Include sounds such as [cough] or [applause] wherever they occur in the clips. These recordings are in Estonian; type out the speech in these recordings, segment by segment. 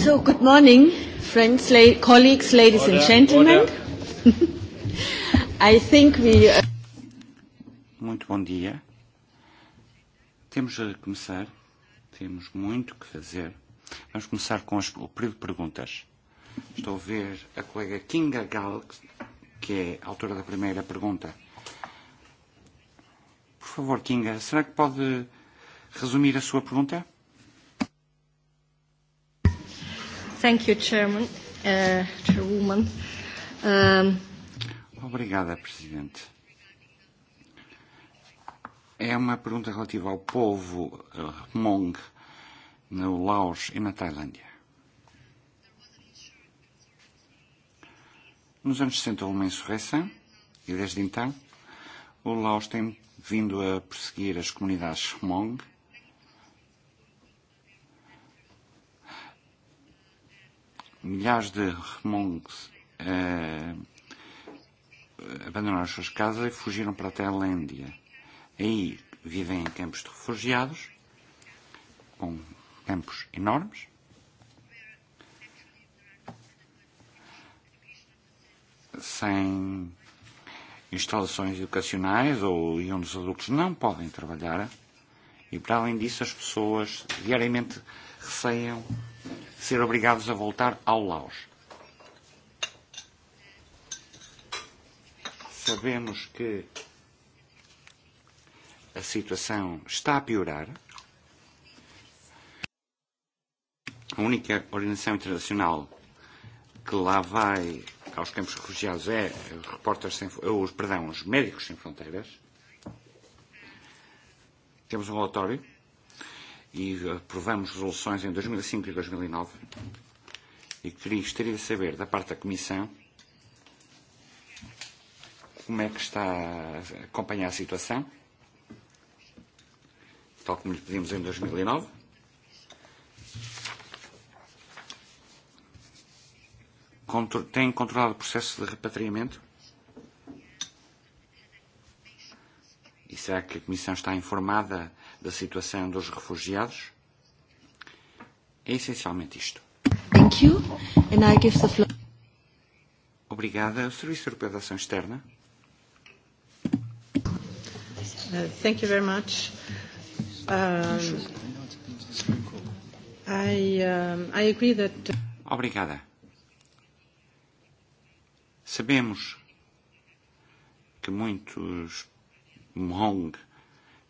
So, good morning, friends, la colleagues, ladies order, and gentlemen. Order. [laughs] I think we. Uh, muito bom dia. Temos a eh, começar. Temos muito que fazer. Vamos começar com as, o período de perguntas. Estou a ver a colega Kinga Gal, que é a autora da primeira pergunta. Por favor, Kinga, será que pode resumir a sua pergunta? Thank you, Chairman, uh, Chairwoman. Um... Obrigada, Presidente. É uma pergunta relativa ao povo uh, Hmong no Laos e na Tailândia. Nos anos 60 houve uma insurreição e desde então o Laos tem vindo a perseguir as comunidades Hmong milhares de Hmongs uh, e, e, abandonaram as suas casas e fugiram para a Tailândia. Aí vivem em campos de refugiados, com campos enormes, sem instalações educacionais ou e onde os adultos não podem trabalhar. E para além disso, as pessoas diariamente receiam ser obrigados a voltar ao Laos. Sabemos que a situação está a piorar. A única organização internacional que lá vai aos campos refugiados é repórteres sem, os, perdão, os médicos sem fronteiras. Temos um relatório e eh, aprovamos resoluções em 2005 e 2009 e, e, e queria, gostaria de saber da parte da Comissão como é que está a acompanhar a situação, tal como lhe pedimos em 2009. E Contro tem controlado o processo de repatriamento? E será que a Comissão está informada da situação dos refugiados. É essencialmente isto. Thank you. And I give the floor. Obrigada. O Serviço Europeu de Ação Externa. Uh, thank you very much. Um, I, um, I agree that... Uh, Obrigada. Sabemos que muitos Hmong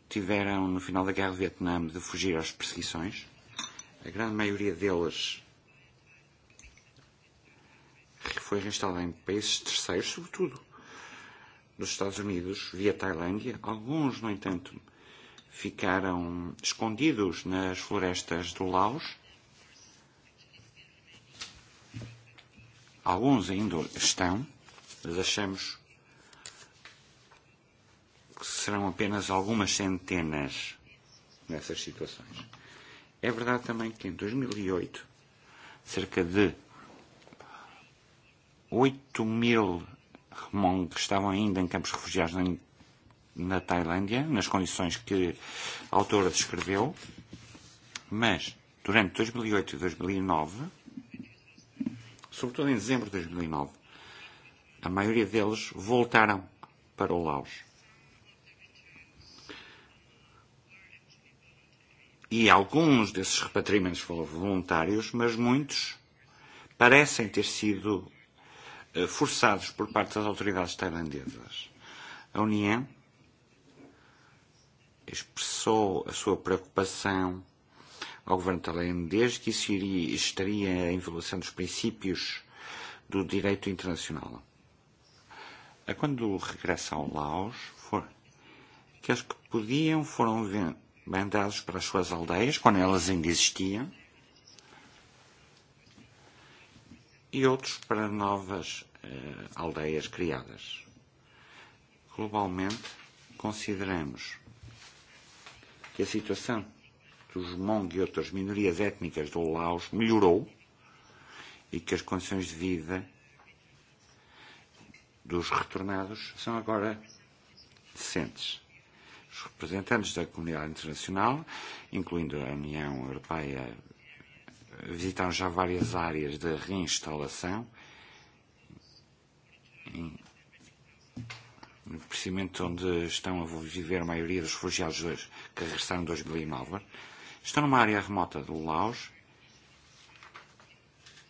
tiveram, no final da Guerra do Vietnã, de fugir às perseguições. A grande maioria deles foi reinstalada em países terceiros, sobretudo dos Estados Unidos, via Tailândia. Alguns, no entanto, ficaram escondidos nas florestas do Laos. Alguns ainda estão, mas achamos serão apenas algumas centenas nessas situações. É verdade também que em 2008, e cerca de 8 mil Hmong que estavam ainda em campos refugiados na, na Tailândia, nas condições que a autora descreveu, mas durante 2008 e 2009, e e sobretudo em dezembro de 2009, a maioria deles voltaram para o Laos. E alguns desses repatriamentos foram voluntários, mas muitos parecem ter sido eh, forçados por parte das autoridades tailandesas. A União expressou a sua preocupação ao governo tailandês que isso iria, estaria em violação dos princípios do direito internacional. Quando regressa ao Laos, for, aqueles que podiam foram mandados para as suas aldeias, quando elas ainda existiam, e outros para novas eh, aldeias criadas. Globalmente, consideramos que a situação dos Hmong e outras minorias étnicas do Laos melhorou e que as condições de vida dos retornados são agora decentes os representantes da comunidade internacional, incluindo a União Europeia, visitaram já várias áreas de reinstalação, e precisamente onde estão a viver a maioria dos refugiados hoje, que regressaram em 2009. E estão numa área remota do Laos,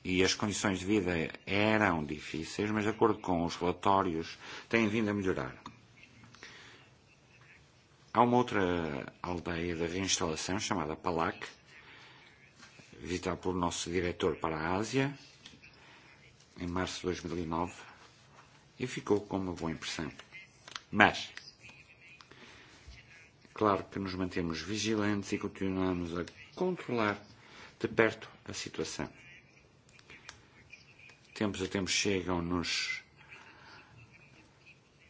e as condições de vida eram difíceis, mas de acordo com os relatórios têm vindo a melhorar. Há uma outra aldeia de reinstalação chamada Palac, visitada pelo nosso diretor para a Ásia, em março de 2009, e, e ficou com uma boa impressão. Mas, claro que nos mantemos vigilantes e continuamos a controlar de perto a situação. Tempos a tempos chegam-nos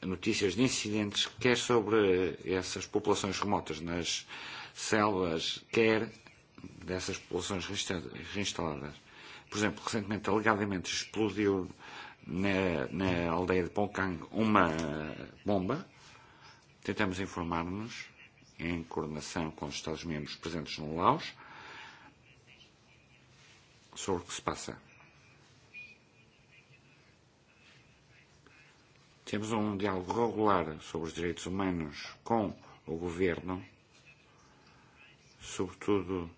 notícias de incidentes, quer sobre essas populações remotas nas selvas, quer dessas populações reinstaladas. Por exemplo, recentemente, alegadamente, explodiu na, na aldeia de Poncang uma bomba. Tentamos informar-nos, em coordenação com os Estados-membros presentes no Laos, sobre o que se passa Temos um diálogo regular sobre os direitos humanos com o governo, sobretudo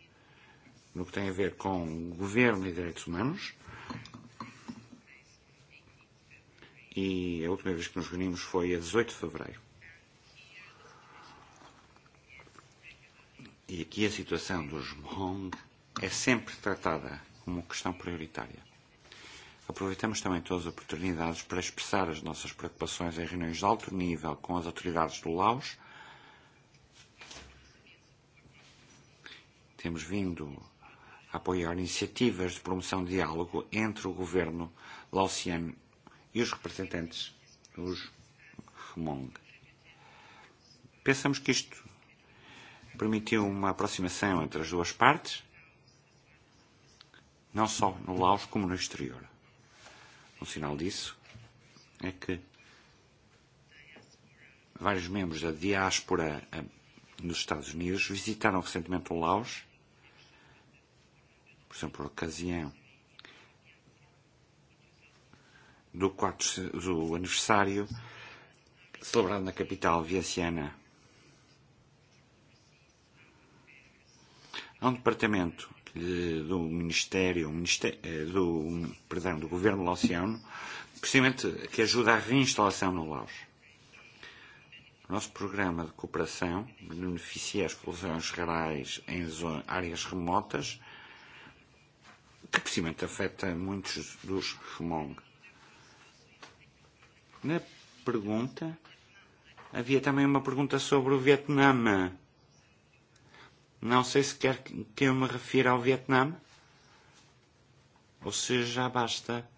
no que tem a ver com o governo e direitos humanos. E a última vez que nos reunimos foi a 18 de fevereiro. E aqui a situação dos Hmong é sempre tratada como questão prioritária. Aproveitamos também todas as oportunidades para expressar as nossas preocupações em reuniões de alto nível com as autoridades do Laos. Temos vindo a apoiar iniciativas de promoção de diálogo entre o governo laociano e os representantes, os Hmong. Pensamos que isto permitiu uma aproximação entre as duas partes, não só no Laos como no exterior um sinal disso é que vários membros da diáspora eh, nos Estados Unidos visitaram recentemente o Laos, por exemplo, por ocasião do, 4, do aniversário celebrado na capital viaciana. Há um departamento Eh, do Ministério, Ministério eh, do, perdão, do Governo Lauciano, precisamente que ajuda à reinstalação no Laos. O nosso programa de cooperação beneficia as populações rurais em zonas, áreas remotas, que precisamente afeta muitos dos Hmong. Na pergunta, havia também uma pergunta sobre o Vietnã Não sei se quer que eu me refira ao Vietnã ou se já basta.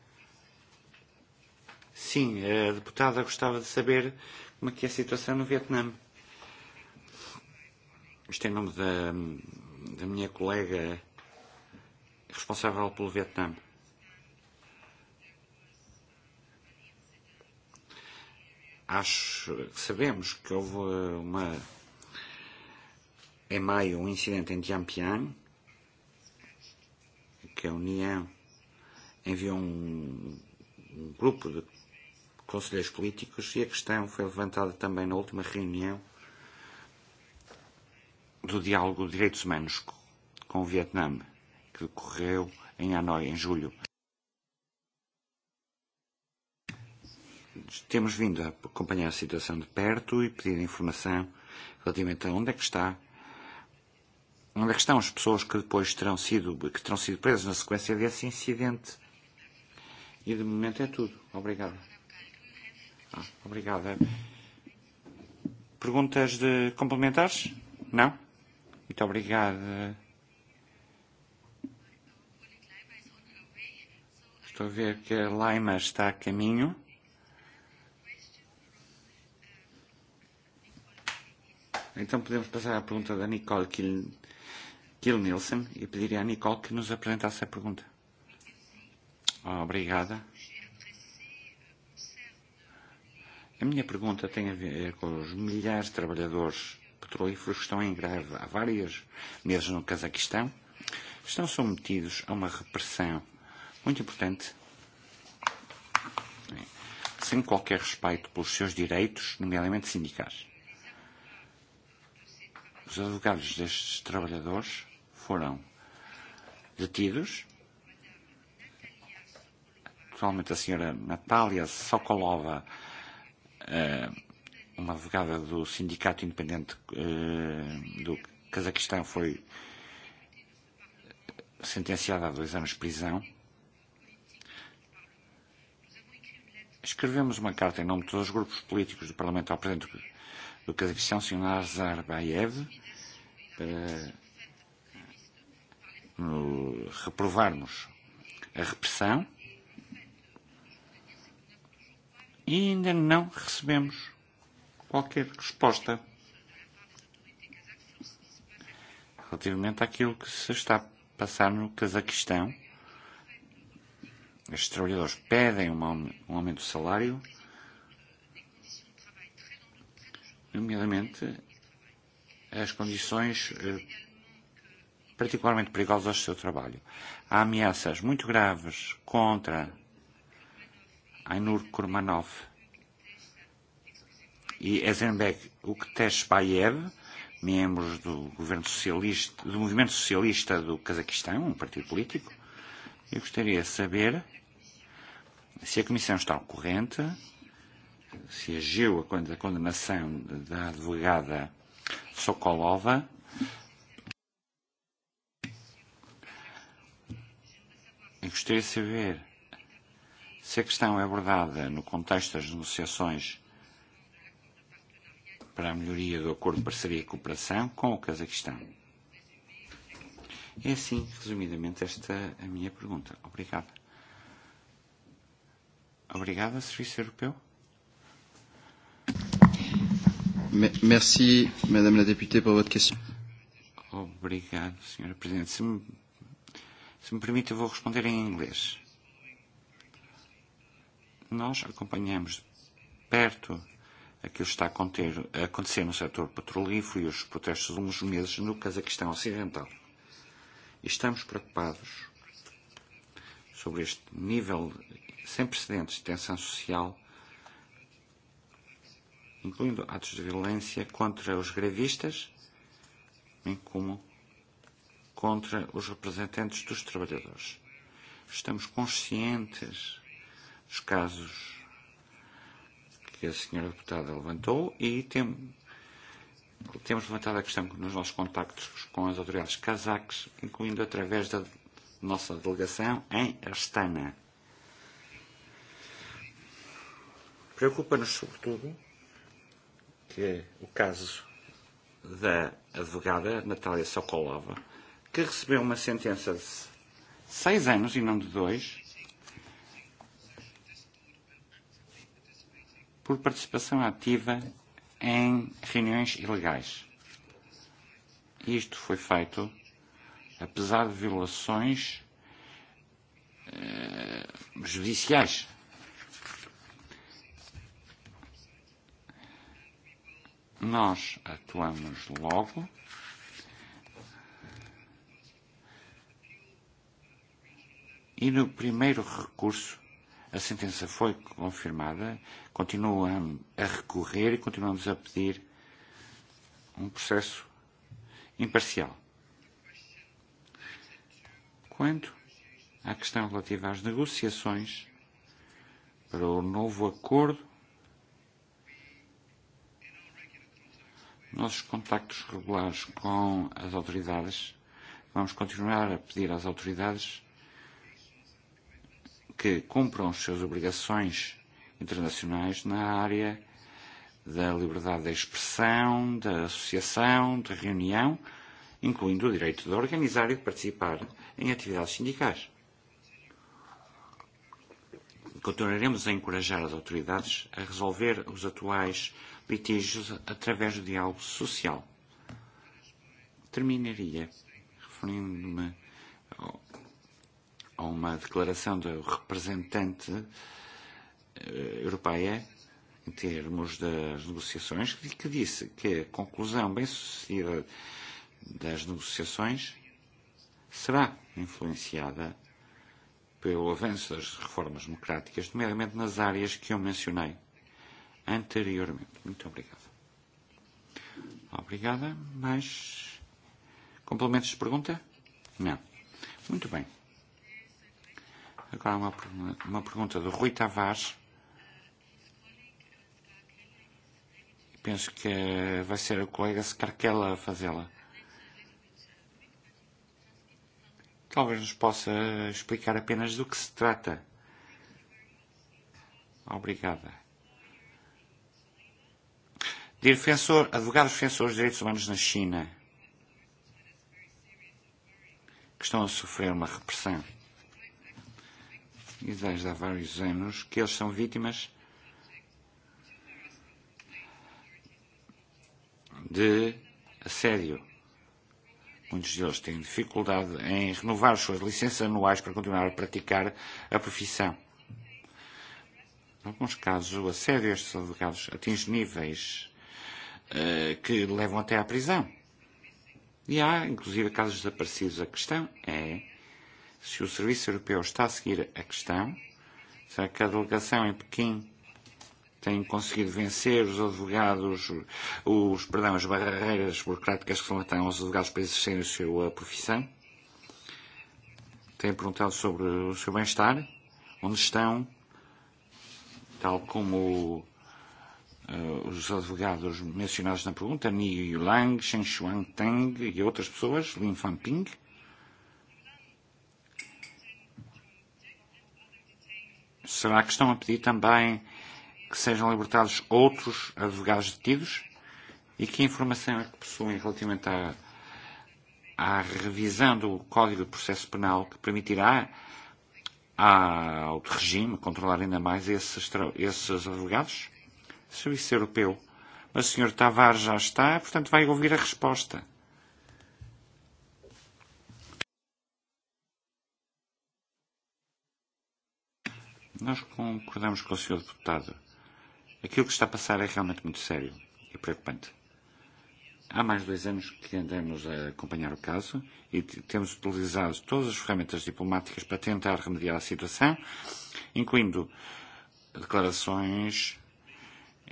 Sim, a deputada gostava de saber como é que é a situação no Vietnã. Isto em nome da, da minha colega responsável pelo Vietnã. Acho que sabemos que houve uma en maio un incidente em Jiangpian, que a União enviou um, um grupo de conselheiros políticos e a questão foi levantada também na última reunião do diálogo de direitos humanos com o Vietnã, que decorreu em Hanoi em julho. Temos vindo a acompanhar a situação de perto e pedir informação relativamente a onde é que está Onde é que estão as pessoas que depois terão sido, que terão sido presas na sequência desse incidente? E de momento é tudo. Obrigado. Ah, obrigado. Perguntas de complementares? Não? Muito obrigado. Estou a ver que a Laima está a caminho. Então podemos passar à pergunta da Nicole Quilin. Kill Nielsen e pedir à Nicole que nos apresentasse a pergunta. Obrigada. A minha pergunta tem a ver com os milhares de trabalhadores petrolíferos que estão em greve há vários meses no Cazaquistão. Estão submetidos a uma repressão muito importante, sem qualquer respeito pelos seus direitos, nomeadamente sindicais. Os advogados destes trabalhadores foram detidos. Atualmente a senhora Natália Sokolova, eh, uma advogada do Sindicato Independente eh, do Cazaquistão, foi sentenciada a dois anos de prisão. Escrevemos uma carta em nome de todos os grupos políticos do Parlamento ao Presidente do Cazaquistão, Sr. Nazarbayev, para eh, Eh, reprovarmos a repressão e ainda não recebemos qualquer resposta relativamente àquilo que se está a passar no Cazaquistão. Os trabalhadores pedem um, um aumento do salário, nomeadamente as condições eh, particularmente perigosas do seu trabalho. Há ameaças muito graves contra Ainur Kurmanov e Ezenbek Ukteshbayev, membros do, governo socialista, do Movimento Socialista do Cazaquistão, um partido político. Eu gostaria de saber se a Comissão está ao corrente, se agiu a condenação da advogada Sokolova Eu gostaria de saber se a questão é abordada no contexto das negociações para a melhoria do acordo de parceria e cooperação com o Cazaquistão. É assim, resumidamente, esta a minha pergunta. Obrigada. Obrigada, Serviço Europeu. Merci, Madame la députée, pour votre question. Obrigado, Sra. Presidente. Se me Se me permite, eu vou responder em inglês. Nós acompanhamos perto aquilo que está a, conter, a acontecer no setor petrolífero e os protestos dos últimos meses no Cazaquistão Ocidental. E estamos preocupados sobre este nível sem precedentes de tensão social, incluindo atos de violência contra os grevistas, bem como contra os representantes dos trabalhadores. Estamos conscientes dos casos que a senhora deputada levantou e tem, temos levantado a questão nos nossos contactos com as autoridades cazaques, incluindo através da nossa delegação em Astana. Preocupa-nos, sobretudo, que o caso da advogada Natália Sokolova que recebeu uma sentença de seis anos e não de dois por participação ativa em reuniões ilegais. Isto foi feito apesar de violações eh, judiciais. Nós atuamos logo E no primeiro recurso, a sentença foi confirmada, continuam a recorrer e continuamos a pedir um processo imparcial. Quanto à questão relativa às negociações para o novo acordo, nossos contactos regulares com as autoridades, vamos continuar a pedir às autoridades que cumpram as suas obrigações internacionais na área da liberdade de expressão, da associação, de reunião, incluindo o direito de organizar e de participar em atividades sindicais. Continuaremos a encorajar as autoridades a resolver os atuais litígios através do diálogo social. Terminaria referindo-me a uma declaração do representante eh, europeia em termos das negociações, que disse que a conclusão bem-sucedida das negociações será influenciada pelo avanço das reformas democráticas, nomeadamente nas áreas que eu mencionei anteriormente. Muito obrigado. Obrigada. Mais complementos de pergunta? Não. Muito bem. Agora uma, uma pergunta do Rui Tavares. Penso que eh, vai ser a colega Scarquela a fazê-la. Talvez nos possa explicar apenas do que se trata. Obrigada. Defensor, advogados defensores de direitos humanos na China que estão a sofrer uma repressão ideias e há vários anos que eles são vítimas de assédio. Muitos deles têm dificuldade em renovar suas licenças anuais para continuar a praticar a profissão. Em alguns casos, o assédio a estes advogados atinge níveis uh, que levam até à prisão. E há, inclusive, casos desaparecidos. A questão é se o Serviço Europeu está a seguir a questão, será que a delegação em Pequim tem conseguido vencer os advogados, os, perdão, as barreiras burocráticas que levantam aos advogados para exercerem a sua profissão? Tem perguntado sobre o seu bem-estar, onde estão, tal como uh, os advogados mencionados na pergunta, Ni Yulang, Shen Xuan Tang e outras pessoas, Lin Fan Ping, será a questão a pedir também que sejam libertados outros advogados detidos? E que informação é que possuem relativamente à, à revisão do Código de Processo Penal que permitirá ao regime controlar ainda mais esses, esses advogados? Serviço Europeu. Mas o Sr. Tavares já está, portanto vai ouvir a resposta. nós concordamos com o senhor deputado. Aquilo que está a passar é realmente muito sério e preocupante. Há mais de dois anos que andamos a acompanhar o caso e temos utilizado todas as ferramentas diplomáticas para tentar remediar a situação, incluindo declarações,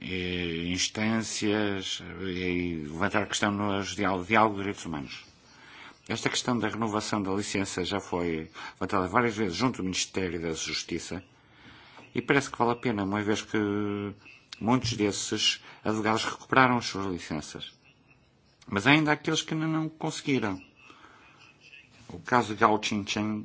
e instâncias eh, e levantar a questão no diálogo, diálogo de direitos humanos. Esta questão da renovação da licença já foi levantada várias vezes junto ao Ministério da Justiça e parece que vale a pena, uma vez que muitos desses advogados recuperaram as suas licenças. Mas ainda há aqueles que ainda não conseguiram. O caso de Gao Qingcheng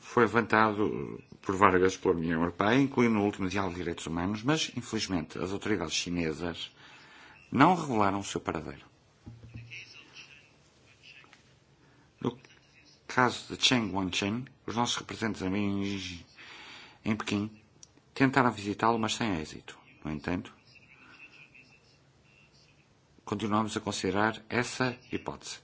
foi levantado por várias vezes pela União Europeia, incluindo o último diálogo de direitos humanos, mas, infelizmente, as autoridades chinesas não revelaram o seu paradeiro. caso de Cheng Wancheng, os nossos representantes em, em Pequim tentaram visitá-lo, mas sem êxito. No entanto, continuamos a considerar essa hipótese.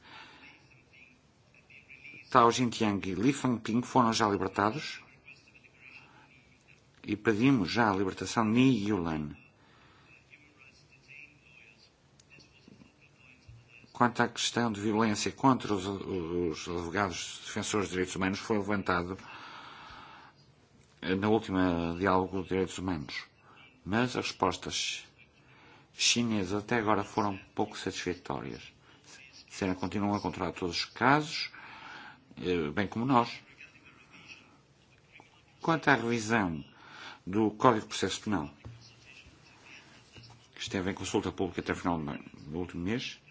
Tao Jintiang e Li Fangping foram já libertados e pedimos já a libertação de Ni Yulan. quanto à questão de violência contra os, os advogados defensores de direitos humanos foi levantado eh, na última diálogo de direitos humanos. Mas as respostas chinesas até agora foram pouco satisfatórias. Sena continua a controlar todos os casos, eh, bem como nós. Quanto à revisão do Código de Processo Penal, que esteve em consulta pública até o final do último mês,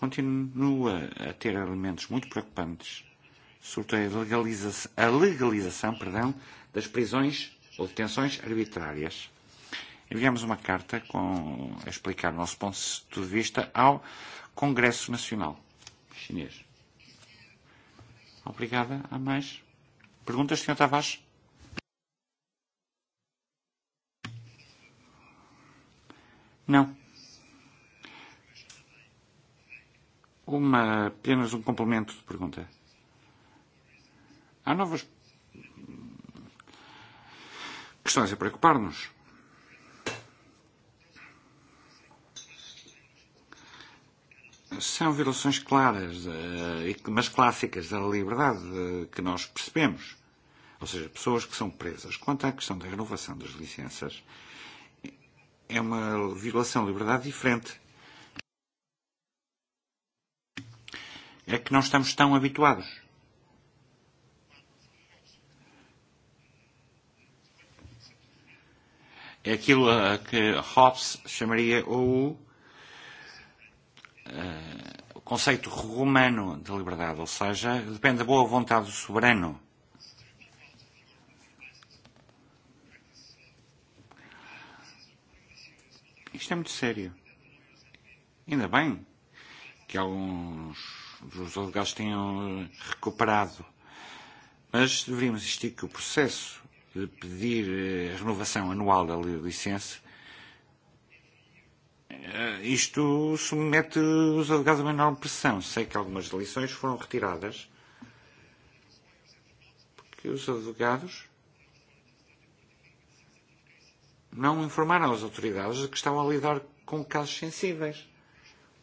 continua a ter elementos muito preocupantes, sobretudo a legalização, a legalização perdão, das prisões ou detenções arbitrárias. Enviamos uma carta com, a explicar o nosso ponto de vista ao Congresso Nacional Chinês. Obrigada. Há mais? Perguntas, Sr. Tavares? Não. Uma, apenas um complemento de pergunta. Há novas questões a preocupar-nos. São violações claras, eh, e- mas clássicas da liberdade eh, que nós percebemos. Ou seja, pessoas que são presas. Quanto à questão da renovação das licenças, é uma violação de liberdade diferente é que não estamos tão habituados. É aquilo a que Hobbes chamaria ou uh, eh, o conceito romano de liberdade, ou seja, depende da boa vontade do soberano. Isto é muito sério. Ainda bem que alguns os alugados tenham eh, recuperado. Mas deveríamos insistir que o processo de pedir eh, a renovação anual da licença, eh, isto submete os alugados a uma enorme pressão. Sei que algumas lições foram retiradas, porque os alugados não informaram as autoridades de que estavam a lidar com casos sensíveis.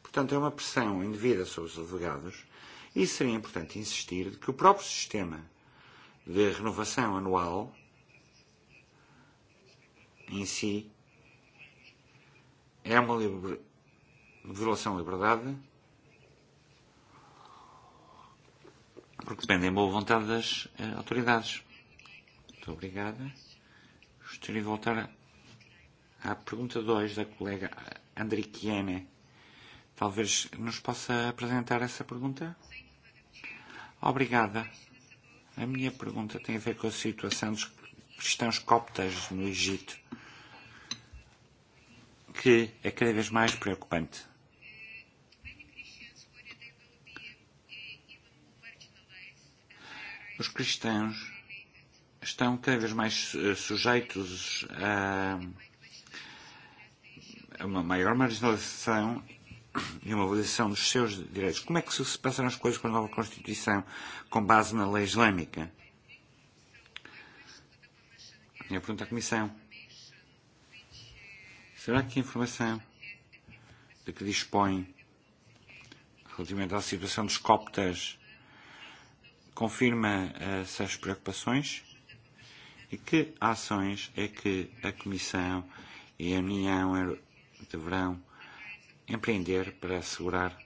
Portanto, é uma pressão indevida sobre os advogados e seria importante insistir de que o próprio sistema de renovação anual em si é uma liber... violação à liberdade porque depende da boa vontade das uh, autoridades. Muito obrigada. Gostaria de voltar à pergunta 2 da colega Andriquiene Talvez nos possa apresentar essa pergunta? Obrigada. A minha pergunta tem a ver com a situação dos cristãos coptas no Egito, que é cada vez mais preocupante. Os cristãos estão cada vez mais sujeitos a uma maior marginalização e uma avaliação dos seus direitos. Como é que se passaram as coisas com a nova Constituição com base na lei islâmica? Eu pergunto à Comissão. Será que a informação de que dispõe relativamente à situação dos coptas confirma eh, essas preocupações? E que ações é que a Comissão e a União deverão empreender para assegurar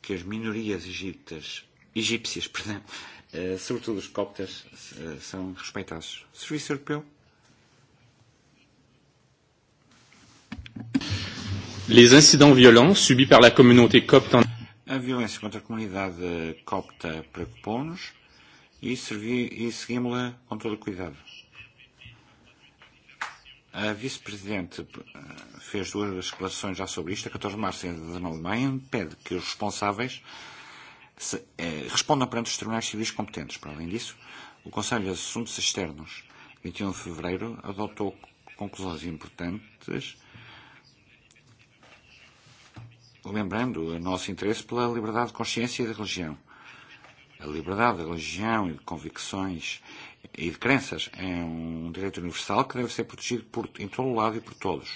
que as minorias egípcias, egípcias [laughs] perdão, eh, sobretudo os coptas, eh, são respeitados. Serviço Europeu? Les incidents violents subis par la communauté copte en... A violência contra a comunidade copta preocupou-nos e, servi... e seguimos-la com todo cuidado A vice-presidente eh, fez duas declarações já sobre isto, a 14 de março ainda na Alemanha, pede que os responsáveis se, eh, respondam perante os tribunais civis competentes. Para além disso, o Conselho de Assuntos Externos, 21 e um de fevereiro, adotou conclusões importantes, lembrando o nosso interesse pela liberdade de consciência e de religião. A liberdade de religião e de convicções e de crenças é um direito universal que deve ser protegido por, em todo o lado e por todos.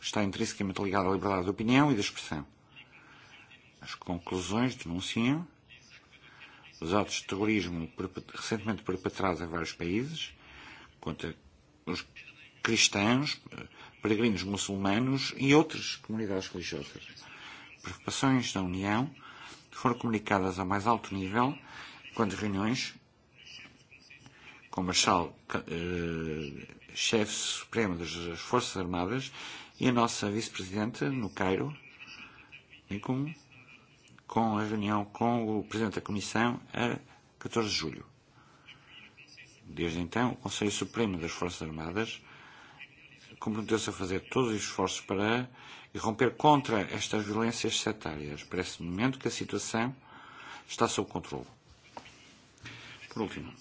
Está intrinsecamente ligado à liberdade de opinião e de expressão. As conclusões denunciam os atos de terrorismo recentemente perpetrados em vários países contra os cristãos, peregrinos muçulmanos e outras comunidades religiosas. Preocupações da União foram comunicadas a mais alto nível quando reuniões Comarchal, eh, chefe supremo das Forças Armadas, e a nossa vice-presidente no Cairo, Nicum, com a reunião com o Presidente da Comissão a 14 de julho. Desde então, o Conselho Supremo das Forças Armadas comprometeu-se a fazer todos os esforços para romper contra estas violências setárias. Parece-me momento que a situação está sob controle. Por último,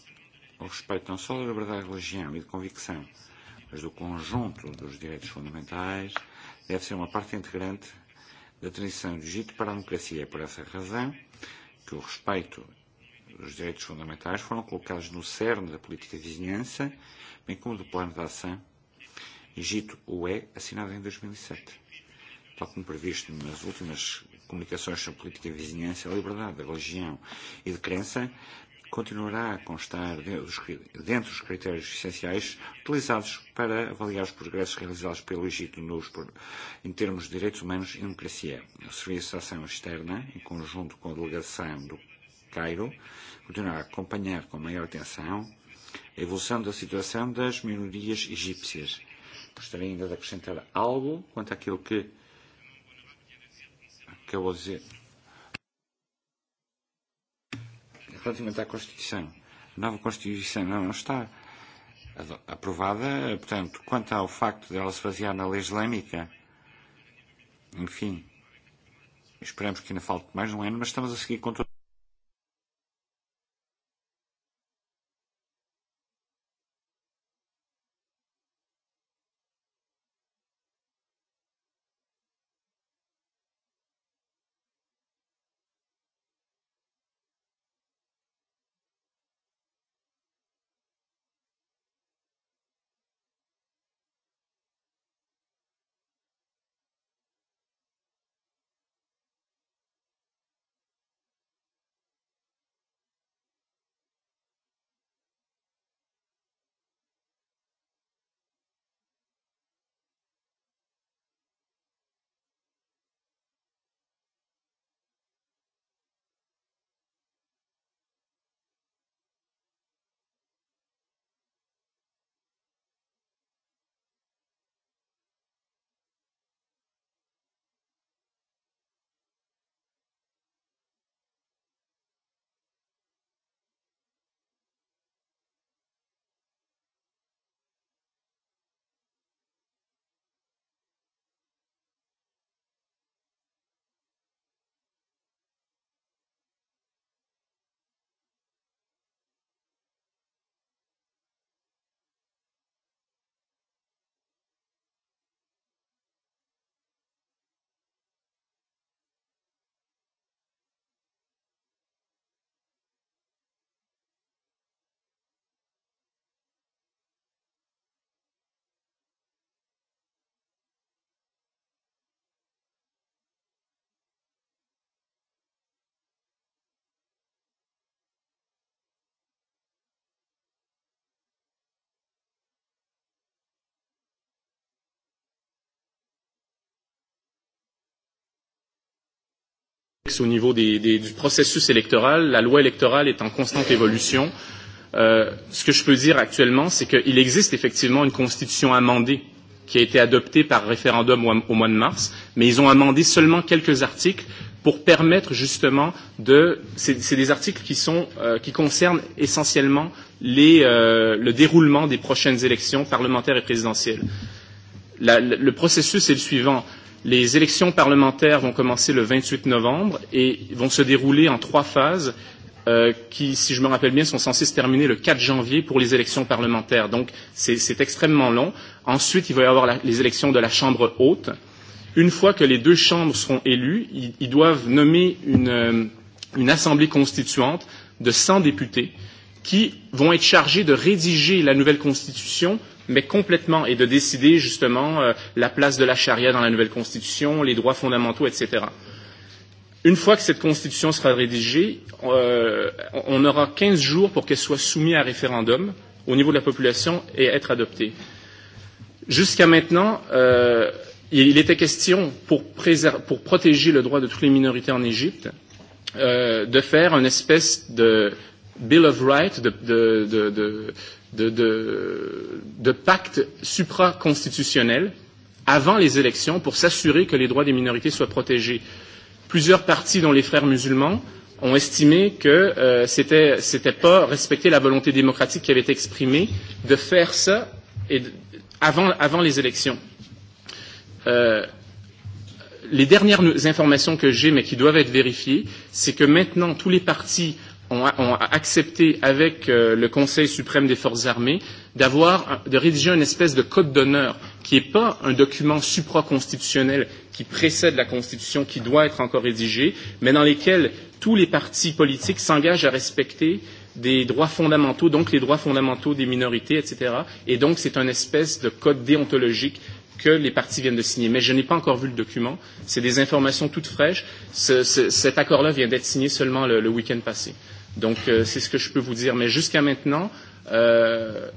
o respeito não só da liberdade de religião e de convicção, mas do conjunto dos direitos fundamentais, deve ser uma parte integrante da transição do Egito para a democracia. E é por essa razão que o respeito dos direitos fundamentais foram colocados no cerne da política de vizinhança, bem como do plano de ação Egito-UE, assinado em 2007. E tal como previsto nas últimas comunicações sobre política de vizinhança, liberdade de religião e de crença, continuará a constar dentro dos critérios essenciais utilizados para avaliar os progressos realizados pelo Egito nos, em termos de direitos humanos e democracia. O Serviço de Ação Externa, em conjunto com a delegação do Cairo, continuará a acompanhar com maior atenção a evolução da situação das minorias egípcias. Gostaria ainda de acrescentar algo quanto àquilo que acabou de dizer predmeta Constituição, a nova Constituição não está aprovada, portanto, quanto ao facto dela de se basear na lei islâmica, enfim, esperamos que ainda falte mais um ano, mas estamos a seguir com todo au niveau des, des, du processus électoral. La loi électorale est en constante évolution. Euh, ce que je peux dire actuellement, c'est qu'il existe effectivement une constitution amendée qui a été adoptée par référendum au, au mois de mars, mais ils ont amendé seulement quelques articles pour permettre justement de c'est des articles qui sont euh, qui concernent essentiellement les, euh, le déroulement des prochaines élections parlementaires et présidentielles. La, le, le processus est le suivant Les élections parlementaires vont commencer le 28 novembre et vont se dérouler en trois phases euh, qui, si je me rappelle bien, sont censées se terminer le 4 janvier pour les élections parlementaires. Donc, c'est extrêmement long. Ensuite, il va y avoir la, les élections de la Chambre haute. Une fois que les deux chambres seront élues, ils, ils doivent nommer une, euh, une assemblée constituante de 100 députés qui vont être chargés de rédiger la nouvelle constitution mais complètement, et de décider justement euh, la place de la charia dans la nouvelle constitution, les droits fondamentaux, etc. Une fois que cette constitution sera rédigée, euh, on aura 15 jours pour qu'elle soit soumise à référendum au niveau de la population et être adoptée. Jusqu'à maintenant, euh, il était question, pour, pour protéger le droit de toutes les minorités en Égypte, euh, de faire une espèce de Bill of Rights, de, de, de, de, de, de, de pacte supraconstitutionnel avant les élections pour s'assurer que les droits des minorités soient protégés. Plusieurs partis, dont les frères musulmans, ont estimé que euh, c'était c'était pas respecter la volonté démocratique qui avait été exprimée de faire ça et de, avant avant les élections. Euh, les dernières informations que j'ai, mais qui doivent être vérifiées, c'est que maintenant tous les partis ont, ont accepté avec euh, le Conseil suprême des forces armées d'avoir de rédiger une espèce de code d'honneur qui n'est pas un document supraconstitutionnel qui précède la Constitution, qui doit être encore rédigé, mais dans lesquels tous les partis politiques s'engagent à respecter des droits fondamentaux, donc les droits fondamentaux des minorités, etc. Et donc c'est une espèce de code déontologique que les partis viennent de signer. Mais je n'ai pas encore vu le document. C'est des informations toutes fraîches. Ce, ce, cet accord-là vient d'être signé seulement le, le week-end passé. Euh, Donc euh, c'est ce que je peux vous dire. Mais jusqu'à maintenant, il euh,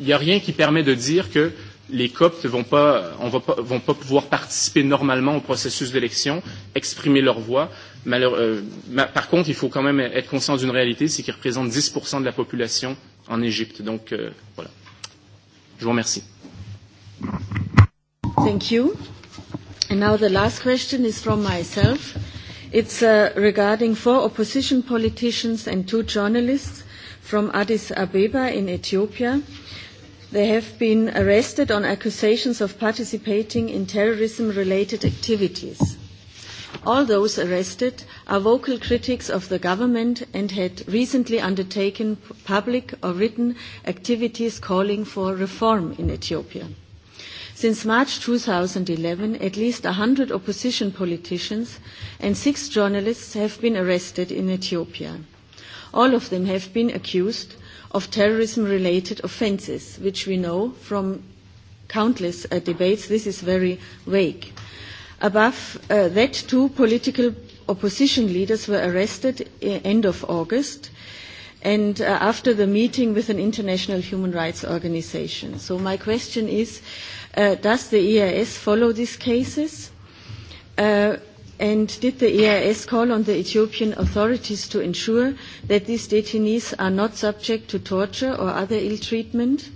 n'y a rien qui permet de dire que les Coptes ne vont, pas, on va pas, vont pas pouvoir participer normalement au processus d'élection, exprimer leur voix. Malheure, euh, ma, par contre, il faut quand même être conscient d'une réalité, c'est qu'ils représentent 10 de la population en Égypte. Donc euh, voilà. Je vous remercie. Thank you. And now the last question is from myself. It's uh, regarding four opposition politicians and two journalists from Addis Abeba in Ethiopia. They have been arrested on accusations of participating in terrorism related activities. All those arrested are vocal critics of the government and had recently undertaken public or written activities calling for reform in Ethiopia. Since March 2011, at least 100 opposition politicians and six journalists have been arrested in Ethiopia. All of them have been accused of terrorism-related offences, which we know from countless uh, debates. This is very vague. Above uh, that, two political opposition leaders were arrested uh, end of August and uh, after the meeting with an international human rights organization. So my question is, Uh, does the EIS follow these cases? Uh, and did the EIS call on the Ethiopian authorities to ensure that these detainees are not subject to torture or other ill treatment?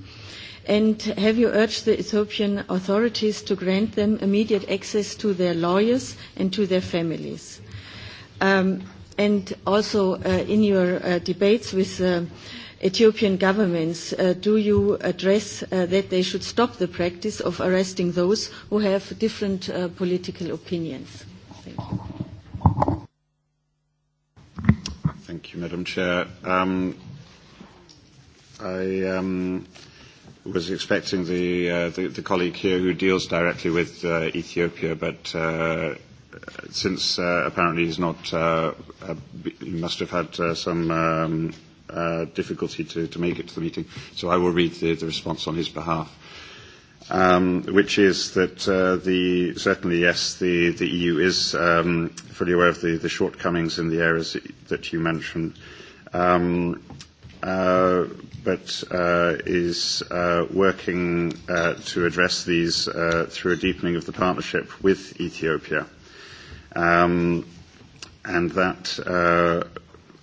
And have you urged the Ethiopian authorities to grant them immediate access to their lawyers and to their families? Um, and also uh, in your uh, debates with uh, Ethiopian governments, uh, do you address uh, that they should stop the practice of arresting those who have different uh, political opinions? Thank you. Thank you, Madam Chair. Um, I um, was expecting the, uh, the, the colleague here who deals directly with uh, Ethiopia, but uh, since uh, apparently he's not, uh, uh, he must have had uh, some um, uh, difficulty to, to make it to the meeting, so I will read the, the response on his behalf. Um, which is that uh, the, certainly, yes, the, the EU is um, fully aware of the, the shortcomings in the areas that you mentioned, um, uh, but uh, is uh, working uh, to address these uh, through a deepening of the partnership with Ethiopia. Um, and that uh,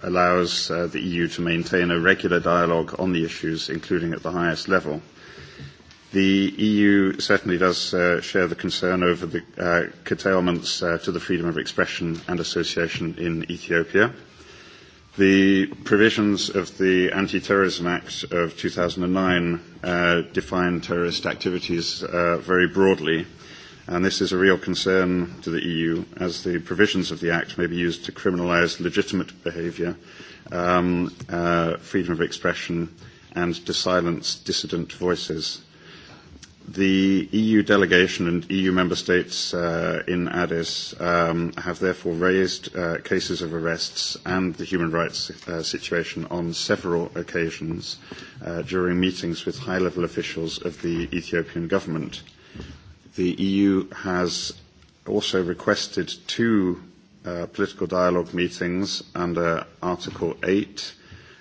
allows uh, the EU to maintain a regular dialogue on the issues, including at the highest level. The EU certainly does uh, share the concern over the uh, curtailments uh, to the freedom of expression and association in Ethiopia. The provisions of the Anti-Terrorism Act of 2009 uh, define terrorist activities uh, very broadly, and this is a real concern to the EU as the provisions of the Act may be used to criminalise legitimate behaviour, um, uh, freedom of expression, and to silence dissident voices. The EU delegation and EU member states uh, in Addis um, have therefore raised uh, cases of arrests and the human rights uh, situation on several occasions uh, during meetings with high-level officials of the Ethiopian government. Uh, the EU has also requested two uh, political dialogue meetings under Article 8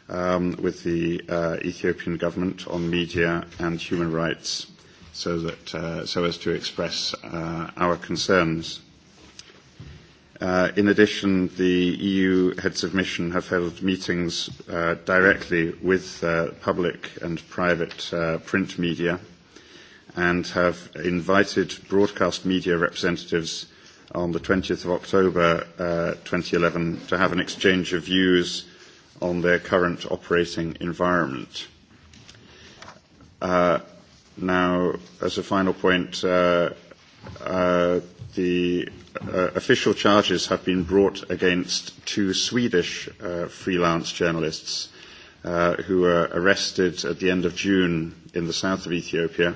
um, with the uh, Ethiopian government on media and human rights so, that, uh, so as to express uh, our concerns. Uh, in addition, the EU heads of mission have held meetings uh, directly with uh, public and private uh, print media uh, and have invited broadcast media representatives on the 20th of October uh, 2011 to have an exchange of views on their current operating environment. Uh, now, as a final point, uh, uh, the uh, official charges have been brought against two Swedish uh, freelance journalists uh, who were arrested at the end of June in the south of Ethiopia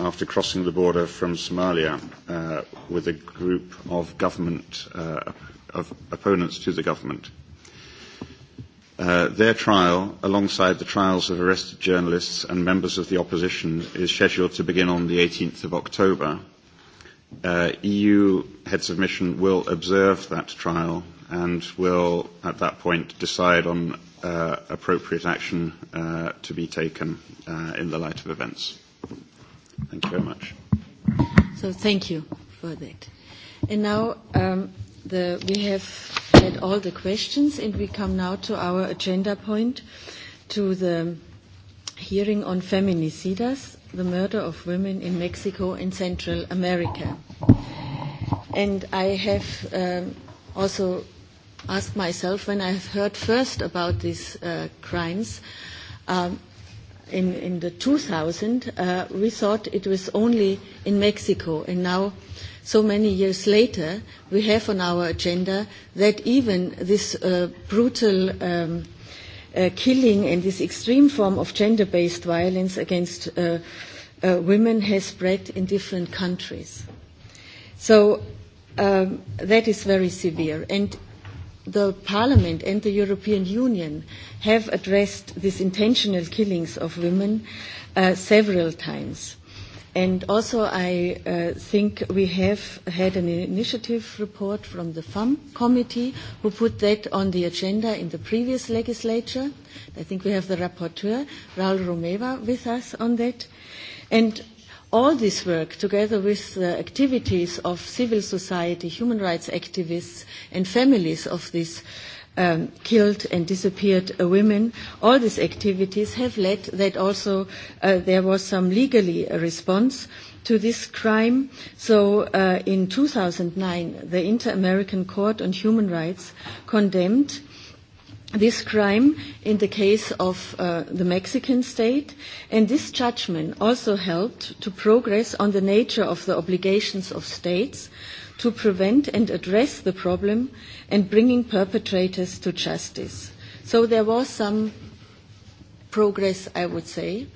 after crossing the border from Somalia uh, with a group of government uh, of opponents to the government. Uh, their trial, alongside the trials of arrested journalists and members of the opposition, is scheduled to begin on the 18th of October. Uh, EU heads of mission will observe that trial and will, at that point, decide on uh, appropriate action uh, to be taken uh, in the light of events. Thank you. Thank you very much. So thank you for that. And now um, the, we have had all the questions, and we come now to our agenda point, to the hearing on feminicidas, the murder of women in Mexico and Central America. And I have um, also asked myself when I have heard first about these uh, crimes, um, in, in the 2000, uh, we thought it was only in Mexico. And now, so many years later, we have on our agenda that even this uh, brutal um, uh, killing and this extreme form of gender-based violence against uh, uh, women has spread in different countries. So um, that is very severe. And the Parliament and the European Union have addressed these intentional killings of women uh, several times. And also, I uh, think we have had an initiative report from the FAM committee who put that on the agenda in the previous legislature. I think we have the rapporteur, Raul Romeva, with us on that. And all this work, together with the activities of civil society, human rights activists, and families of these um, killed and disappeared uh, women, all these activities have led that also uh, there was some legally a response to this crime. So uh, in 2009, the Inter-American Court on Human Rights condemned uh, this crime in the case of uh, the Mexican state, and this judgment also helped to progress on the nature of the obligations of states to prevent and address the problem and bringing perpetrators to justice. So there was some progress, I would say.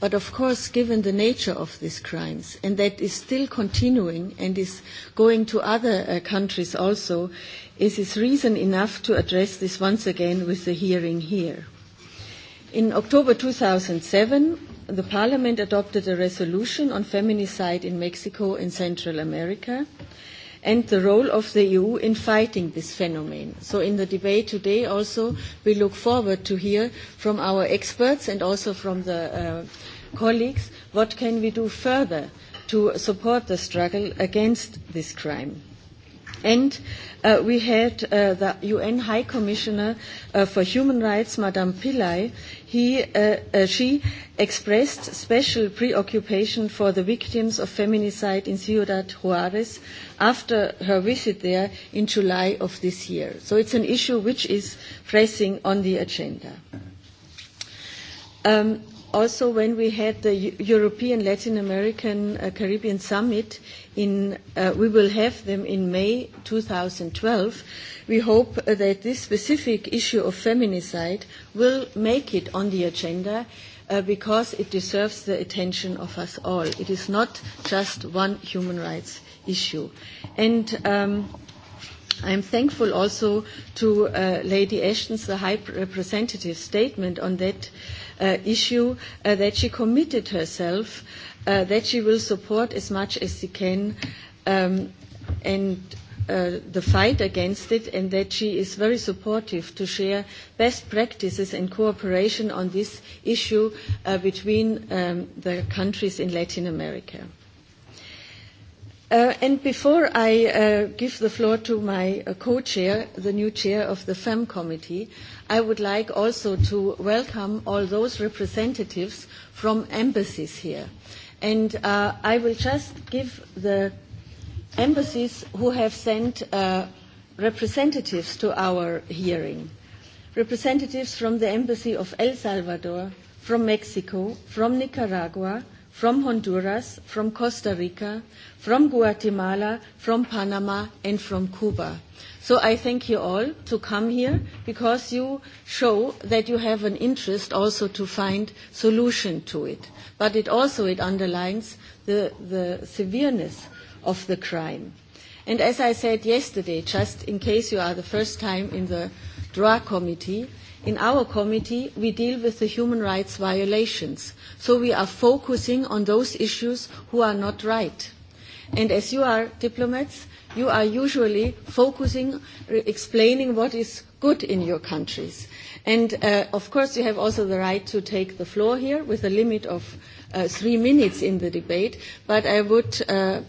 But of course, given the nature of these crimes, and that is still continuing and is going to other uh, countries also, is this reason enough to address this once again with the hearing here? In October 2007, the Parliament adopted a resolution on feminicide in Mexico and Central America, and the role of the EU in fighting this phenomenon. So in the debate today also, we look forward to hear from our experts and also from the uh, colleagues what can we do further to support the struggle against this crime. And uh, we had uh, the UN High Commissioner uh, for Human Rights, Madame Pillay, he, uh, uh, she expressed special preoccupation for the victims of feminicide in Ciudad Juarez after her visit there in July of this year. So it's an issue which is pressing on the agenda. Um, also, when we had the European Latin American uh, Caribbean Summit in, uh, we will have them in May 2012. We hope uh, that this specific issue of feminicide will make it on the agenda uh, because it deserves the attention of us all. It is not just one human rights issue. And um, I'm thankful also to uh, Lady Ashton's, the High Representative's statement on that uh, issue, uh, that she committed herself uh, that she will support as much as she can um, and uh, the fight against it and that she is very supportive to share best practices and cooperation on this issue uh, between um, the countries in Latin America. Uh, and before I uh, give the floor to my uh, co-chair, the new chair of the FEM committee, I would like also to welcome all those representatives from embassies here. And uh, I will just give the embassies who have sent uh, representatives to our hearing. Representatives from the Embassy of El Salvador, from Mexico, from Nicaragua, from Honduras, from Costa Rica, from Guatemala, from Panama, and from Cuba. So I thank you all to come here because you show that you have an interest also to find solution to it. But it also it underlines the, the severeness of the crime. And as I said yesterday, just in case you are the first time in the DRA committee, in our committee we deal with the human rights violations. So we are focusing on those issues who are not right. And as you are diplomats, you are usually focusing, re- explaining what is good in your countries. And uh, of course, you have also the right to take the floor here with a limit of uh, three minutes in the debate. But I would uh,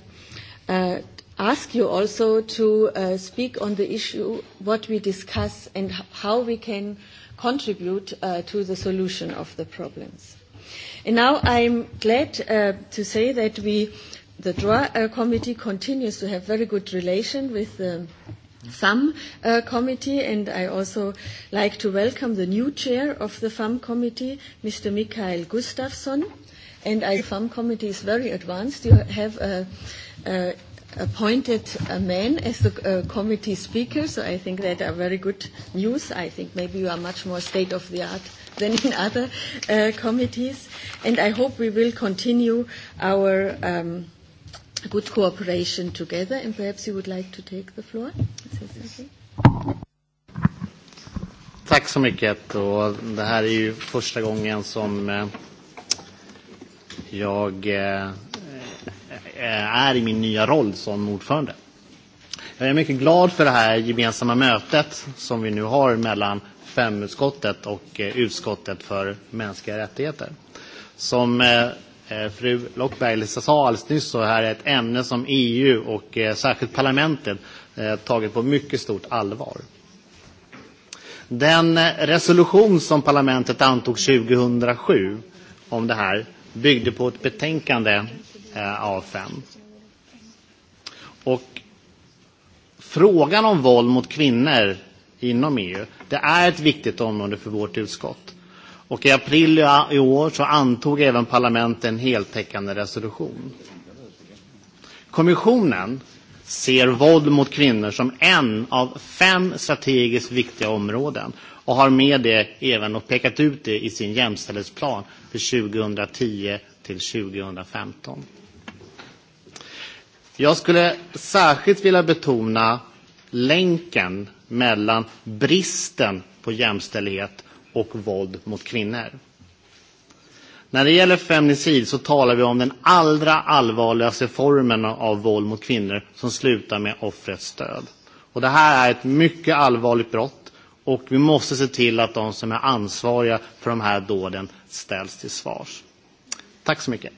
uh, ask you also to uh, speak on the issue what we discuss and how we can contribute uh, to the solution of the problems. And now I'm glad uh, to say that we, the DROA uh, committee continues to have very good relation with the FAM uh, committee and I also like to welcome the new chair of the FAM committee, Mr. Mikhail Gustafsson. And I, FAM committee is very advanced. You have a uh, uh, appointed a man as the uh, committee speaker, so I think that are very good news. I think maybe you are much more state of the art [laughs] than in other uh, committees, and I hope we will continue our um, good cooperation together. And perhaps you would like to take the floor. Is that okay? Tack så mycket. Och det här är ju första gången som eh, jag eh, Eh, är i min nya roll som ordförande. Jag är mycket glad för det här gemensamma mötet som vi nu har mellan FEM-utskottet och eh, utskottet för mänskliga rättigheter. Som eh, fru Lockberg sa alldeles nyss så här är ett ämne som EU och särskilt parlamentet tagit på mycket stort allvar. Den resolution som parlamentet antog 2007 om det här byggde på ett betänkande eh, av fem. Och frågan om våld mot kvinnor inom EU, det är ett viktigt område för vårt utskott. Och i april i år så antog även parlamentet en heltäckande resolution. Kommissionen ser våld mot kvinnor som en av fem strategiskt viktiga områden och har med det även och pekat ut det i sin jämställdhetsplan för 2010 till 2015. Jag skulle särskilt vilja betona länken mellan bristen på jämställdhet och våld mot kvinnor. När det gäller feminicid så talar vi om den allra allvarligaste formen av våld mot kvinnor som slutar med offrets död. Och det här är ett mycket allvarligt brott och vi måste se till att de som är ansvariga för de här dåden ställs till svars. Tack så mycket.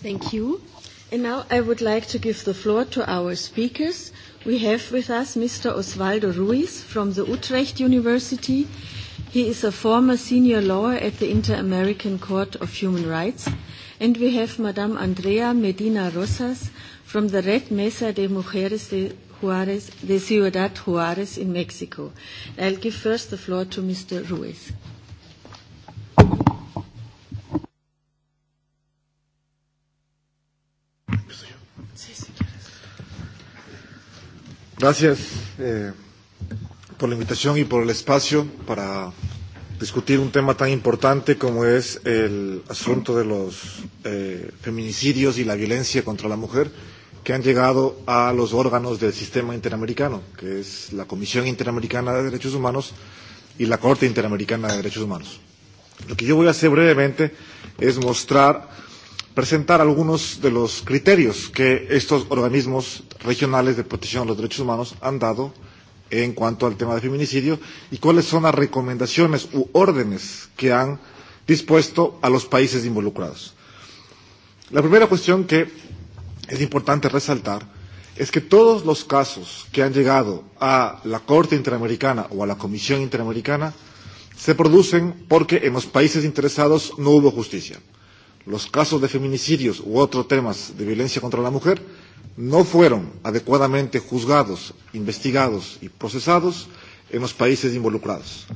Thank you. And now I would like to give the floor to our speakers. We have with us Mr. Osvaldo Ruiz from the Utrecht University. He is a former senior lawyer at the Inter-American Court of Human Rights. And we have Madame Andrea Medina Rosas from the Red Mesa de Mujeres de Juárez, de Ciudad Juárez in Mexico. I'll give first the floor to Mr. Ruiz. Gracias eh, por la invitación y por el espacio para discutir un tema tan importante como es el asunto de los eh, feminicidios y la violencia contra la mujer que han llegado a los órganos del sistema interamericano, que es la Comisión Interamericana de Derechos Humanos y la Corte Interamericana de Derechos Humanos. Lo que yo voy a hacer brevemente es mostrar presentar algunos de los criterios que estos organismos regionales de protección de los derechos humanos han dado en cuanto al tema de feminicidio y cuáles son las recomendaciones u órdenes que han dispuesto a los países involucrados. La primera cuestión que es importante resaltar es que todos los casos que han llegado a la Corte Interamericana o a la Comisión Interamericana se producen porque en los países interesados no hubo justicia los casos de feminicidios u otros temas de violencia contra la mujer no fueron adecuadamente juzgados, investigados y procesados en los países involucrados.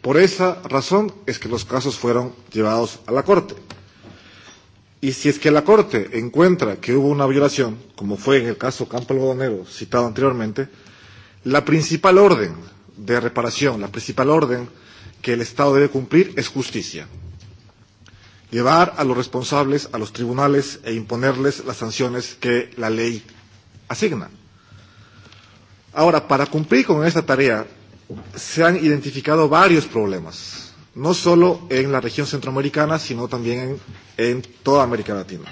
Por esa razón es que los casos fueron llevados a la Corte. Y si es que la Corte encuentra que hubo una violación, como fue en el caso Campo Algodonero citado anteriormente, la principal orden de reparación, la principal orden que el Estado debe cumplir es justicia llevar a los responsables a los tribunales e imponerles las sanciones que la ley asigna. Ahora, para cumplir con esta tarea, se han identificado varios problemas, no solo en la región centroamericana, sino también en, en toda América Latina.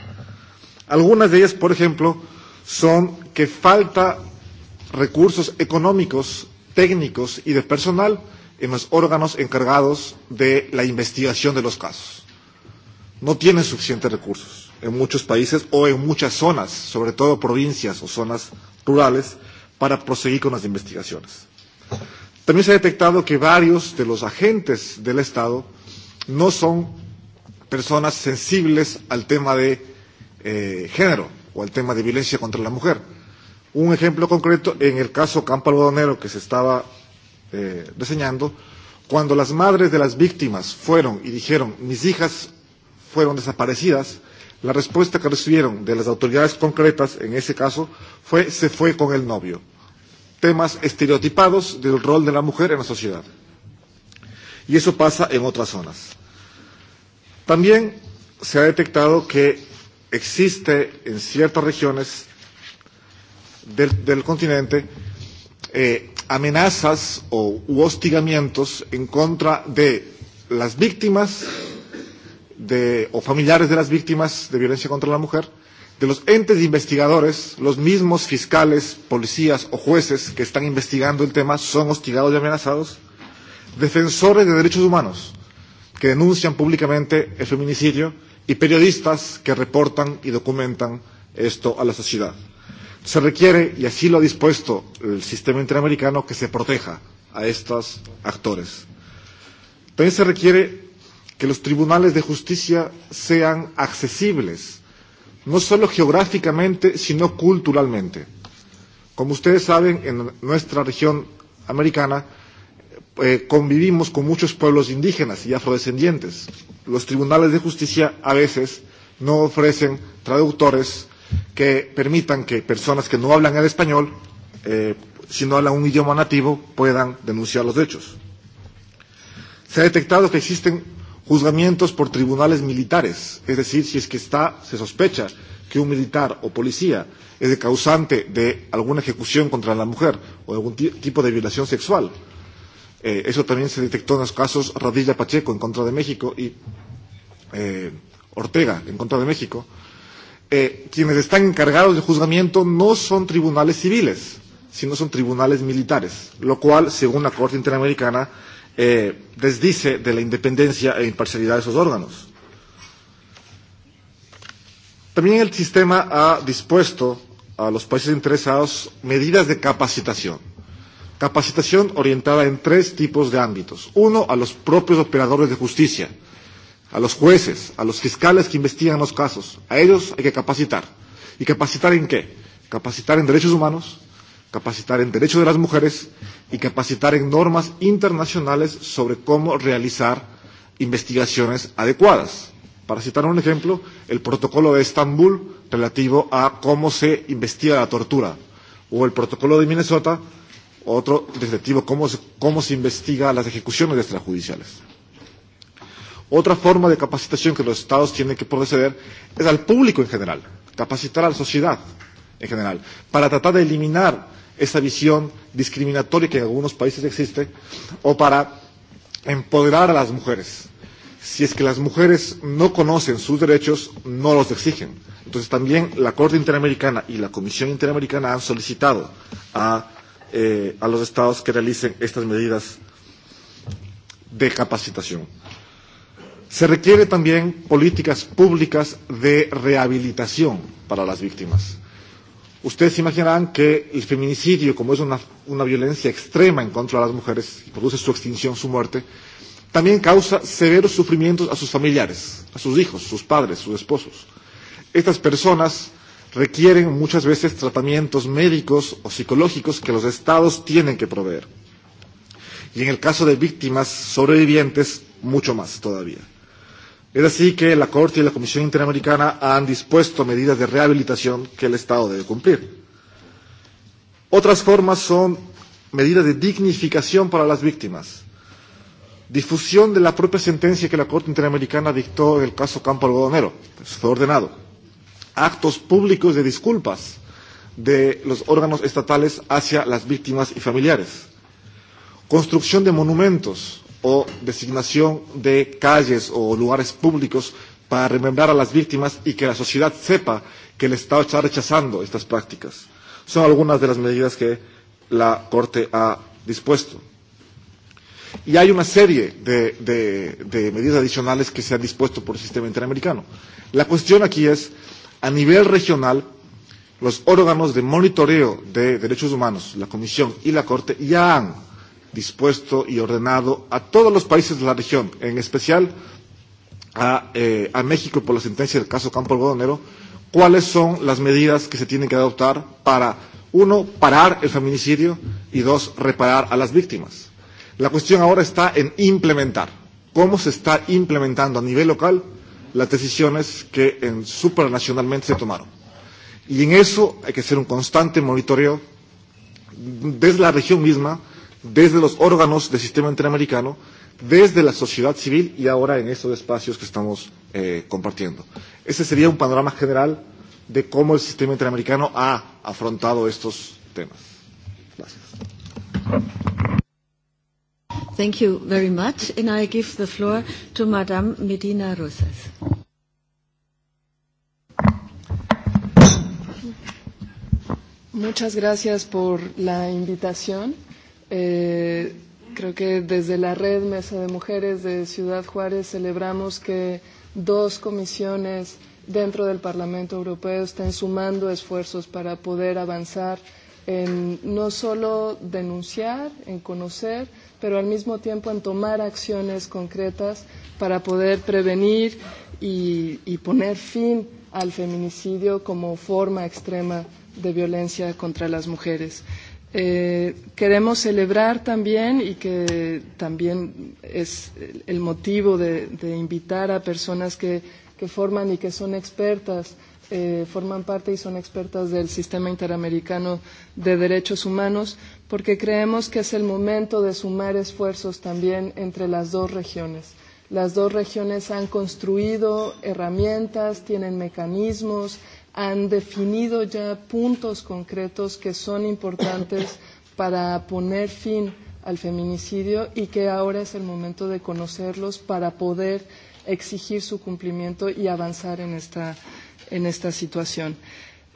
Algunas de ellas, por ejemplo, son que falta recursos económicos, técnicos y de personal en los órganos encargados de la investigación de los casos no tienen suficientes recursos en muchos países o en muchas zonas, sobre todo provincias o zonas rurales, para proseguir con las investigaciones. También se ha detectado que varios de los agentes del Estado no son personas sensibles al tema de eh, género o al tema de violencia contra la mujer. Un ejemplo concreto en el caso Campo Algodonero que se estaba eh, reseñando, cuando las madres de las víctimas fueron y dijeron, mis hijas fueron desaparecidas, la respuesta que recibieron de las autoridades concretas, en ese caso, fue se fue con el novio. Temas estereotipados del rol de la mujer en la sociedad. Y eso pasa en otras zonas. También se ha detectado que existe en ciertas regiones del, del continente eh, amenazas o u hostigamientos en contra de las víctimas de, o familiares de las víctimas de violencia contra la mujer, de los entes investigadores, los mismos fiscales, policías o jueces que están investigando el tema son hostigados y amenazados, defensores de derechos humanos que denuncian públicamente el feminicidio y periodistas que reportan y documentan esto a la sociedad. Se requiere, y así lo ha dispuesto el sistema interamericano, que se proteja a estos actores. También se requiere que los tribunales de justicia sean accesibles, no solo geográficamente, sino culturalmente. Como ustedes saben, en nuestra región americana eh, convivimos con muchos pueblos indígenas y afrodescendientes. Los tribunales de justicia a veces no ofrecen traductores que permitan que personas que no hablan el español, eh, si no hablan un idioma nativo, puedan denunciar los hechos. Se ha detectado que existen juzgamientos por tribunales militares, es decir, si es que está, se sospecha que un militar o policía es el causante de alguna ejecución contra la mujer o algún tipo de violación sexual. Eh, eso también se detectó en los casos Radilla Pacheco en contra de México y eh, Ortega en contra de México. Eh, quienes están encargados del juzgamiento no son tribunales civiles, sino son tribunales militares, lo cual, según la Corte Interamericana, eh, desdice de la independencia e imparcialidad de esos órganos. También el sistema ha dispuesto a los países interesados medidas de capacitación. Capacitación orientada en tres tipos de ámbitos. Uno, a los propios operadores de justicia, a los jueces, a los fiscales que investigan los casos. A ellos hay que capacitar. ¿Y capacitar en qué? Capacitar en derechos humanos, capacitar en derechos de las mujeres y capacitar en normas internacionales sobre cómo realizar investigaciones adecuadas. Para citar un ejemplo, el protocolo de Estambul relativo a cómo se investiga la tortura, o el protocolo de Minnesota, otro relativo a cómo se, cómo se investiga las ejecuciones extrajudiciales. Otra forma de capacitación que los Estados tienen que proceder es al público en general, capacitar a la sociedad en general, para tratar de eliminar esa visión discriminatoria que en algunos países existe, o para empoderar a las mujeres. Si es que las mujeres no conocen sus derechos, no los exigen. Entonces también la Corte Interamericana y la Comisión Interamericana han solicitado a, eh, a los estados que realicen estas medidas de capacitación. Se requiere también políticas públicas de rehabilitación para las víctimas. Ustedes imaginarán que el feminicidio, como es una, una violencia extrema en contra de las mujeres, y produce su extinción, su muerte, también causa severos sufrimientos a sus familiares, a sus hijos, sus padres, sus esposos. Estas personas requieren muchas veces tratamientos médicos o psicológicos que los estados tienen que proveer. Y en el caso de víctimas sobrevivientes, mucho más todavía. Es así que la Corte y la Comisión Interamericana han dispuesto medidas de rehabilitación que el Estado debe cumplir. Otras formas son medidas de dignificación para las víctimas, difusión de la propia sentencia que la Corte Interamericana dictó en el caso Campo Algodonero, eso fue ordenado, actos públicos de disculpas de los órganos estatales hacia las víctimas y familiares, construcción de monumentos o designación de calles o lugares públicos para remembrar a las víctimas y que la sociedad sepa que el Estado está rechazando estas prácticas. Son algunas de las medidas que la Corte ha dispuesto. Y hay una serie de, de, de medidas adicionales que se han dispuesto por el sistema interamericano. La cuestión aquí es, a nivel regional, los órganos de monitoreo de derechos humanos, la Comisión y la Corte, ya han dispuesto y ordenado a todos los países de la región, en especial a, eh, a México por la sentencia del caso Campo Algodonero, cuáles son las medidas que se tienen que adoptar para, uno, parar el feminicidio y, dos, reparar a las víctimas. La cuestión ahora está en implementar. ¿Cómo se está implementando a nivel local las decisiones que en, supranacionalmente se tomaron? Y en eso hay que hacer un constante monitoreo desde la región misma desde los órganos del sistema interamericano, desde la sociedad civil y ahora en estos espacios que estamos eh, compartiendo. Ese sería un panorama general de cómo el sistema interamericano ha afrontado estos temas. Gracias. Thank you very much, and I give the floor to Madame Medina Rosas. Muchas gracias por la invitación. Eh, creo que desde la red Mesa de Mujeres de Ciudad Juárez celebramos que dos comisiones dentro del Parlamento Europeo estén sumando esfuerzos para poder avanzar en no solo denunciar, en conocer, pero al mismo tiempo en tomar acciones concretas para poder prevenir y, y poner fin al feminicidio como forma extrema de violencia contra las mujeres. Eh, Eh, queremos celebrar también y que también es el motivo de, de invitar a personas que, que forman y que son expertas, eh, forman parte y son expertas del sistema interamericano de derechos humanos, porque creemos que es el momento de sumar esfuerzos también entre las dos regiones. Las dos regiones han construido herramientas, tienen mecanismos, han definido ya puntos concretos que son importantes [coughs] para poner fin al feminicidio y que ahora es el momento de conocerlos para poder exigir su cumplimiento y avanzar en esta, en esta situación.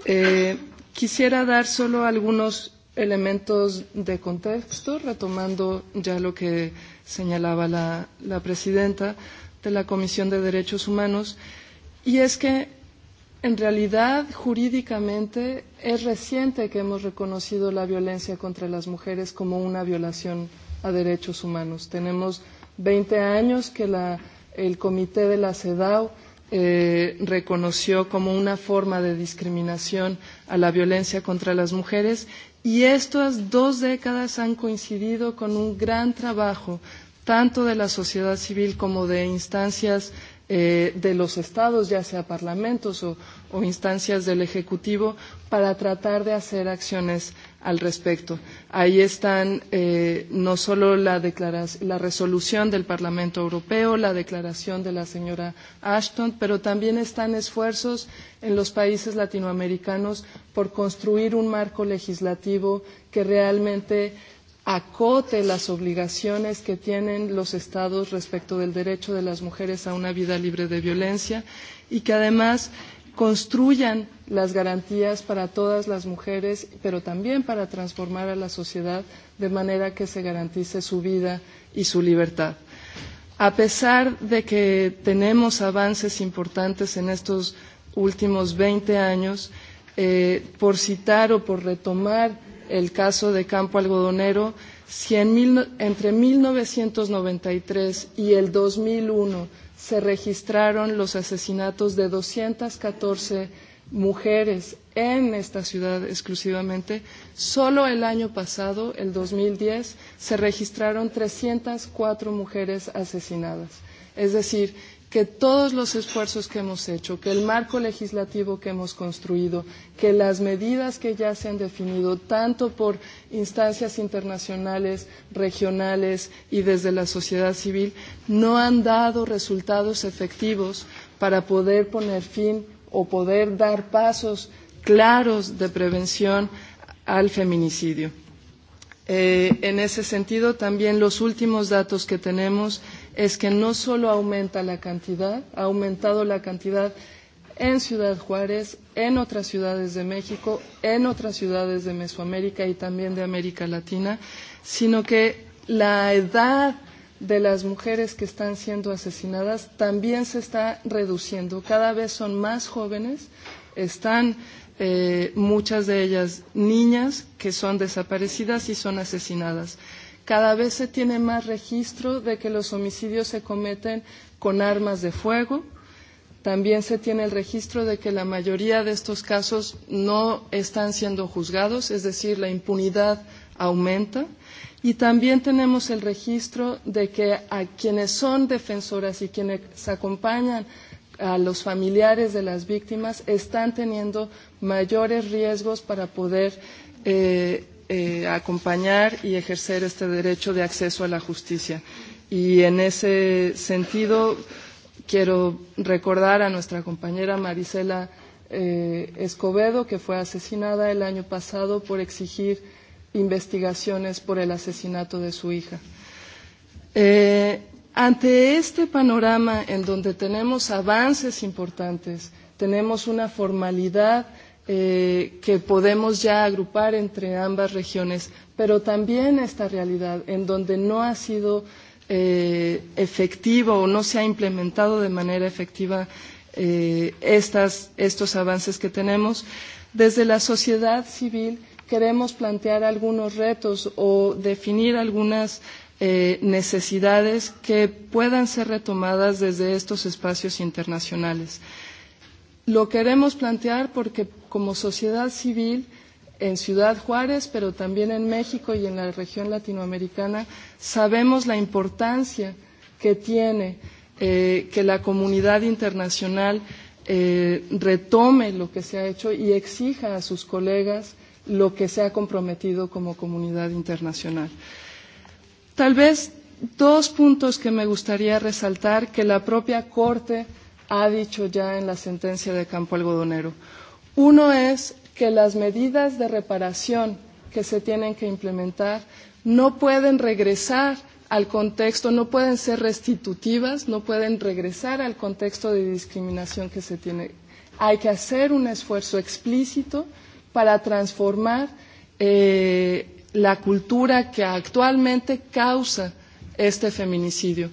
Eh, quisiera dar solo algunos elementos de contexto, retomando ya lo que señalaba la, la presidenta de la Comisión de Derechos Humanos, y es que En realidad, jurídicamente, es reciente que hemos reconocido la violencia contra las mujeres como una violación a derechos humanos. Tenemos 20 años que la, el comité de la CEDAW eh, reconoció como una forma de discriminación a la violencia contra las mujeres y estas dos décadas han coincidido con un gran trabajo tanto de la sociedad civil como de instancias eh, de los estados, ya sea parlamentos o, o instancias del Ejecutivo, para tratar de hacer acciones al respecto. Ahí están eh, no solo la, la resolución del Parlamento Europeo, la declaración de la señora Ashton, pero también están esfuerzos en los países latinoamericanos por construir un marco legislativo que realmente eh, acote las obligaciones que tienen los estados respecto del derecho de las mujeres a una vida libre de violencia y que además construyan las garantías para todas las mujeres, pero también para transformar a la sociedad de manera que se garantice su vida y su libertad. A pesar de que tenemos avances importantes en estos últimos 20 años, eh, por citar o por retomar el caso de Campo Algodonero, si en mil, entre 1993 y el 2001 se registraron los asesinatos de 214 mujeres en esta ciudad exclusivamente, solo el año pasado, el 2010, se registraron 304 mujeres asesinadas. Es decir, que todos los esfuerzos que hemos hecho, que el marco legislativo que hemos construido, que las medidas que ya se han definido, tanto por instancias internacionales, regionales y desde la sociedad civil, no han dado resultados efectivos para poder poner fin o poder dar pasos claros de prevención al feminicidio. Eh, en ese sentido, también los últimos datos que tenemos es que no solo aumenta la cantidad, ha aumentado la cantidad en Ciudad Juárez, en otras ciudades de México, en otras ciudades de Mesoamérica y también de América Latina, sino que la edad de las mujeres que están siendo asesinadas también se está reduciendo. Cada vez son más jóvenes, están eh, muchas de ellas niñas que son desaparecidas y son asesinadas. Eh, cada vez se tiene más registro de que los homicidios se cometen con armas de fuego. También se tiene el registro de que la mayoría de estos casos no están siendo juzgados, es decir, la impunidad aumenta. Y también tenemos el registro de que a quienes son defensoras y quienes acompañan a los familiares de las víctimas están teniendo mayores riesgos para poder eh, eh, acompañar y ejercer este derecho de acceso a la justicia. Y en ese sentido, quiero recordar a nuestra compañera Marisela eh, Escobedo, que fue asesinada el año pasado por exigir investigaciones por el asesinato de su hija. Eh, ante este panorama en donde tenemos avances importantes, tenemos una formalidad eh, que podemos ya agrupar entre ambas regiones, pero también esta realidad en donde no ha sido eh, efectivo o no se ha implementado de manera efectiva eh, estas, estos avances que tenemos. Desde la sociedad civil queremos plantear algunos retos o definir algunas eh, necesidades que puedan ser retomadas desde estos espacios internacionales. Lo queremos plantear porque como sociedad civil en Ciudad Juárez, pero también en México y en la región latinoamericana, sabemos la importancia que tiene eh, que la comunidad internacional eh, retome lo que se ha hecho y exija a sus colegas lo que se ha comprometido como comunidad internacional. Tal vez dos puntos que me gustaría resaltar que la propia Corte ha dicho ya en la sentencia de Campo Algodonero. Eh, Uno es que las medidas de reparación que se tienen que implementar no pueden regresar al contexto, no pueden ser restitutivas, no pueden regresar al contexto de discriminación que se tiene. Hay que hacer un esfuerzo explícito para transformar eh, la cultura que actualmente causa este feminicidio.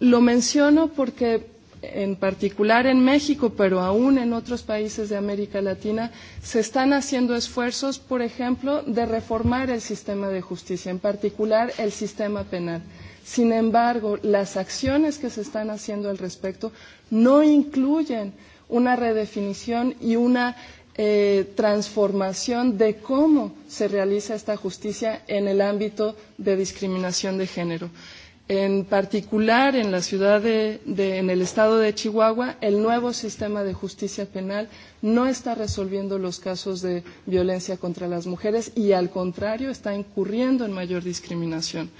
Lo menciono porque en particular en México, pero aún en otros países de América Latina, se están haciendo esfuerzos, por ejemplo, de reformar el sistema de justicia, en particular el sistema penal. Sin embargo, las acciones que se están haciendo al respecto no incluyen una redefinición y una eh, transformación de cómo se realiza esta justicia en el ámbito de discriminación de género. Eh, en particular en la ciudad de, de, en el estado de Chihuahua, el nuevo sistema de justicia penal no está resolviendo los casos de violencia contra las mujeres y, al contrario, está incurriendo en mayor discriminación.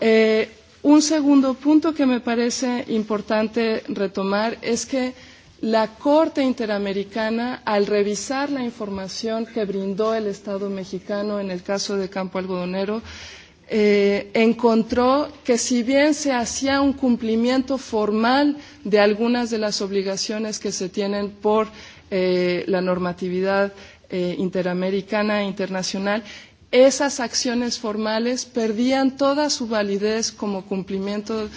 Eh, un segundo punto que me parece importante retomar es que la Corte Interamericana, al revisar la información que brindó el Estado mexicano en el caso de Campo Algodonero, eh, eh, encontró que si bien se hacía un cumplimiento formal de algunas de las obligaciones que se tienen por eh, la normatividad eh, interamericana e internacional, esas acciones formales perdían toda su validez como cumplimiento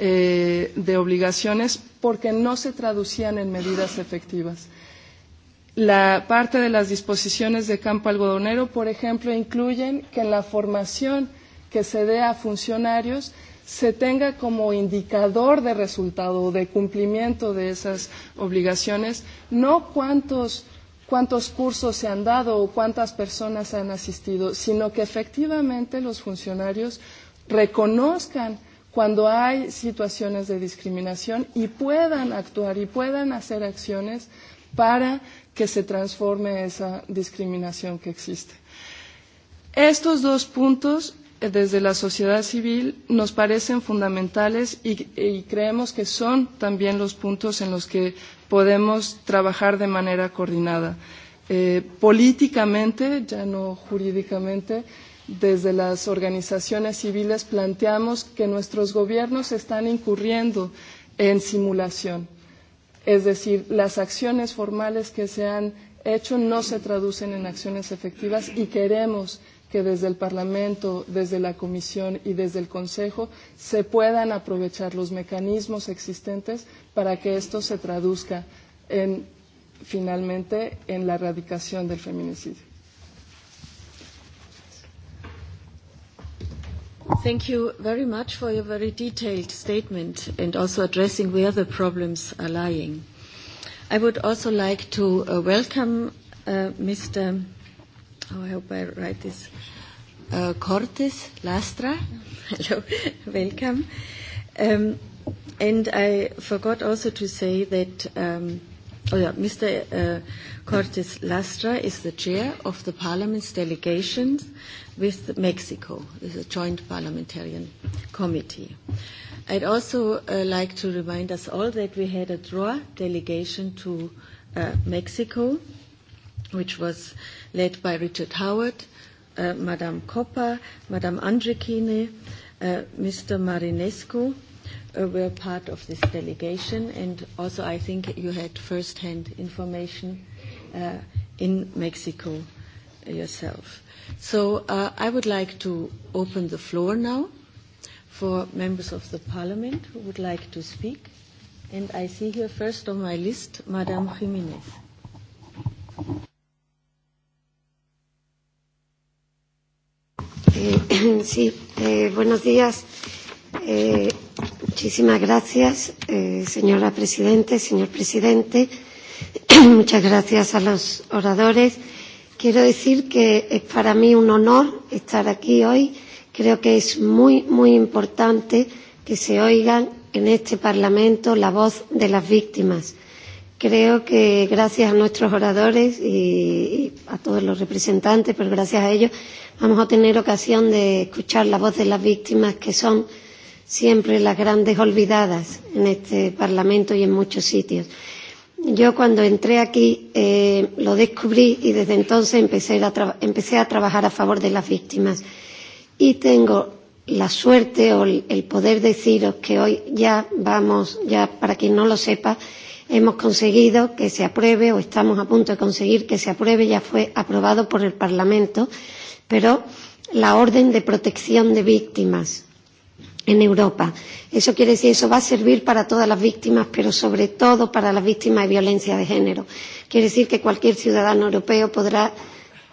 eh, de obligaciones porque no se traducían en medidas efectivas. La parte de las disposiciones de campo algodonero, por ejemplo, incluyen que en la formación eh, que se dé a funcionarios se tenga como indicador de resultado, de cumplimiento de esas obligaciones, no cuántos, cuántos cursos se han dado o cuántas personas han asistido, sino que efectivamente los funcionarios reconozcan cuando hay situaciones de discriminación y puedan actuar y puedan hacer acciones para que se transforme esa discriminación que existe. Estos dos puntos desde la sociedad civil nos parecen fundamentales y, y creemos que son también los puntos en los que podemos trabajar de manera coordinada. Eh, políticamente, ya no jurídicamente, desde las organizaciones civiles planteamos que nuestros gobiernos están incurriendo en simulación. Es decir, las acciones formales que se han hecho no se traducen en acciones efectivas y queremos que que desde el Parlamento, desde la Comisión y desde el Consejo se puedan aprovechar los mecanismos existentes para que esto se traduzca en, finalmente en la erradicación del feminicidio. Thank you very much for your very detailed statement and also addressing where the problems are lying. I would also like to uh, welcome uh, Mr oh, I hope I write this, uh, Cortes Lastra. [laughs] Hello, welcome. Um, and I forgot also to say that um, oh yeah, Mr. Uh, Cortes Lastra is the chair of the parliament's delegation with Mexico. It's a joint parliamentarian committee. I'd also uh, like to remind us all that we had a draw delegation to uh, Mexico, which was uh, led by Richard Howard, uh, Madame Coppa, Madame Andrikine, uh, Mr. Marinescu uh, were part of this delegation, and also I think you had first-hand information uh, in Mexico yourself. So uh, I would like to open the floor now for members of the parliament who would like to speak. And I see here first on my list, Madame Jiménez. Eh, [clears throat] sí, eh, buenos días. Eh, muchísimas gracias, eh, señora Presidente, señor Presidente. [clears throat] Muchas gracias a los oradores. Quiero decir que es para mí un honor estar aquí hoy. Creo que es muy, muy importante que se oigan en este Parlamento la voz de las víctimas Creo que gracias a nuestros oradores y, y a todos los representantes, pero gracias a ellos, vamos a tener ocasión de escuchar la voz de las víctimas que son siempre las grandes olvidadas en este Parlamento y en muchos sitios. Yo cuando entré aquí eh, lo descubrí y desde entonces empecé a, empecé a trabajar a favor de las víctimas. Y tengo la suerte o el poder deciros que hoy ya vamos, ya para quien no lo sepa, hemos conseguido que se apruebe o estamos a punto de conseguir que se apruebe, ya fue aprobado por el Parlamento, pero la orden de protección de víctimas en Europa. Eso quiere decir, eso va a servir para todas las víctimas, pero sobre todo para las víctimas de violencia de género. Quiere decir que cualquier ciudadano europeo podrá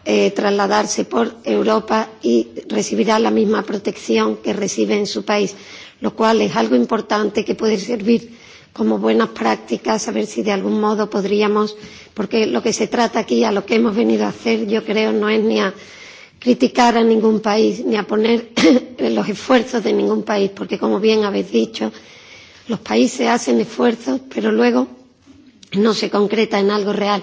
eh, trasladarse por Europa y recibirá la misma protección que recibe en su país, lo cual es algo importante que puede servir como buenas prácticas, a ver si de algún modo podríamos, porque lo que se trata aquí, a lo que hemos venido a hacer, yo creo, no es ni a criticar a ningún país, ni a poner [coughs] los esfuerzos de ningún país, porque como bien habéis dicho, los países hacen esfuerzos, pero luego no se concreta en algo real.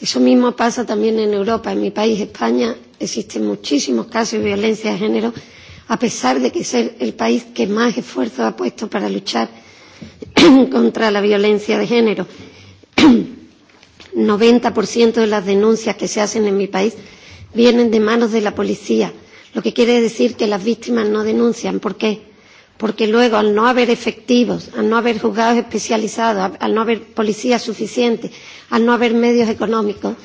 Eso mismo pasa también en Europa. En mi país, España, existen muchísimos casos de violencia de género, a pesar de que ser el país que más esfuerzo ha puesto para luchar [clears throat] contra la violencia de género. 90% [clears throat] de las denuncias que se hacen en mi país vienen de manos de la policía, lo que quiere decir que las víctimas no denuncian. ¿Por qué? Porque luego, al no haber efectivos, al no haber juzgados especializados, al no haber policías suficientes, al no haber medios económicos,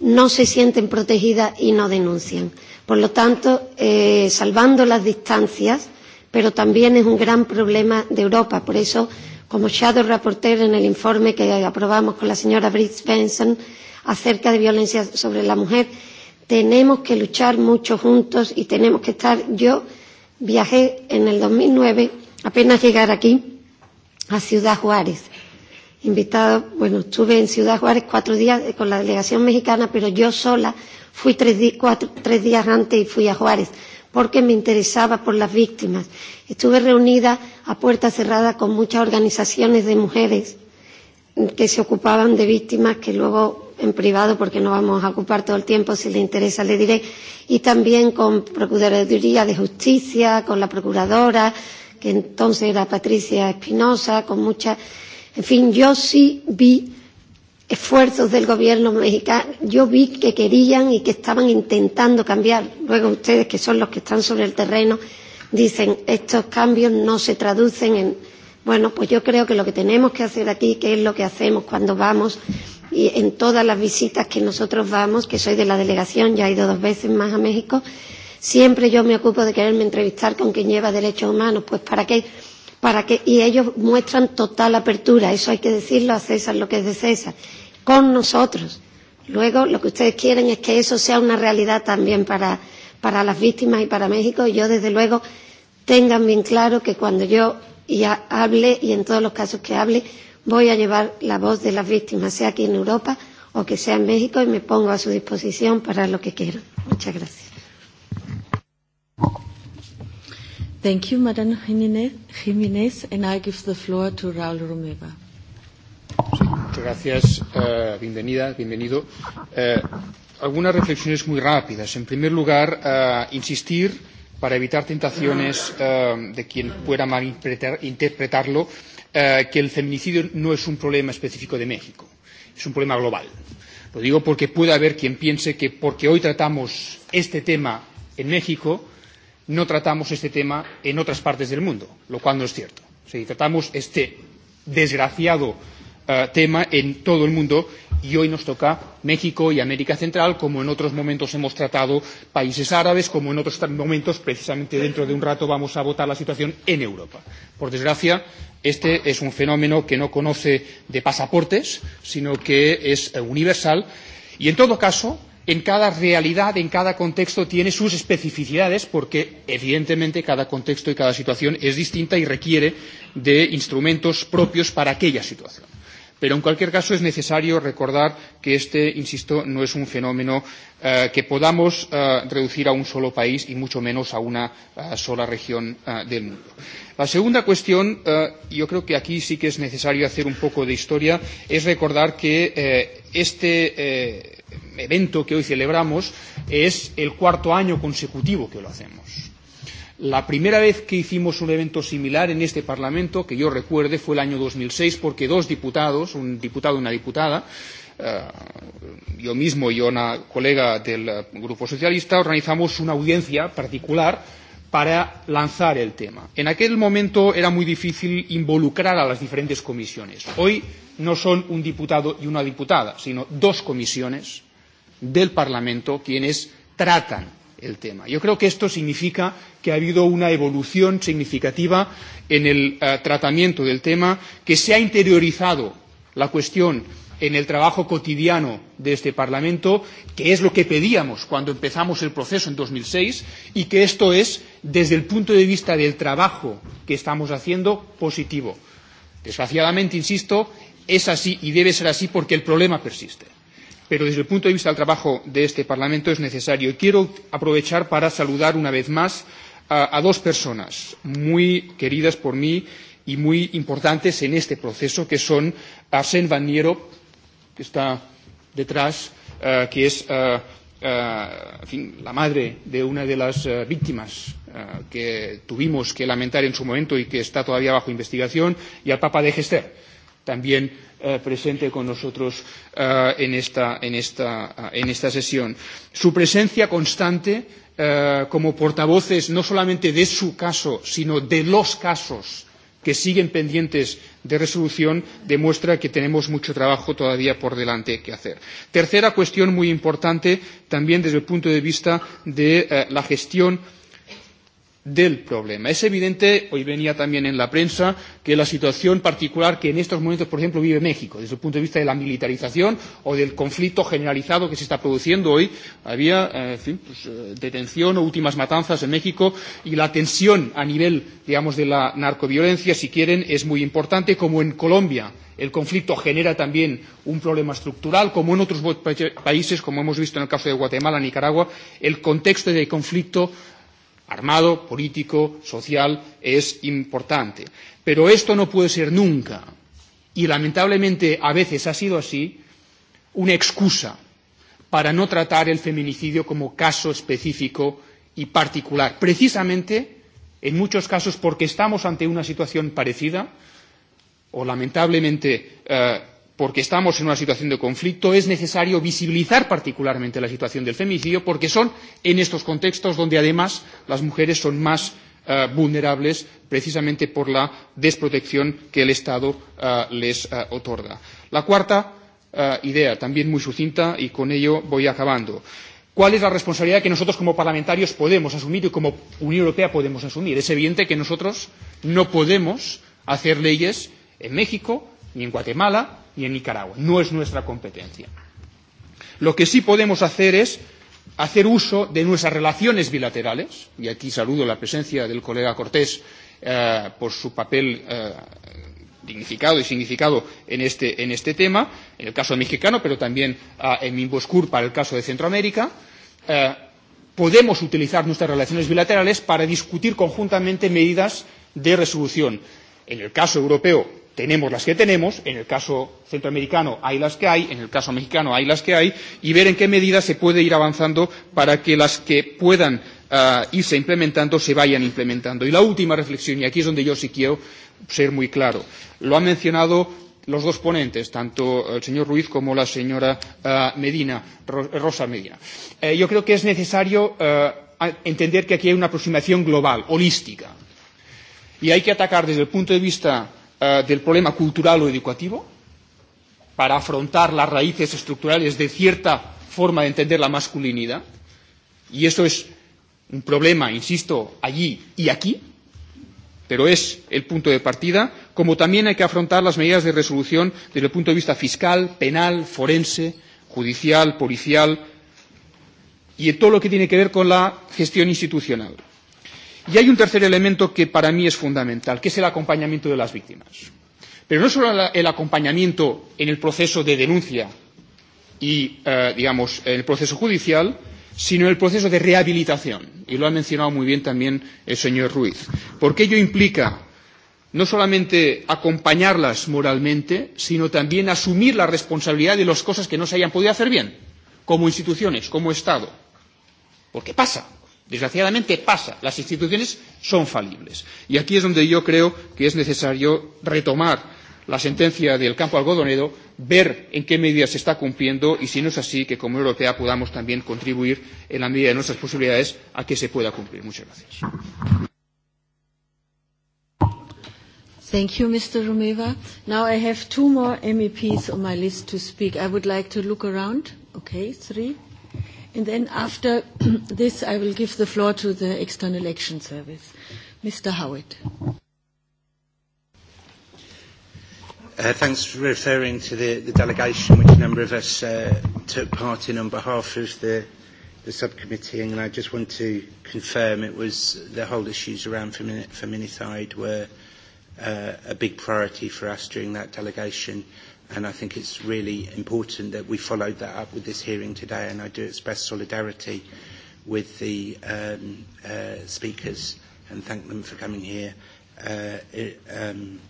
no se sienten protegidas y no denuncian. Por lo tanto, eh, salvando las distancias, eh, pero también es un gran problema de Europa. Por eso, como Shadow Rapporteur en el informe que aprobamos con la señora Britt Svensson acerca de violencia sobre la mujer, tenemos que luchar mucho juntos y tenemos que estar. Yo viajé en el 2009, apenas llegar aquí, a Ciudad Juárez. Invitado, bueno, estuve en Ciudad Juárez cuatro días eh, con la delegación mexicana, pero yo sola fui tres, di cuatro, tres días antes y fui a Juárez porque me interesaba por las víctimas. Estuve reunida a puerta cerrada con muchas organizaciones de mujeres que se ocupaban de víctimas que luego en privado, porque no vamos a ocupar todo el tiempo, si le interesa le diré, y también con Procuraduría de Justicia, con la Procuradora, que entonces era Patricia Espinosa, con muchas. En fin, yo sí vi esfuerzos del gobierno mexicano, yo vi que querían y que estaban intentando cambiar. Luego ustedes, que son los que están sobre el terreno, dicen estos cambios no se traducen en. Bueno, pues yo creo que lo que tenemos que hacer aquí, que es lo que hacemos cuando vamos y en todas las visitas que nosotros vamos, que soy de la delegación, ya he ido dos veces más a México, siempre yo me ocupo de quererme entrevistar con quien lleva derechos humanos. Pues para qué para que, y ellos muestran total apertura, eso hay que decirlo a César lo que es de César, con nosotros. Luego lo que ustedes quieren es que eso sea una realidad también para, para las víctimas y para México. Y yo, desde luego, tengan bien claro que cuando yo ya hable y en todos los casos que hable, voy a llevar la voz de las víctimas, sea aquí en Europa o que sea en México, y me pongo a su disposición para lo que quieran. Muchas gracias. Thank you, Madam Jiménez, and I give the floor to Raúl Romeva. Sí, muchas gracias. Eh, bienvenida, bienvenido. Eh, algunas reflexiones muy rápidas. En primer lugar, eh, insistir para evitar tentaciones eh, de quien pueda malinterpretarlo, eh, que el feminicidio no es un problema específico de México, es un problema global. Lo digo porque puede haber quien piense que porque hoy tratamos este tema en México, no tratamos este tema en otras partes del mundo, lo cual no es cierto. Sí, tratamos este desgraciado uh, tema en todo el mundo y hoy nos toca México y América Central, como en otros momentos hemos tratado países árabes, como en otros momentos, precisamente dentro de un rato, vamos a votar la situación en Europa. Por desgracia, este es un fenómeno que no conoce de pasaportes, sino que es eh, universal y, en todo caso, en cada realidad, en cada contexto, tiene sus especificidades, porque evidentemente cada contexto y cada situación es distinta y requiere de instrumentos propios para aquella situación. Pero en cualquier caso es necesario recordar que este, insisto, no es un fenómeno eh, que podamos eh, reducir a un solo país y mucho menos a una a eh, sola región eh, del mundo. La segunda cuestión, eh, yo creo que aquí sí que es necesario hacer un poco de historia, es recordar que eh, este. Eh, evento que hoy celebramos es el cuarto año consecutivo que lo hacemos. La primera vez que hicimos un evento similar en este Parlamento, que yo recuerde, fue el año 2006, porque dos diputados, un diputado y una diputada, eh, yo mismo y una colega del eh, Grupo Socialista, organizamos una audiencia particular para lanzar el tema. En aquel momento era muy difícil involucrar a las diferentes comisiones. Hoy no son un diputado y una diputada, sino dos comisiones del Parlamento quienes tratan el tema. Yo creo que esto significa que ha habido una evolución significativa en el uh, tratamiento del tema, que se ha interiorizado la cuestión en el trabajo cotidiano de este Parlamento, que es lo que pedíamos cuando empezamos el proceso en 2006, y que esto es, desde el punto de vista del trabajo que estamos haciendo, positivo. Desgraciadamente, insisto, es así y debe ser así porque el problema persiste pero desde el punto de vista del trabajo de este Parlamento es necesario. Y quiero aprovechar para saludar una vez más a, a dos personas muy queridas por mí y muy importantes en este proceso, que son Arsène Van Nierop, que está detrás, uh, que es uh, uh, en fin, la madre de una de las uh, víctimas uh, que tuvimos que lamentar en su momento y que está todavía bajo investigación, y al Papa de Gester también eh, presente con nosotros eh, en, esta, en, esta, en esta sesión. Su presencia constante eh, como portavoces no solamente de su caso, sino de los casos que siguen pendientes de resolución demuestra que tenemos mucho trabajo todavía por delante que hacer. Tercera cuestión muy importante también desde el punto de vista de eh, la gestión eh, del problema. Es evidente, hoy venía también en la prensa, que la situación particular que en estos momentos, por ejemplo, vive México, desde el punto de vista de la militarización o del conflicto generalizado que se está produciendo hoy, había eh, en fin, pues, eh, detención o últimas matanzas en México y la tensión a nivel, digamos, de la narcoviolencia, si quieren, es muy importante, como en Colombia. El conflicto genera también un problema estructural, como en otros países, como hemos visto en el caso de Guatemala, Nicaragua, el contexto de conflicto armado, político, social, es importante. Pero esto no puede ser nunca, y lamentablemente a veces ha sido así, una excusa para no tratar el feminicidio como caso específico y particular. Precisamente, en muchos casos, porque estamos ante una situación parecida, o lamentablemente eh, porque estamos en una situación de conflicto, es necesario visibilizar particularmente la situación del femicidio, porque son en estos contextos donde además las mujeres son más eh, vulnerables precisamente por la desprotección que el Estado eh, les eh, otorga. La cuarta eh, idea, también muy sucinta, y con ello voy acabando. ¿Cuál es la responsabilidad que nosotros como parlamentarios podemos asumir y como Unión Europea podemos asumir? Es evidente que nosotros no podemos hacer leyes en México, ni en Guatemala ni en Nicaragua. No es nuestra competencia. Lo que sí podemos hacer es hacer uso de nuestras relaciones bilaterales, y aquí saludo la presencia del colega Cortés eh, por su papel eh, dignificado y significado en este, en este tema, en el caso mexicano, pero también eh, en Mimboscur para el caso de Centroamérica. Eh, podemos utilizar nuestras relaciones bilaterales para discutir conjuntamente medidas de resolución. En el caso europeo, tenemos las que tenemos, en el caso centroamericano hay las que hay, en el caso mexicano hay las que hay, y ver en qué medida se puede ir avanzando para que las que puedan uh, irse implementando se vayan implementando. Y la última reflexión, y aquí es donde yo sí quiero ser muy claro, lo han mencionado los dos ponentes, tanto el señor Ruiz como la señora uh, Medina, Rosa Medina. Eh, yo creo que es necesario uh, entender que aquí hay una aproximación global, holística, y hay que atacar desde el punto de vista eh, del problema cultural o educativo, para afrontar las raíces estructurales de cierta forma de entender la masculinidad. Y eso es un problema, insisto, allí y aquí, pero es el punto de partida, como también hay que afrontar las medidas de resolución desde el punto de vista fiscal, penal, forense, judicial, policial y en todo lo que tiene que ver con la gestión institucional. Y hay un tercer elemento que para mí es fundamental, que es el acompañamiento de las víctimas. Pero no solo el acompañamiento en el proceso de denuncia y, eh, digamos, en el proceso judicial, sino el proceso de rehabilitación. Y lo ha mencionado muy bien también el señor Ruiz. Porque ello implica no solamente acompañarlas moralmente, sino también asumir la responsabilidad de las cosas que no se hayan podido hacer bien, como instituciones, como Estado. Porque pasa. Desgraciadamente pasa, las instituciones son falibles. Y aquí es donde yo creo que es necesario retomar la sentencia del campo algodonero, ver en qué medida se está cumpliendo y, si no es así, que como Europea podamos también contribuir en la medida de nuestras posibilidades a que se pueda cumplir. Muchas gracias. Thank you, Mr. Romeva. Now I have two more MEPs on my list to speak. I would like to look around. Okay, three. And then after [clears throat] this, I will give the floor to the External Action Service. Mr. Howitt. Uh, thanks for referring to the, the delegation which a number of us uh, took part in on behalf of the, the subcommittee and I just want to confirm it was the whole issues around femini- feminicide were uh, a big priority for us during that delegation and I think it's really important that we followed that up with this hearing today, and I do express solidarity with the um, uh, speakers and thank them for coming here uh, it, um,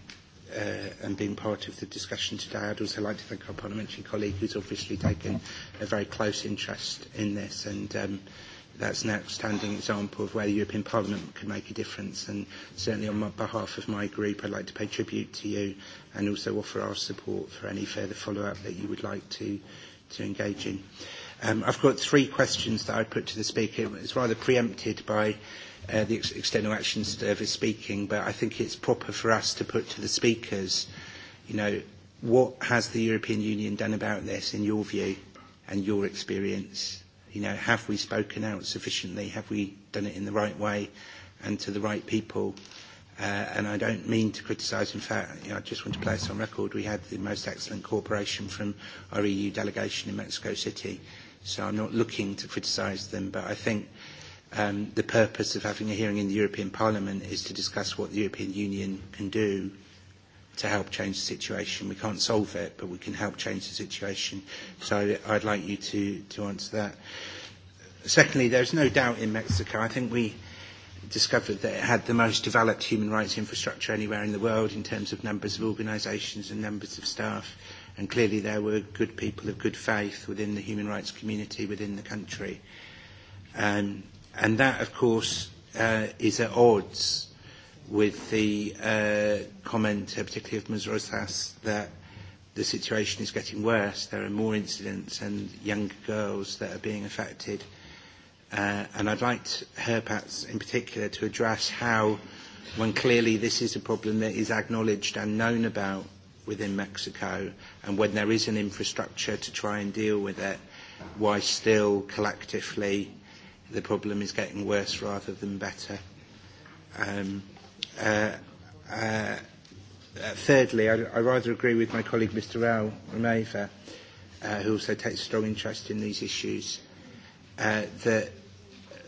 uh, and being part of the discussion today. I'd also like to thank our parliamentary colleague who's obviously taken a very close interest in this and um, uh, that's an outstanding example of where the European Parliament can make a difference. And certainly on my, behalf of my group, I'd like to pay tribute to you and also offer our support for any further follow-up that you would like to, to engage in. Um, I've got three questions that I put to the speaker. It's rather preempted by uh, the ex- External Action Service speaking, but I think it's proper for us to put to the speakers, you know, what has the European Union done about this in your view and your experience? You know, have we spoken out sufficiently? Have we done it in the right way and to the right people? Uh, and I don't mean to criticise. In fact, you know, I just want to place on record we had the most excellent cooperation from our EU delegation in Mexico City. So I'm not looking to criticise them, but I think um, the purpose of having a hearing in the European Parliament is to discuss what the European Union can do to help change the situation. We can't solve it, but we can help change the situation. So I'd like you to, to answer that. Secondly, there's no doubt in Mexico. I think we discovered that it had the most developed human rights infrastructure anywhere in the world in terms of numbers of organisations and numbers of staff. And clearly there were good people of good faith within the human rights community within the country. Um, and that, of course, uh, is at odds with the uh, comment, uh, particularly of Ms. Rosas, that the situation is getting worse. There are more incidents and young girls that are being affected. Uh, and I'd like to, her, perhaps, in particular, to address how, when clearly this is a problem that is acknowledged and known about within Mexico, and when there is an infrastructure to try and deal with it, why still collectively the problem is getting worse rather than better. Um, Uh, uh, uh, thirdly, I, I rather agree with my colleague Mr Rao Romeva, uh, who also takes strong interest in these issues, uh, that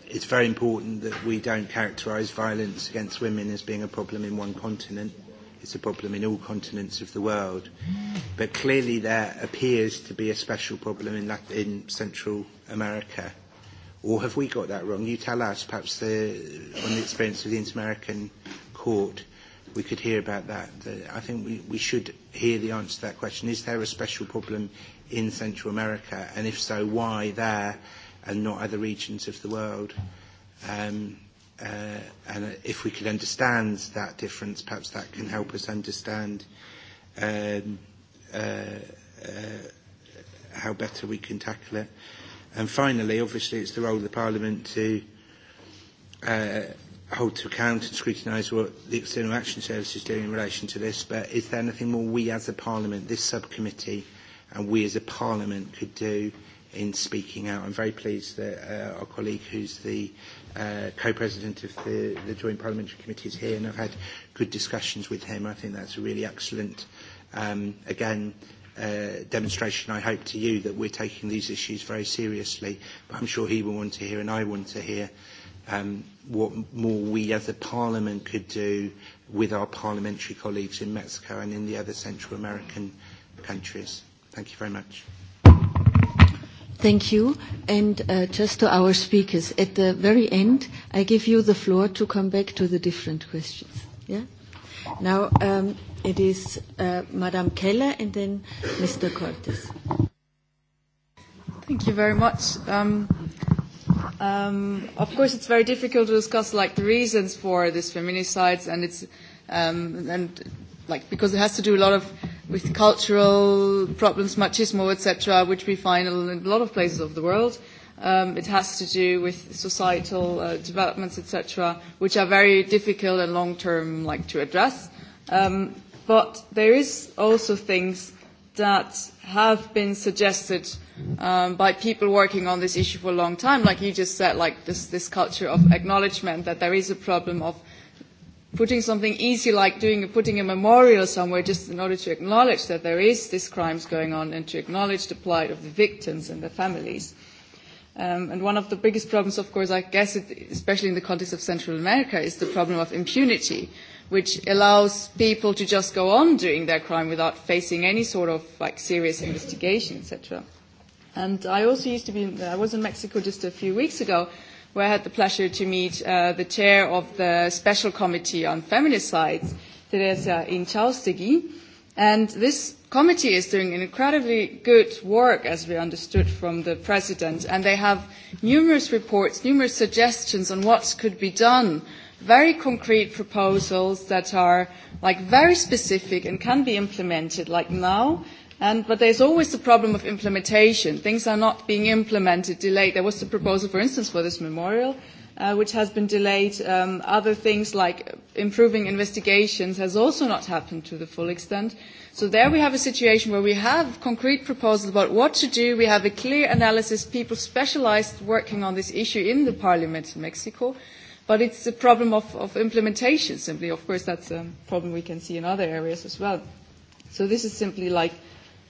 it's very important that we don't characterise violence against women as being a problem in one continent. It's a problem in all continents of the world. But clearly there appears to be a special problem in, Latin, in Central America. Or have we got that wrong? You tell us, perhaps the, uh, on the experience of the Inter-American court, we could hear about that. I think we, we should hear the answer to that question. Is there a special problem in Central America? And if so, why there and not other regions of the world? Um, uh, and if we could understand that difference, perhaps that can help us understand um, uh, uh, how better we can tackle it. And finally, obviously, it's the role of the Parliament to uh, hold to account and scrutinise what the External Action Service is doing in relation to this, but is there anything more we as a Parliament, this subcommittee, and we as a Parliament could do in speaking out? I'm very pleased that uh, our colleague who's the uh, co-president of the, the Joint Parliamentary Committee is here, and I've had good discussions with him. I think that's a really excellent, um, again, uh, demonstration, I hope, to you that we're taking these issues very seriously, but I'm sure he will want to hear and I want to hear uh, um, what more we as a parliament could do with our parliamentary colleagues in Mexico and in the other Central American countries. Thank you very much. Thank you. And uh, just to our speakers, at the very end, I give you the floor to come back to the different questions. Yeah? Now um, it is uh, Madame Keller and then Mr. Cortes. Thank you very much. Um, Um, of course, it's very difficult to discuss like the reasons for these feminicides, and it's um, and like because it has to do a lot of with cultural problems, machismo, etc., which we find in a lot of places of the world. Um, it has to do with societal uh, developments, etc., which are very difficult and long-term, like to address. Um, but there is also things that have been suggested um, by people working on this issue for a long time, like you just said, like this, this culture of acknowledgement that there is a problem of putting something easy like doing putting a memorial somewhere just in order to acknowledge that there is these crimes going on and to acknowledge the plight of the victims and their families. Um, and one of the biggest problems, of course, I guess, it, especially in the context of Central America, is the problem of impunity, which allows people to just go on doing their crime without facing any sort of like serious investigation, etc. And I also used to be, in, I was in Mexico just a few weeks ago, where I had the pleasure to meet uh, the chair of the Special Committee on Feminicides, Teresa Inchaustegui. And this committee is doing an incredibly good work, as we understood from the president, and they have numerous reports, numerous suggestions on what could be done, very concrete proposals that are like very specific and can be implemented like now And, but there's always the problem of implementation. Things are not being implemented, delayed. There was the proposal, for instance, for this memorial, uh, which has been delayed. Um, other things like improving investigations has also not happened to the full extent. So there we have a situation where we have concrete proposals about what to do. We have a clear analysis, people specialized working on this issue in the parliament in Mexico. But it's a problem of, of implementation simply. Of course, that's a problem we can see in other areas as well. So this is simply like –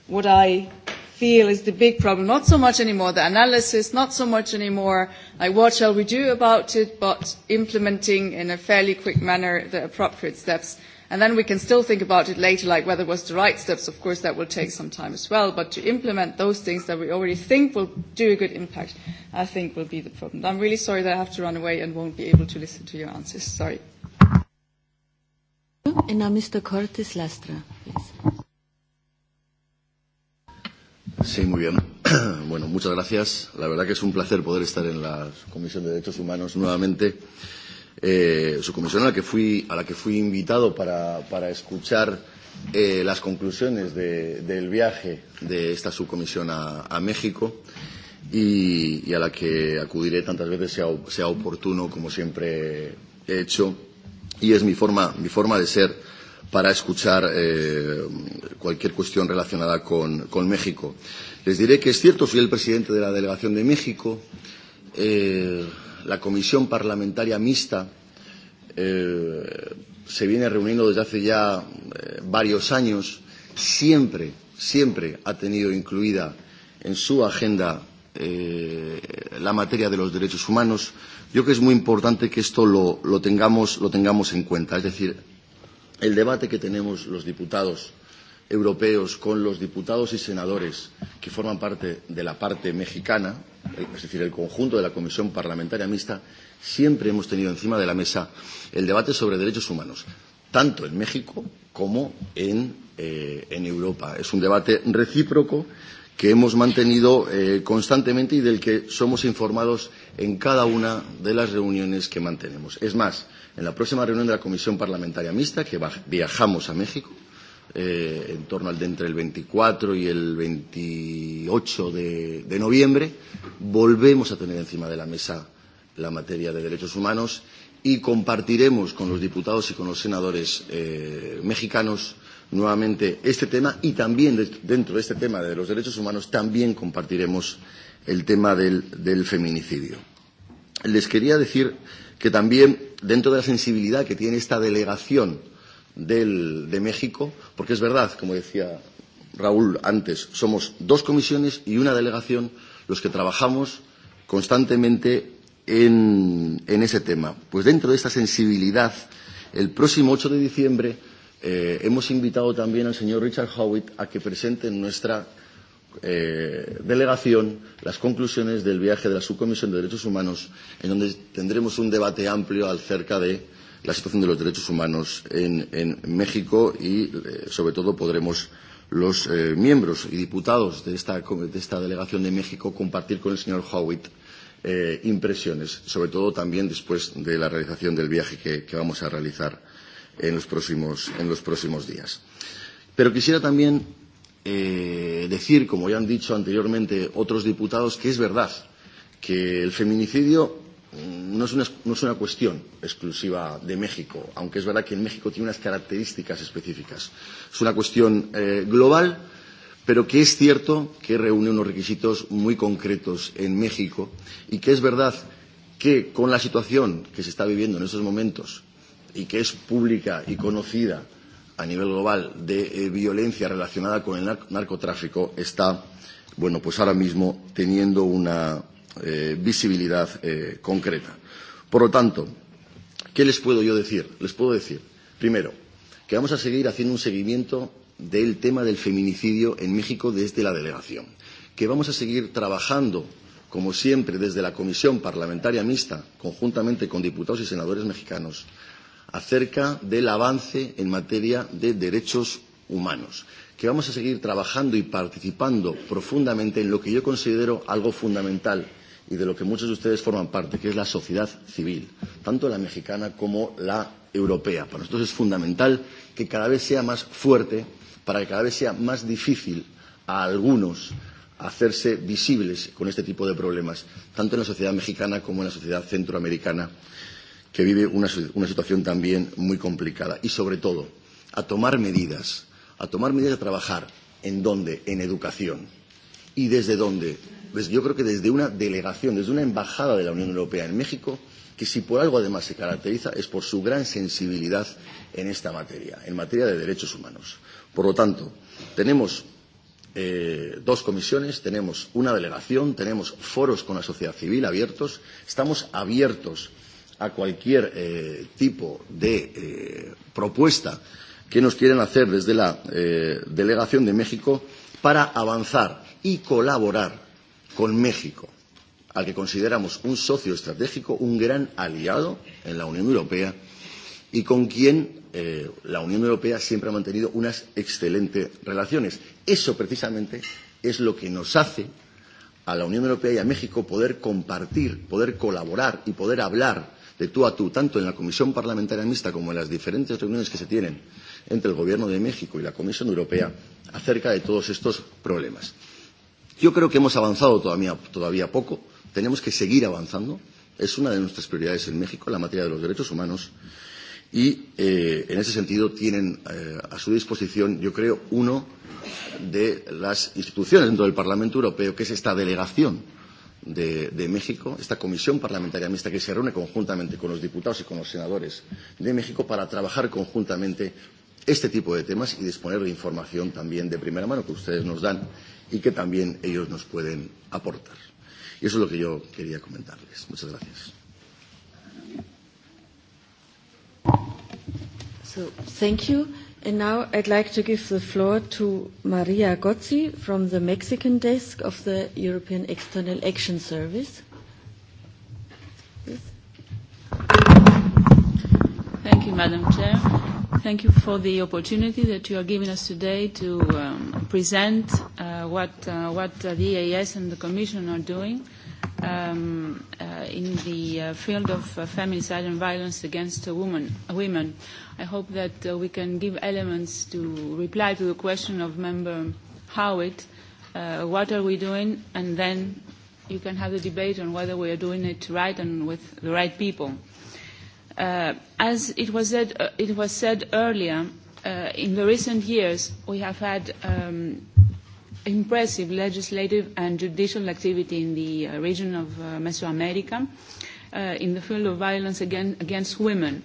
what I feel is the big problem. Not so much anymore the analysis, not so much anymore like what shall we do about it, but implementing in a fairly quick manner the appropriate steps. And then we can still think about it later, like whether it was the right steps. Of course, that will take some time as well. But to implement those things that we already think will do a good impact, I think will be the problem. I'm really sorry that I have to run away and won't be able to listen to your answers. Sorry. And now Mr. Cortes Lastra, please. Sí, muy bien. [clears throat] Bueno, muchas gracias. La verdad que es un placer poder estar en la Comisión de Derechos Humanos nuevamente. Eh, su comisión a la que fui, a la que fui invitado para, para escuchar eh, las conclusiones de, del viaje de esta subcomisión a, a México y, y a la que acudiré tantas veces sea, sea oportuno como siempre he hecho. Y es mi forma, mi forma de ser para escuchar eh, cualquier cuestión relacionada con, con México. Les diré que es cierto, soy el presidente de la delegación de México. Eh, la comisión parlamentaria mixta eh, se viene reuniendo desde hace ya eh, varios años. Siempre, siempre ha tenido incluida en su agenda eh, la materia de los derechos humanos. Yo creo que es muy importante que esto lo, lo, tengamos, lo tengamos en cuenta. Es decir, el debate que tenemos los diputados europeos con los diputados y senadores que forman parte de la parte mexicana, eh, es decir, el conjunto de la Comisión Parlamentaria Mixta, siempre hemos tenido encima de la mesa el debate sobre derechos humanos, tanto en México como en, eh, en Europa. Es un debate recíproco que hemos mantenido eh, constantemente y del que somos informados en cada una de las reuniones que mantenemos. Es más, En la próxima reunión de la Comisión Parlamentaria Mixta, que viajamos a México, eh, en torno al de entre el 24 y el 28 de, de noviembre, volvemos a tener encima de la mesa la materia de derechos humanos y compartiremos con los diputados y con los senadores eh, mexicanos nuevamente este tema y también de, dentro de este tema de los derechos humanos también compartiremos el tema del, del feminicidio. Les quería decir que también dentro de la sensibilidad que tiene esta delegación del, de México, porque es verdad, como decía Raúl antes, somos dos comisiones y una delegación los que trabajamos constantemente en, en ese tema. Pues dentro de esta sensibilidad, el próximo 8 de diciembre eh, hemos invitado también al señor Richard Howitt a que presente en nuestra eh, delegación las conclusiones del viaje de la Subcomisión de Derechos Humanos, en donde tendremos un debate amplio acerca de la situación de los derechos humanos en, en México y, eh, sobre todo, podremos los eh, miembros y diputados de esta, de esta delegación de México compartir con el señor Howitt eh, impresiones, sobre todo también después de la realización del viaje que, que vamos a realizar en los, próximos, en los próximos días. Pero quisiera también eh, decir, como ya han dicho anteriormente otros diputados, que es verdad que el feminicidio mm, no es, una, no es una cuestión exclusiva de México, aunque es verdad que en México tiene unas características específicas. Es una cuestión eh, global, pero que es cierto que reúne unos requisitos muy concretos en México y que es verdad que con la situación que se está viviendo en estos momentos y que es pública y conocida a nivel global de eh, violencia relacionada con el narcotráfico está, bueno, pues ahora mismo teniendo una eh, visibilidad eh, concreta. Por lo tanto, ¿qué les puedo yo decir? Les puedo decir, primero, que vamos a seguir haciendo un seguimiento del tema del feminicidio en México desde la delegación, que vamos a seguir trabajando, como siempre, desde la Comisión Parlamentaria Mixta, conjuntamente con diputados y senadores mexicanos, acerca del avance en materia de derechos humanos, que vamos a seguir trabajando y participando profundamente en lo que yo considero algo fundamental y de lo que muchos de ustedes forman parte, que es la sociedad civil, tanto la mexicana como la europea. Para nosotros es fundamental que cada vez sea más fuerte, para que cada vez sea más difícil a algunos hacerse visibles con este tipo de problemas, tanto en la sociedad mexicana como en la sociedad centroamericana que vive una, una situación también muy complicada. Y sobre todo, a tomar medidas, a tomar medidas de trabajar. ¿En dónde? En educación. ¿Y desde dónde? Pues yo creo que desde una delegación, desde una embajada de la Unión Europea en México, que si por algo además se caracteriza es por su gran sensibilidad en esta materia, en materia de derechos humanos. Por lo tanto, tenemos eh, dos comisiones, tenemos una delegación, tenemos foros con la sociedad civil abiertos, estamos abiertos a cualquier eh, tipo de eh, propuesta que nos quieren hacer desde la eh, Delegación de México para avanzar y colaborar con México, al que consideramos un socio estratégico, un gran aliado en la Unión Europea y con quien eh, la Unión Europea siempre ha mantenido unas excelentes relaciones. Eso precisamente es lo que nos hace a la Unión Europea y a México poder compartir, poder colaborar y poder hablar de tú a tú, tanto en la Comisión Parlamentaria Mixta como en las diferentes reuniones que se tienen entre el Gobierno de México y la Comisión Europea acerca de todos estos problemas. Yo creo que hemos avanzado todavía, todavía poco, tenemos que seguir avanzando, es una de nuestras prioridades en México, la materia de los derechos humanos, y eh, en ese sentido tienen eh, a su disposición, yo creo, uno de las instituciones dentro del Parlamento Europeo, que es esta delegación de, de México, esta comisión parlamentaria mixta que se reúne conjuntamente con los diputados y con los senadores de México para trabajar conjuntamente este tipo de temas y disponer de información también de primera mano que ustedes nos dan y que también ellos nos pueden aportar. Y eso es lo que yo quería comentarles. Muchas gracias. So, thank you. And now I'd like to give the floor to Maria Gozzi from the Mexican desk of the European External Action Service. Yes. Thank you, Madam Chair. Thank you for the opportunity that you are giving us today to um, present uh, what, uh, what the EAS and the Commission are doing um, uh, in the uh, field of uh, feminicide and violence against uh, women, women. I hope that uh, we can give elements to reply to the question of Member Howitt, uh, what are we doing, and then you can have the debate on whether we are doing it right and with the right people. Uh, as it was said, uh, it was said earlier, uh, in the recent years we have had um, impressive legislative and judicial activity in the uh, region of uh, Mesoamerica uh, in the field of violence again, against women.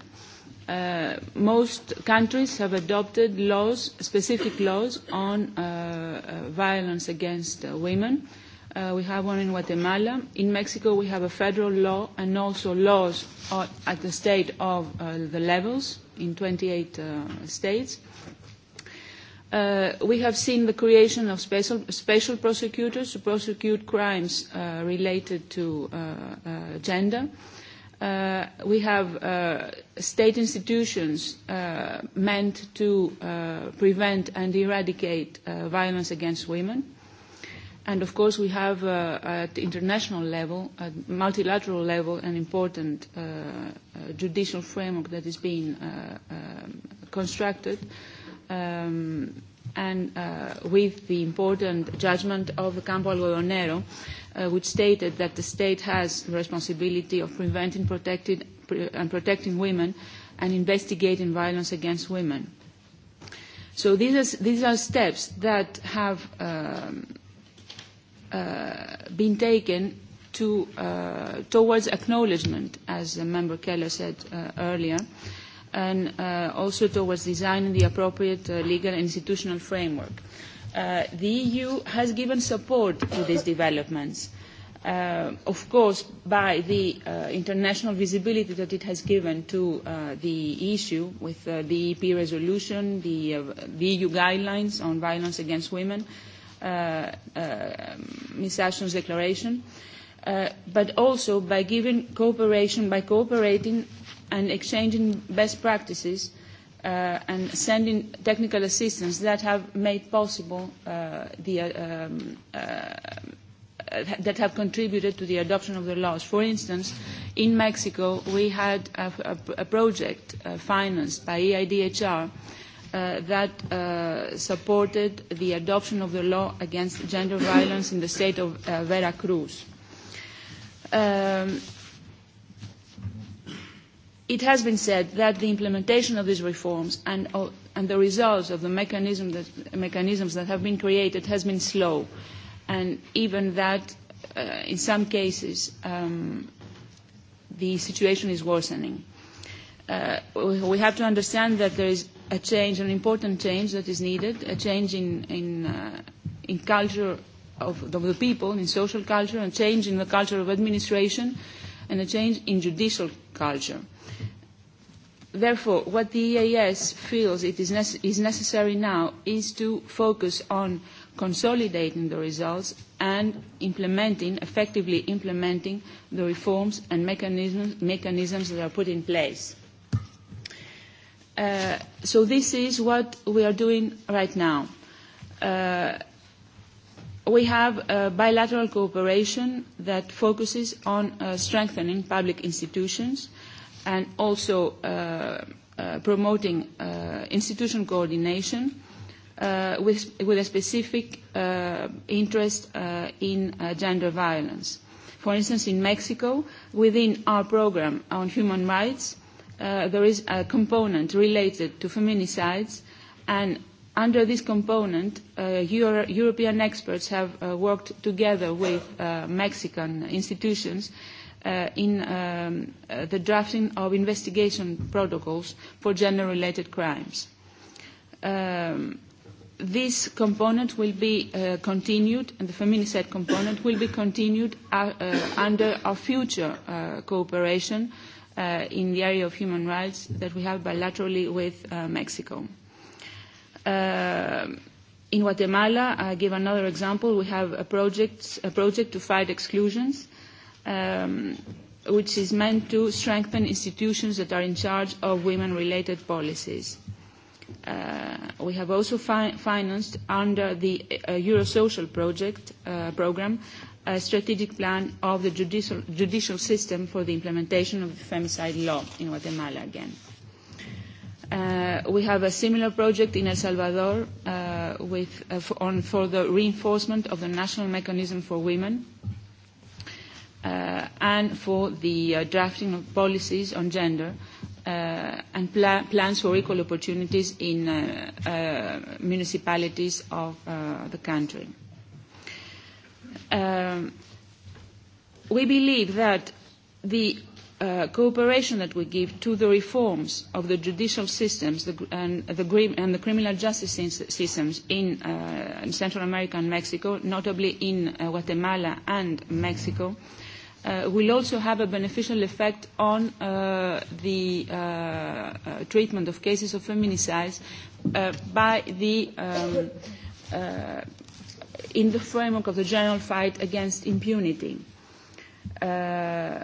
Uh, most countries have adopted laws, specific laws on uh, uh, violence against uh, women. Uh, we have one in Guatemala. In Mexico, we have a federal law and also laws at the state of uh, the levels in 28 uh, states. Uh, uh, we have seen the creation of special, special prosecutors to prosecute crimes uh, related to uh, uh, gender. Uh, we have uh, state institutions uh, meant to uh, prevent and eradicate uh, violence against women. And of course, we have uh, at international level, at multilateral level, an important uh, uh, judicial framework that is being uh, um, constructed uh, um, and uh, with the important judgment of Campo Algodonero, uh, which stated that the state has responsibility of preventing protected, pre- and protecting women and investigating violence against women. So these are, these are steps that have um, uh, been taken to, uh, towards acknowledgement, as uh, Member Keller said uh, earlier, uh, and uh, also towards designing the appropriate uh, legal and institutional framework. Uh, the EU has given support to these developments, uh, of course, by the uh, international visibility that it has given to uh, the issue with uh, the EP resolution, the, uh, the EU guidelines on violence against women, uh, uh, Ms. Ashton's declaration, uh, but also by giving cooperation, by cooperating and exchanging best practices uh, and sending technical assistance that have made possible uh, the, uh, um, uh, that have contributed to the adoption of the laws. For instance, in Mexico, we had a, a, a project uh, financed by EIDHR uh, that uh, supported the adoption of the law against gender violence in the state of uh, Veracruz. Um, it has been said that the implementation of these reforms and, uh, and the results of the mechanism that, mechanisms that have been created has been slow, and even that uh, in some cases um, the situation is worsening. Uh, we have to understand that there is a change, an important change that is needed, a change in, in, uh, in culture of, of the people, in social culture, a change in the culture of administration, and a change in judicial culture. Uh, Therefore, what the EAS feels it is, nece is necessary now is to focus on consolidating the results and implementing, effectively implementing the reforms and mechanisms, mechanisms that are put in place. Uh, so this is what we are doing right now. Uh, we have uh, bilateral cooperation that focuses on uh, strengthening public institutions uh, and also uh, uh, promoting uh, institution coordination uh, with, with a specific uh, interest uh, in uh, gender violence. For instance, in Mexico, within our program on human rights, uh, there is a component related to feminicides, and under this component, uh, Euro European experts have uh, worked together with uh, Mexican institutions uh, uh, in um, uh, the drafting of investigation protocols for gender-related crimes. Um, this component will be uh, continued, and the feminicide component will be continued uh, uh, under our future uh, cooperation uh, in the area of human rights that we have bilaterally with uh, Mexico. Uh, in Guatemala, I give another example, we have a project, a project to fight exclusions um, which is meant to strengthen institutions that are in charge of women-related policies. Uh, we have also fi financed under the uh, Eurosocial project uh, program a strategic plan of the judicial, judicial system for the implementation of the femicide law in Guatemala again. Uh, we have a similar project in El Salvador uh, with, uh, for, on, for the reinforcement of the national mechanism for women. Uh, uh, and for the uh, drafting of policies on gender uh, and pla- plans for equal opportunities in uh, uh, municipalities of uh, the country. Um, we believe that the uh, cooperation that we give to the reforms of the judicial systems the, and, the, and the criminal justice systems in, uh, in Central America and Mexico, notably in uh, Guatemala and Mexico, uh, uh, will also have a beneficial effect on uh, the uh, uh, treatment of cases of feminicide uh, by the, um, uh, in the framework of the general fight against impunity. Uh,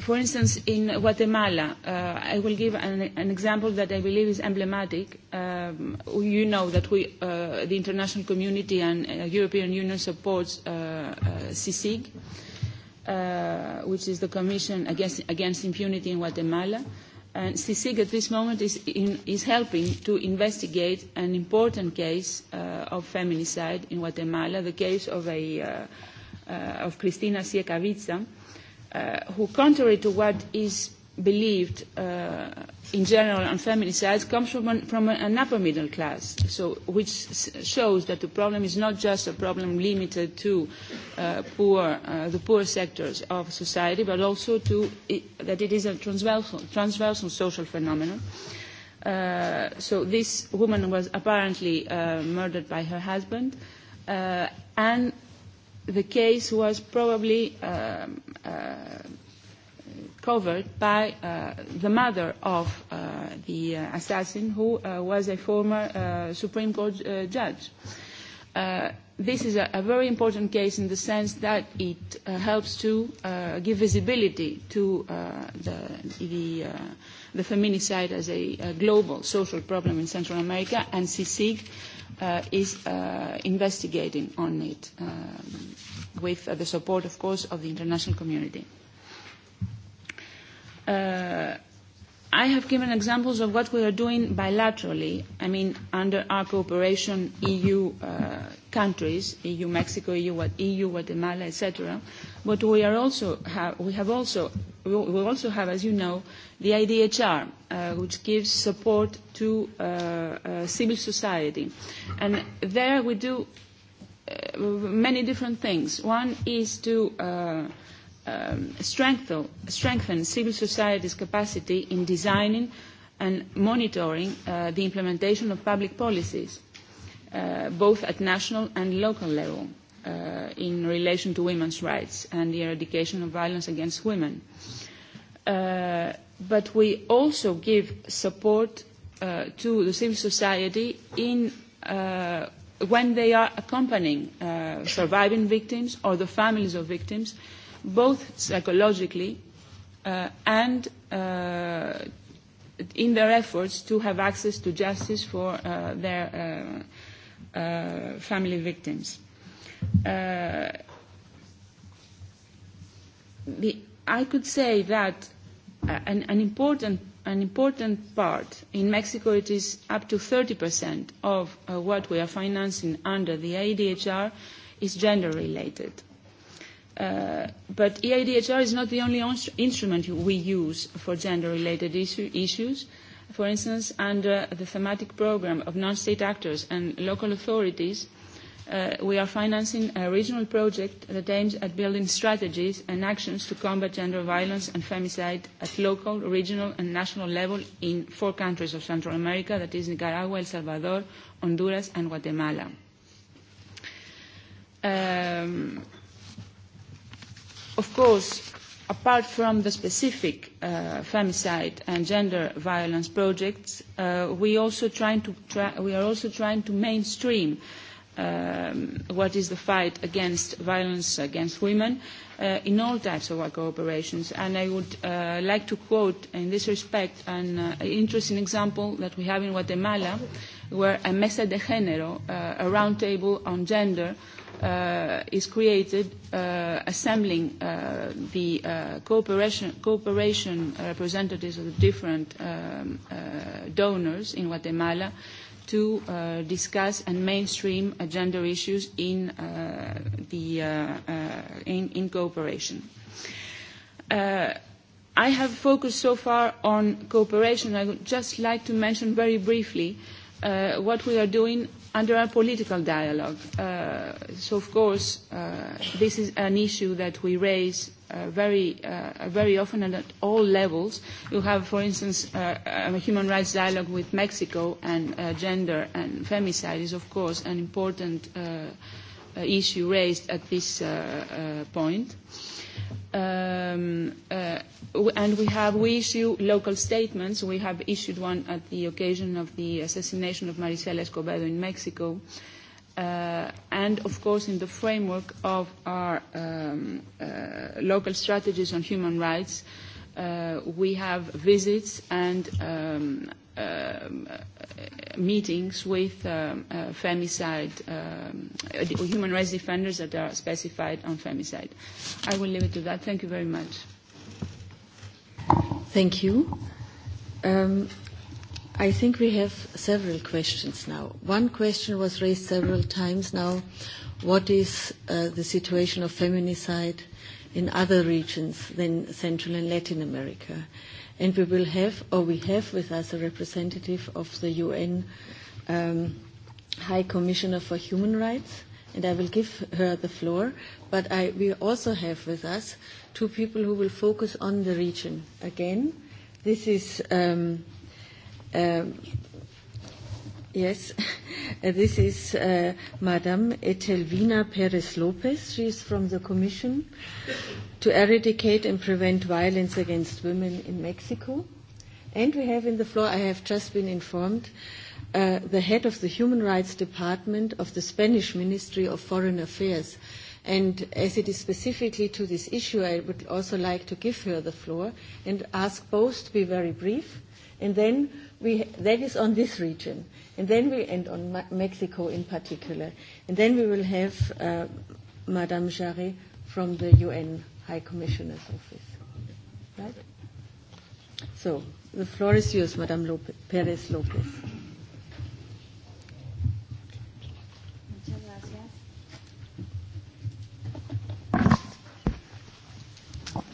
for instance, in Guatemala, uh, I will give an, an example that I believe is emblematic. Um, you know that we, uh, the international community and uh, European Union supports uh, uh, CICIG, uh, which is the Commission Against, Against Impunity in Guatemala. And CICIG at this moment is, in, is helping to investigate an important case uh, of feminicide in Guatemala, the case of, a, uh, uh, of Cristina Siecavica, uh, uh, who, contrary to what is believed uh, in general on feminist sides, comes from an, from an upper middle class, so, which shows that the problem is not just a problem limited to uh, poor, uh, the poor sectors of society, but also to it, that it is a transversal, transversal social phenomenon. Uh, so this woman was apparently uh, murdered by her husband, uh, and the case was probably um, uh, covered by uh, the mother of uh, the uh, assassin, who uh, was a former uh, Supreme Court uh, judge. Uh, this is a, a very important case in the sense that it uh, helps to uh, give visibility to uh, the, the uh, the feminicide as a, a global social problem in Central America, and CSIG uh, is uh, investigating on it um, with uh, the support, of course, of the international community. Uh, I have given examples of what we are doing bilaterally, I mean, under our cooperation, EU uh, countries, EU-Mexico, EU, EU-Guatemala, etc., But we are also have, we have also we also have, as you know, the IDHR, uh, which gives support to uh, uh, civil society, and there we do uh, many different things. One is to uh, um, strengthen, strengthen civil society's capacity in designing and monitoring uh, the implementation of public policies, uh, both at national and local level uh, in relation to women's rights and the eradication of violence against women. Uh, but we also give support uh, to the civil society in, uh, when they are accompanying uh, surviving victims or the families of victims, both psychologically uh, and uh, in their efforts to have access to justice for uh, their uh, uh, family victims uh, the, I could say that uh, an, an, important, an important part in Mexico, it is up to 30% of uh, what we are financing under the ADHR is gender related. Uh, but EIDHR is not the only instrument we use for gender-related issue, issues. For instance, under the thematic program of non-state actors and local authorities, uh, we are financing a regional project that aims at building strategies and actions to combat gender violence and femicide at local, regional and national level in four countries of Central America, that is Nicaragua, El Salvador, Honduras and Guatemala. Um, of course, apart from the specific uh, femicide and gender violence projects, uh, we, also trying to try, we are also trying to mainstream uh, um, what is the fight against violence against women uh, in all types of our cooperations. And I would uh, like to quote in this respect an uh, interesting example that we have in Guatemala, where a mesa de género, uh, a roundtable on gender, uh, is created, uh, assembling uh, the uh, cooperation, cooperation representatives of the different um, uh, donors in Guatemala, uh, to uh, discuss and mainstream uh, gender issues in, uh, the, uh, uh, in, in cooperation. Uh, I have focused so far on cooperation. I would just like to mention very briefly uh, what we are doing under our political dialogue. Uh, so, of course, uh, this is an issue that we raise uh, very, uh, very often and at all levels. You have, for instance, uh, um, a human rights dialogue with Mexico, and uh, gender and femicide is, of course, an important uh, uh issue raised at this uh, uh, point. Um, uh, and we have, we issue local statements. We have issued one at the occasion of the assassination of Maricela Escobedo in Mexico. Uh, uh, and of course in the framework of our um, uh, local strategies on human rights, uh, we have visits and um, uh, meetings with um, uh, femicide, um, uh, human rights defenders that are specified on femicide. I will leave it to that. Thank you very much. Thank you. Um, I think we have several questions now. One question was raised several times now. What is uh, the situation of feminicide in other regions than Central and Latin America? And we will have, or we have with us, a representative of the UN um, High Commissioner for Human Rights, and I will give her the floor. But I, we also have with us two people who will focus on the region. Again, this is um, Um, yes, [laughs] this is uh, Madame Etelvina Perez Lopez. She is from the Commission to Eradicate and Prevent Violence Against Women in Mexico. And we have in the floor, I have just been informed, uh, the head of the Human Rights Department of the Spanish Ministry of Foreign Affairs. And as it is specifically to this issue, I would also like to give her the floor and ask both to be very brief. And then we, that is on this region, and then we, and on Mexico in particular. And then we will have uh, Madame Jarre from the UN High Commissioner's Office. Right? So, the floor is yours, Madame Lopez, Pérez López. Muchas gracias.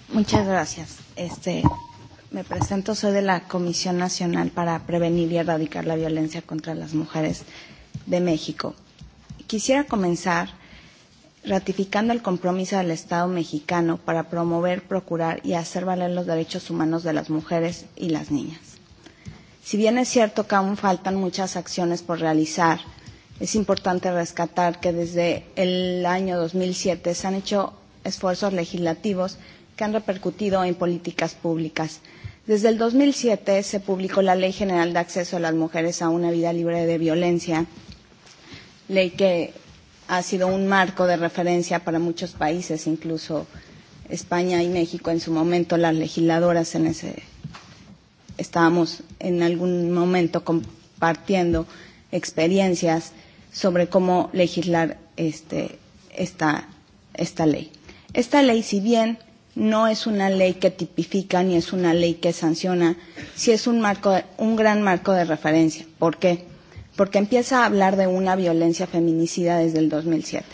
Muchas gracias. Este, Me presento, soy de la Comisión Nacional para Prevenir y Erradicar la Violencia contra las Mujeres de México. Quisiera comenzar ratificando el compromiso del Estado mexicano para promover, procurar y hacer valer los derechos humanos de las mujeres y las niñas. Si bien es cierto que aún faltan muchas acciones por realizar, es importante rescatar que desde el año 2007 se han hecho esfuerzos legislativos que han repercutido en políticas públicas. Desde el 2007 se publicó la Ley General de Acceso a las Mujeres a una Vida Libre de Violencia, ley que ha sido un marco de referencia para muchos países, incluso España y México en su momento, las legisladoras en ese estábamos en algún momento compartiendo experiencias sobre cómo legislar este, esta, esta ley. Esta ley, si bien no es una ley que tipifica ni es una ley que sanciona, sí es un, marco, un gran marco de referencia. ¿Por qué? Porque empieza a hablar de una violencia feminicida desde el 2007.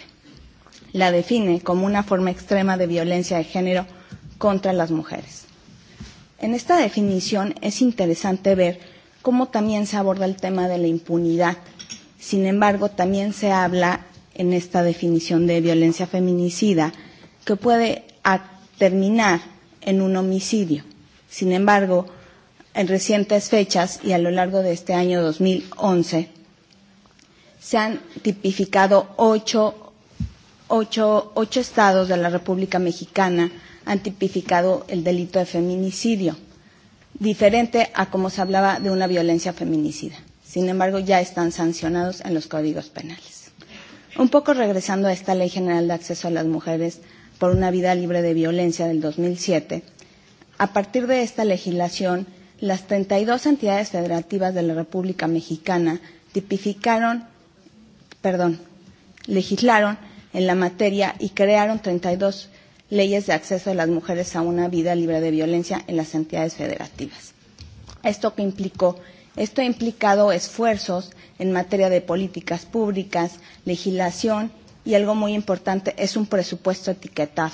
La define como una forma extrema de violencia de género contra las mujeres. En esta definición es interesante ver cómo también se aborda el tema de la impunidad. Sin embargo, también se habla en esta definición de violencia feminicida que puede a terminar en un homicidio. Sin embargo, en recientes fechas y a lo largo de este año 2011, se han tipificado ocho, ocho, ocho estados de la República Mexicana han tipificado el delito de feminicidio, diferente a como se hablaba de una violencia feminicida. Sin embargo, ya están sancionados en los códigos penales. Un poco regresando a esta Ley General de Acceso a las Mujeres, por una vida libre de violencia del 2007, a partir de esta legislación, las 32 entidades federativas de la República Mexicana tipificaron, perdón, legislaron en la materia y crearon 32 leyes de acceso de las mujeres a una vida libre de violencia en las entidades federativas. Esto que implicó, esto ha implicado esfuerzos en materia de políticas públicas, legislación y algo muy importante es un presupuesto etiquetado.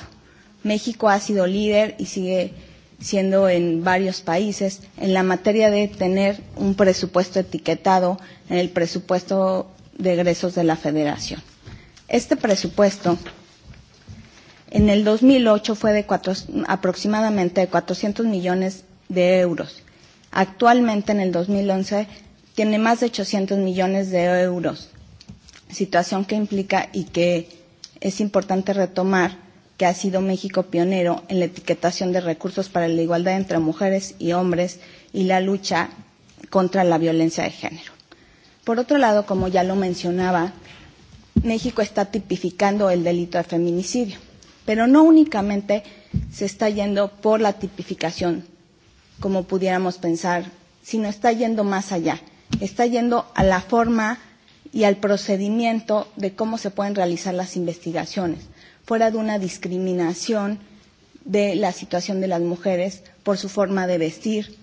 México ha sido líder y sigue siendo en varios países en la materia de tener un presupuesto etiquetado en el presupuesto de egresos de la federación. Este presupuesto en el 2008 fue de cuatro, aproximadamente de 400 millones de euros. Actualmente en el 2011 tiene más de 800 millones de euros situación que implica y que es importante retomar que ha sido México pionero en la etiquetación de recursos para la igualdad entre mujeres y hombres y la lucha contra la violencia de género. Por otro lado, como ya lo mencionaba, México está tipificando el delito de feminicidio, pero no únicamente se está yendo por la tipificación, como pudiéramos pensar, sino está yendo más allá, está yendo a la forma y al procedimiento de cómo se pueden realizar las investigaciones, fuera de una discriminación de la situación de las mujeres por su forma de vestir,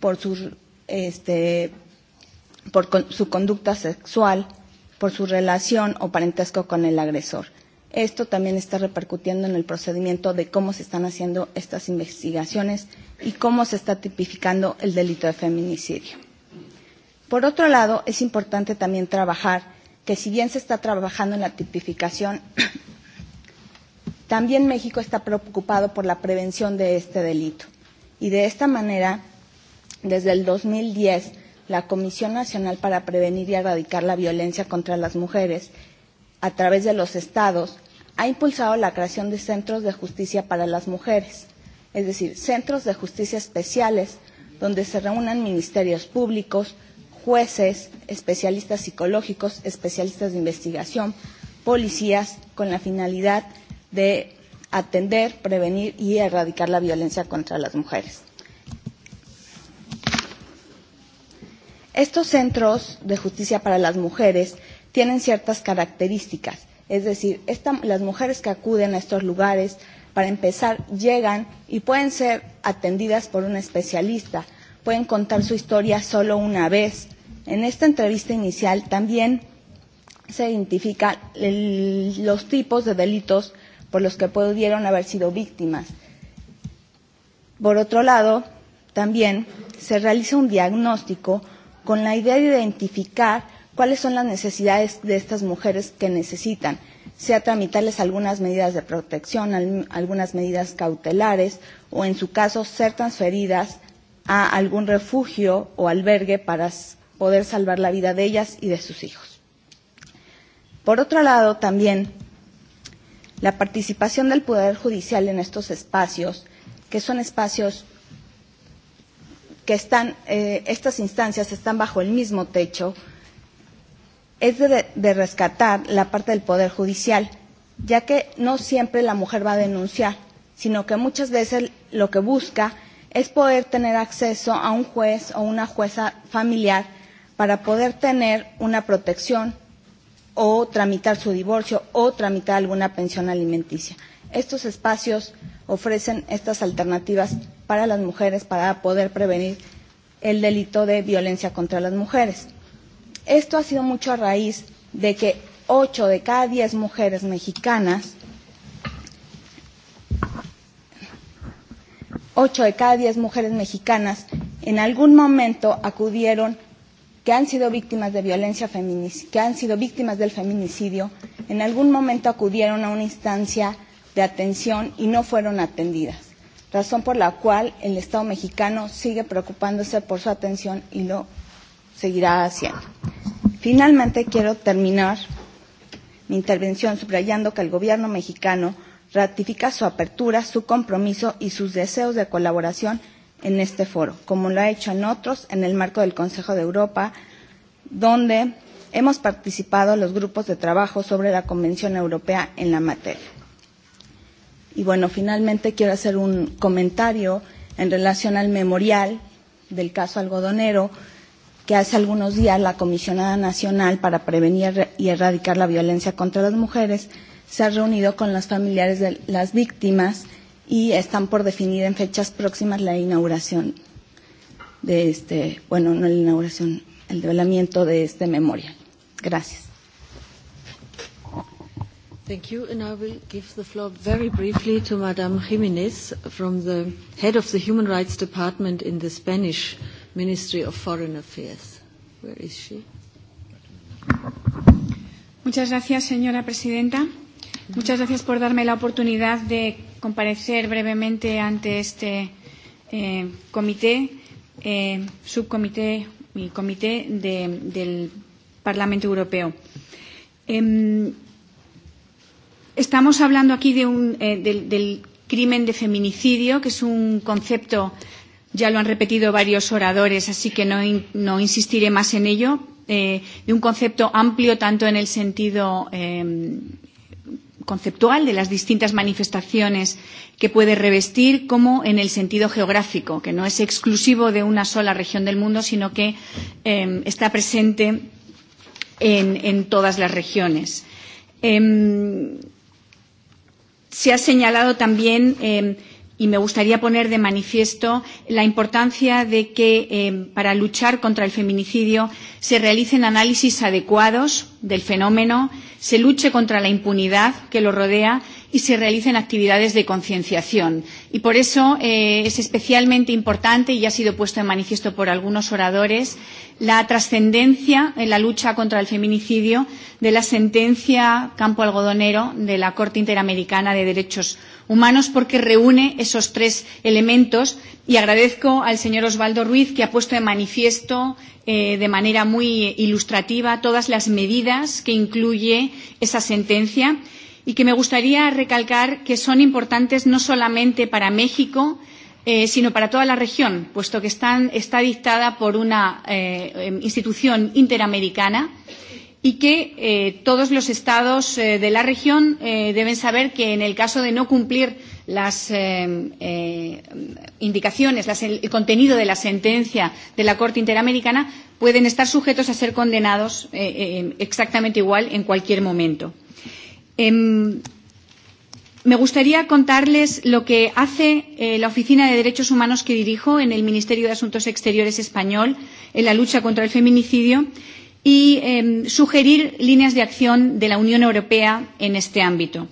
por su, este, por con, su conducta sexual, por su relación o parentesco con el agresor. Esto también está repercutiendo en el procedimiento de cómo se están haciendo estas investigaciones y cómo se está tipificando el delito de feminicidio. Por otro lado, es importante también trabajar que si bien se está trabajando en la tipificación, [coughs] también México está preocupado por la prevención de este delito. Y de esta manera, desde el 2010, la Comisión Nacional para Prevenir y Erradicar la Violencia contra las Mujeres, a través de los estados, ha impulsado la creación de centros de justicia para las mujeres, es decir, centros de justicia especiales donde se reúnan ministerios públicos, jueces, especialistas psicológicos, especialistas de investigación, policías, con la finalidad de atender, prevenir y erradicar la violencia contra las mujeres. Estos centros de justicia para las mujeres tienen ciertas características, es decir, esta, las mujeres que acuden a estos lugares, para empezar, llegan y pueden ser atendidas por un especialista, pueden contar su historia solo una vez. En esta entrevista inicial también se identifican los tipos de delitos por los que pudieron haber sido víctimas. Por otro lado, también se realiza un diagnóstico con la idea de identificar cuáles son las necesidades de estas mujeres que necesitan, sea tramitarles algunas medidas de protección, al, algunas medidas cautelares o, en su caso, ser transferidas a algún refugio o albergue para poder salvar la vida de ellas y de sus hijos. Por otro lado, también la participación del Poder Judicial en estos espacios, que son espacios que están, eh, estas instancias están bajo el mismo techo, es de, de rescatar la parte del Poder Judicial, ya que no siempre la mujer va a denunciar, sino que muchas veces lo que busca es es poder tener acceso a un juez o una jueza familiar para poder tener una protección o tramitar su divorcio o tramitar alguna pensión alimenticia. Estos espacios ofrecen estas alternativas para las mujeres para poder prevenir el delito de violencia contra las mujeres. Esto ha sido mucho a raíz de que 8 de cada 10 mujeres mexicanas 8 de cada 10 mujeres mexicanas en algún momento acudieron que han sido víctimas de violencia feminicidio, que han sido víctimas del feminicidio, en algún momento acudieron a una instancia de atención y no fueron atendidas, razón por la cual el Estado mexicano sigue preocupándose por su atención y lo seguirá haciendo. Finalmente, quiero terminar mi intervención subrayando que el gobierno mexicano ratifica su apertura, su compromiso y sus deseos de colaboración en este foro, como lo ha hecho en otros en el marco del Consejo de Europa, donde hemos participado los grupos de trabajo sobre la Convención Europea en la materia. Y bueno, finalmente quiero hacer un comentario en relación al memorial del caso algodonero que hace algunos días la Comisionada Nacional para Prevenir y Erradicar la Violencia contra las Mujeres se ha reunido con los familiares de las víctimas y están por definir en fechas próximas la inauguración de este, bueno, no la inauguración, el develamiento de este memorial. Gracias. Thank you, and I will give the floor very briefly to Madame Jiménez from the head of the Human Rights Department in the Spanish Ministry of Foreign Affairs. Where is she? Muchas gracias, señora presidenta. Muchas gracias por darme la oportunidad de comparecer brevemente ante este eh, comité, eh, subcomité y comité de, del Parlamento Europeo. Eh, estamos hablando aquí de un, eh, del, del crimen de feminicidio, que es un concepto, ya lo han repetido varios oradores, así que no, in, no insistiré más en ello, eh, de un concepto amplio tanto en el sentido eh, conceptual de las distintas manifestaciones que puede revestir como en el sentido geográfico, que no es exclusivo de una sola región del mundo, sino que eh, está presente en, en todas las regiones. Eh, se ha señalado también eh, y me gustaría poner de manifiesto la importancia de que eh, para luchar contra el feminicidio se realicen análisis adecuados del fenómeno, se luche contra la impunidad que lo rodea y se realicen actividades de concienciación. Y por eso eh, es especialmente importante, y ha sido puesto en manifiesto por algunos oradores, la trascendencia en la lucha contra el feminicidio de la sentencia Campo Algodonero de la Corte Interamericana de Derechos Humanos, porque reúne esos tres elementos. Y agradezco al señor Osvaldo Ruiz que ha puesto en manifiesto eh, de manera muy ilustrativa todas las medidas que incluye esa sentencia y que me gustaría recalcar que son importantes no solamente para México, eh, sino para toda la región, puesto que están, está dictada por una eh, institución interamericana y que eh, todos los estados eh, de la región eh, deben saber que en el caso de no cumplir las eh, eh, indicaciones, las, el, el contenido de la sentencia de la Corte Interamericana, pueden estar sujetos a ser condenados eh, eh, exactamente igual en cualquier momento. Eh, Eh, me gustaría contarles lo que hace eh, la Oficina de Derechos Humanos que dirijo en el Ministerio de Asuntos Exteriores español en la lucha contra el feminicidio y eh, sugerir líneas de acción de la Unión Europea en este ámbito.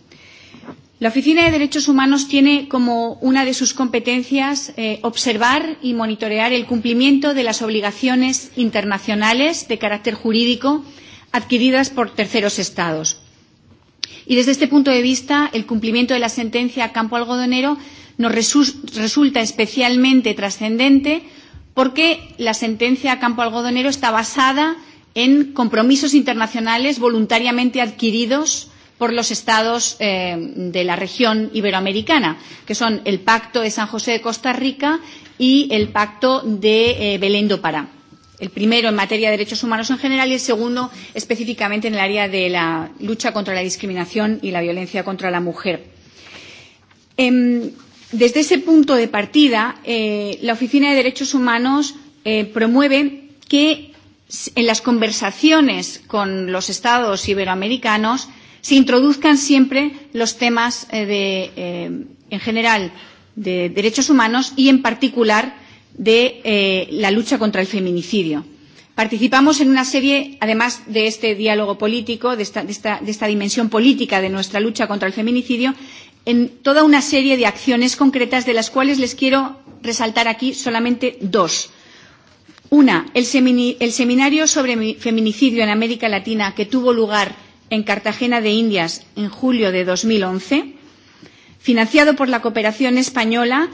La Oficina de Derechos Humanos tiene como una de sus competencias eh, observar y monitorear el cumplimiento de las obligaciones internacionales de carácter jurídico adquiridas por terceros estados. Y desde este punto de vista, el cumplimiento de la sentencia Campo Algodonero nos resu resulta especialmente trascendente porque la sentencia Campo Algodonero está basada en compromisos internacionales voluntariamente adquiridos por los estados eh, de la región iberoamericana, que son el Pacto de San José de Costa Rica y el Pacto de eh, Belén do Pará. El primero en materia de derechos humanos en general y el segundo específicamente en el área de la lucha contra la discriminación y la violencia contra la mujer. Eh, desde ese punto de partida, eh, la Oficina de Derechos Humanos eh, promueve que en las conversaciones con los estados iberoamericanos se introduzcan siempre los temas eh, de, eh, en general de derechos humanos y en particular de eh, la lucha contra el feminicidio. Participamos en una serie, además de este diálogo político, de esta, de, esta, de esta dimensión política de nuestra lucha contra el feminicidio, en toda una serie de acciones concretas, de las cuales les quiero resaltar aquí solamente dos. Una, el, semini el seminario sobre feminicidio en América Latina que tuvo lugar en Cartagena de Indias en julio de 2011, financiado por la cooperación española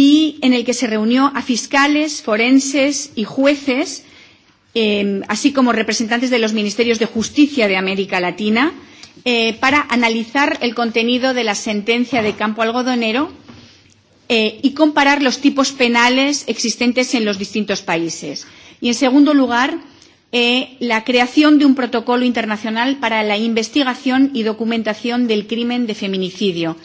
y en el que se reunió a fiscales, forenses y jueces, eh, así como representantes de los ministerios de justicia de América Latina, eh, para analizar el contenido de la sentencia de campo algodonero eh, y comparar los tipos penales existentes en los distintos países. Y, en segundo lugar, eh, la creación de un protocolo internacional para la investigación y documentación del crimen de feminicidio,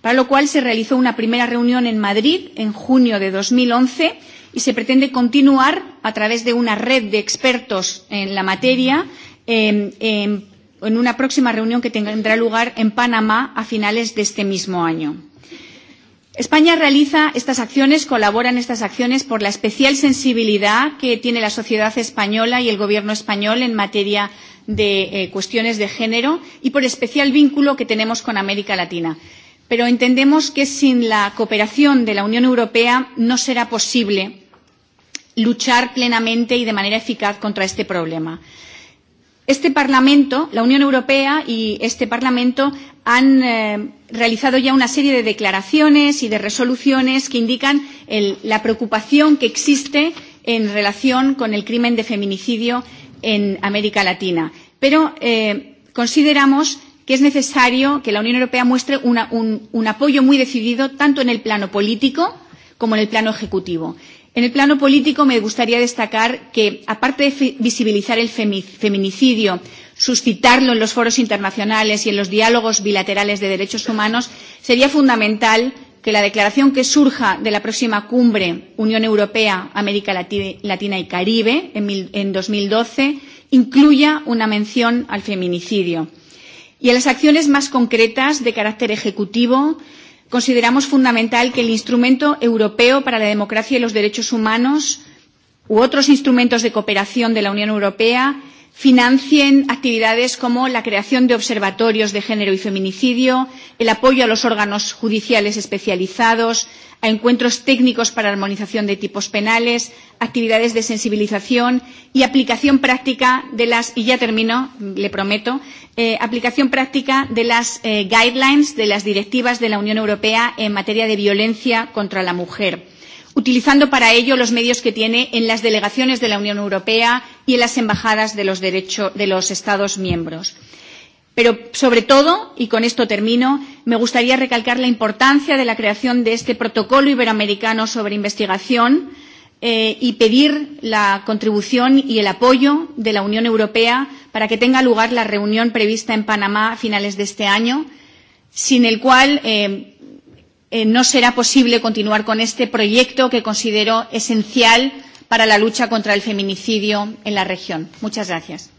para lo cual se realizó una primera reunión en Madrid en junio de 2011 y se pretende continuar a través de una red de expertos en la materia eh, eh, en una próxima reunión que tendrá lugar en Panamá a finales de este mismo año. España realiza estas acciones, colabora en estas acciones por la especial sensibilidad que tiene la sociedad española y el gobierno español en materia de eh, cuestiones de género y por especial vínculo que tenemos con América Latina pero entendemos que sin la cooperación de la Unión Europea no será posible luchar plenamente y de manera eficaz contra este problema. Este Parlamento, la Unión Europea y este Parlamento han eh, realizado ya una serie de declaraciones y de resoluciones que indican el, la preocupación que existe en relación con el crimen de feminicidio en América Latina. Pero eh, consideramos que es necesario que la Unión Europea muestre una, un, un apoyo muy decidido tanto en el plano político como en el plano ejecutivo. En el plano político me gustaría destacar que, aparte de visibilizar el feminicidio, suscitarlo en los foros internacionales y en los diálogos bilaterales de derechos humanos, sería fundamental que la declaración que surja de la próxima cumbre Unión Europea, América Latina y Caribe en, mil, en 2012 incluya una mención al feminicidio. Y a las acciones más concretas de carácter ejecutivo, consideramos fundamental que el Instrumento Europeo para la Democracia y los Derechos Humanos u otros instrumentos de cooperación de la Unión Europea financien actividades como la creación de observatorios de género y feminicidio, el apoyo a los órganos judiciales especializados, a encuentros técnicos para armonización de tipos penales, actividades de sensibilización y aplicación práctica de las y ya termino, le prometo, eh, aplicación práctica de las eh, guidelines de las directivas de la Unión Europea en materia de violencia contra la mujer utilizando para ello los medios que tiene en las delegaciones de la Unión Europea, y en las embajadas de los, derecho, de los Estados miembros. Pero, sobre todo, y con esto termino, me gustaría recalcar la importancia de la creación de este protocolo iberoamericano sobre investigación eh, y pedir la contribución y el apoyo de la Unión Europea para que tenga lugar la reunión prevista en Panamá a finales de este año, sin el cual eh, eh, no será posible continuar con este proyecto que considero esencial para la lucha contra el feminicidio en la región. Muchas gracias.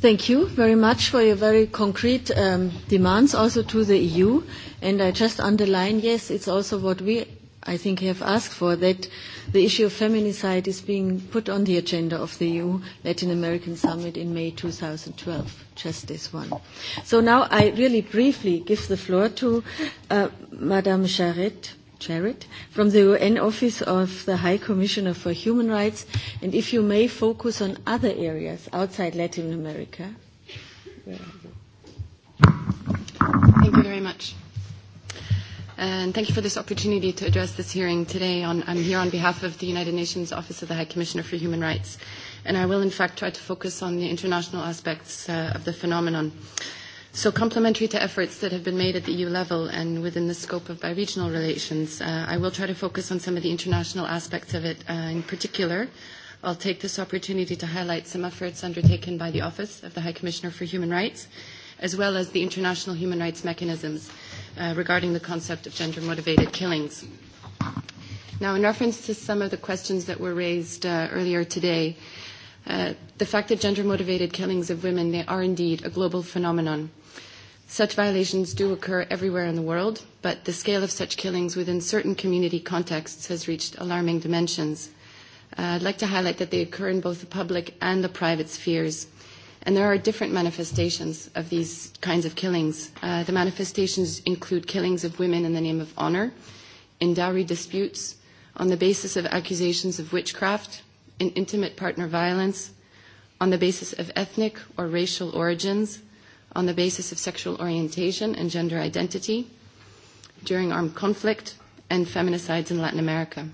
Thank you very much for your very concrete um, demands also to the EU. And I just underline, yes, it's also what we, I think, have asked for, that the issue of feminicide is being put on the agenda of the EU Latin American Summit in May 2012, just this one. So now I really briefly give the floor to uh, Madame Charette Jarrett, from the UN Office of the High Commissioner for Human Rights, and if you may focus on other areas outside Latin America. Where are you? Thank you very much. And thank you for this opportunity to address this hearing today. On, I'm here on behalf of the United Nations Office of the High Commissioner for Human Rights, and I will in fact try to focus on the international aspects uh, of the phenomenon. Uh, So complementary to efforts that have been made at the EU level and within the scope of bi-regional relations, uh, I will try to focus on some of the international aspects of it uh, in particular. I'll take this opportunity to highlight some efforts undertaken by the Office of the High Commissioner for Human Rights, as well as the international human rights mechanisms uh, regarding the concept of gender-motivated killings. Now, in reference to some of the questions that were raised uh, earlier today, uh, the fact of gender-motivated killings of women, they are indeed a global phenomenon. Uh, Such violations do occur everywhere in the world, but the scale of such killings within certain community contexts has reached alarming dimensions. Uh, I'd like to highlight that they occur in both the public and the private spheres. And there are different manifestations of these kinds of killings. Uh, the manifestations include killings of women in the name of honor, in dowry disputes, on the basis of accusations of witchcraft, in intimate partner violence, on the basis of ethnic or racial origins, on the basis of sexual orientation and gender identity during armed conflict and feminicides in Latin America.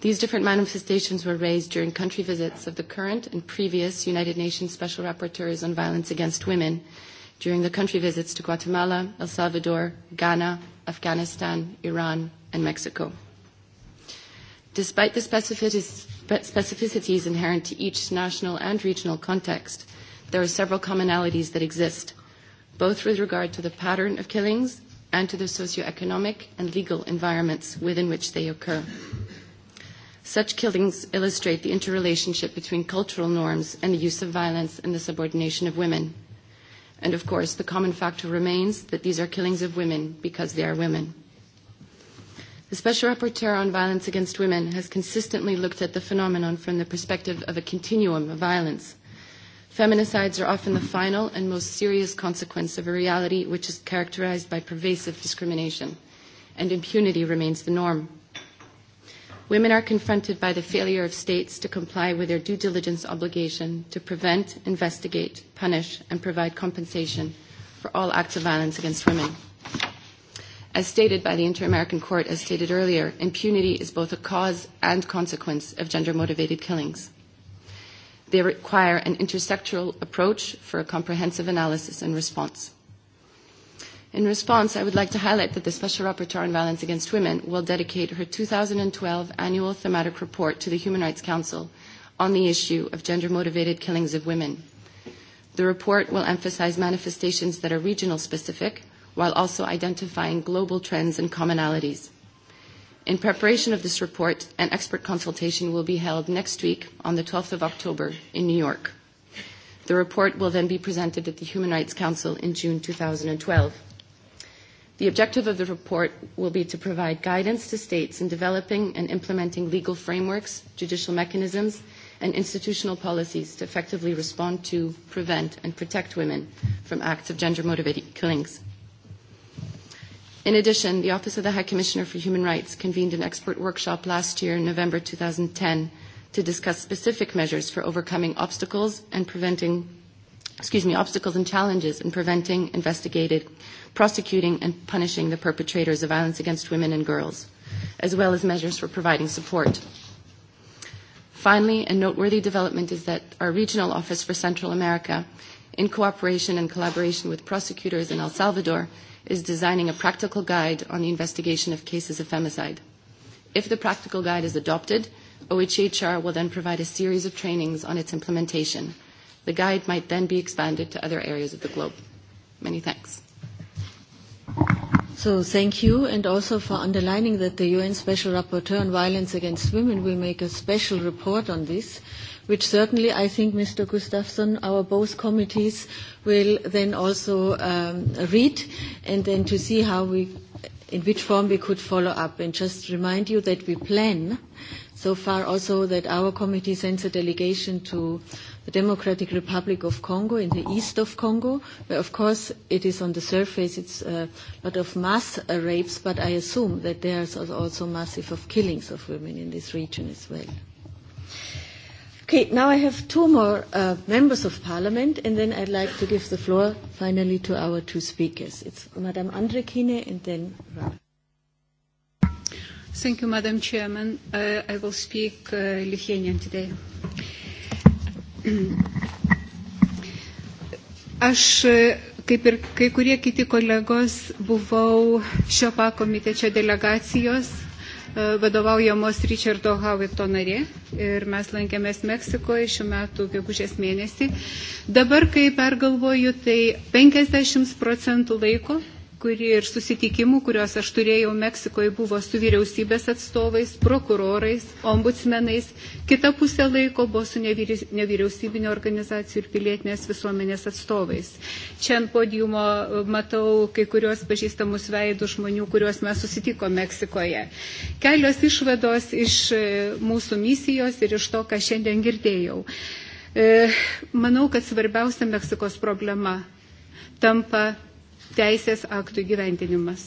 These different manifestations were raised during country visits of the current and previous United Nations Special Rapporteurs on Violence Against Women during the country visits to Guatemala, El Salvador, Ghana, Afghanistan, Iran, and Mexico. Despite the specificities inherent to each national and regional context, there are several commonalities that exist, both with regard to the pattern of killings and to the socioeconomic and legal environments within which they occur. Such killings illustrate the interrelationship between cultural norms and the use of violence and the subordination of women. And of course, the common factor remains that these are killings of women because they are women. The Special Rapporteur on Violence Against Women has consistently looked at the phenomenon from the perspective of a continuum of violence, Feminicides are often the final and most serious consequence of a reality which is characterized by pervasive discrimination, and impunity remains the norm. Women are confronted by the failure of states to comply with their due diligence obligation to prevent, investigate, punish, and provide compensation for all acts of violence against women. As stated by the Inter-American Court, as stated earlier, impunity is both a cause and consequence of gender-motivated killings. They require an intersectoral approach for a comprehensive analysis and response. In response, I would like to highlight that the Special Rapporteur on Violence Against Women will dedicate her 2012 annual thematic report to the Human Rights Council on the issue of gender-motivated killings of women. The report will emphasize manifestations that are regional specific while also identifying global trends and commonalities. In preparation of this report, an expert consultation will be held next week on the 12th of October in New York. The report will then be presented at the Human Rights Council in June 2012. The objective of the report will be to provide guidance to states in developing and implementing legal frameworks, judicial mechanisms, and institutional policies to effectively respond to, prevent, and protect women from acts of gender-motivated killings. In addition, the Office of the High Commissioner for Human Rights convened an expert workshop last year in November 2010 to discuss specific measures for overcoming obstacles and preventing excuse me, obstacles and challenges in preventing, investigating, prosecuting, and punishing the perpetrators of violence against women and girls, as well as measures for providing support. Finally, a noteworthy development is that our regional office for Central America, in cooperation and collaboration with prosecutors in El Salvador, is designing a practical guide on the investigation of cases of femicide. If the practical guide is adopted, OHHR will then provide a series of trainings on its implementation. The guide might then be expanded to other areas of the globe. Many thanks. So thank you, and also for underlining that the UN Special Rapporteur on Violence Against Women will make a special report on this. Uh, which certainly I think Mr. Gustafsson, our both committees will then also um, read and then to see how we, in which form we could follow up. And just remind you that we plan so far also that our committee sends a delegation to the Democratic Republic of Congo in the east of Congo, where of course it is on the surface, it's a lot of mass rapes, but I assume that there's also massive of killings of women in this region as well. Okay, now I have two more uh, members of parliament, and then I'd like to give the floor finally to our two speakers. It's Madame Andrekine and then Rana. Thank you, Madam Chairman. Uh, I will speak uh, Lithuanian today. [clears throat] Aš, uh, kaip ir kai kurie kiti kolegos, buvau šio pakomitečio delegacijos E, vadovaujamos Richardo Havito narė ir mes lankėmės Meksikoje šiuo metu gegužės mėnesį. Dabar, kai pergalvoju, tai 50 procentų laiko kurie ir susitikimų, kuriuos aš turėjau Meksikoje, buvo su vyriausybės atstovais, prokurorais, ombudsmenais. Kita pusė laiko buvo su nevyriausybinio organizacijų ir pilietinės visuomenės atstovais. Čia ant podiumo e, matau kai kurios pažįstamus veidų žmonių, kuriuos mes susitiko Meksikoje. Kelios išvados iš e, mūsų misijos ir iš to, ką šiandien girdėjau. E, manau, kad svarbiausia Meksikos problema tampa teisės aktų gyventinimas.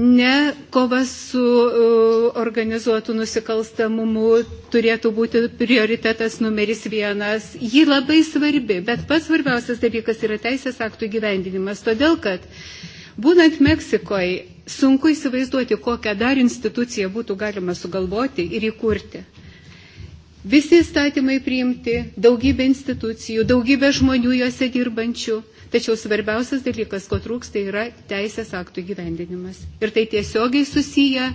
Ne kova su e, organizuotu nusikalstamumu turėtų būti prioritetas numeris vienas. Ji labai svarbi, bet pats svarbiausias dalykas yra teisės aktų gyvendinimas, todėl kad būnant Meksikoje sunku įsivaizduoti, kokią dar instituciją būtų galima sugalvoti ir įkurti. Visi įstatymai priimti, daugybė institucijų, daugybė žmonių juose dirbančių, tačiau svarbiausias dalykas, ko trūks, tai yra teisės aktų gyvendinimas. Ir tai tiesiogiai susiję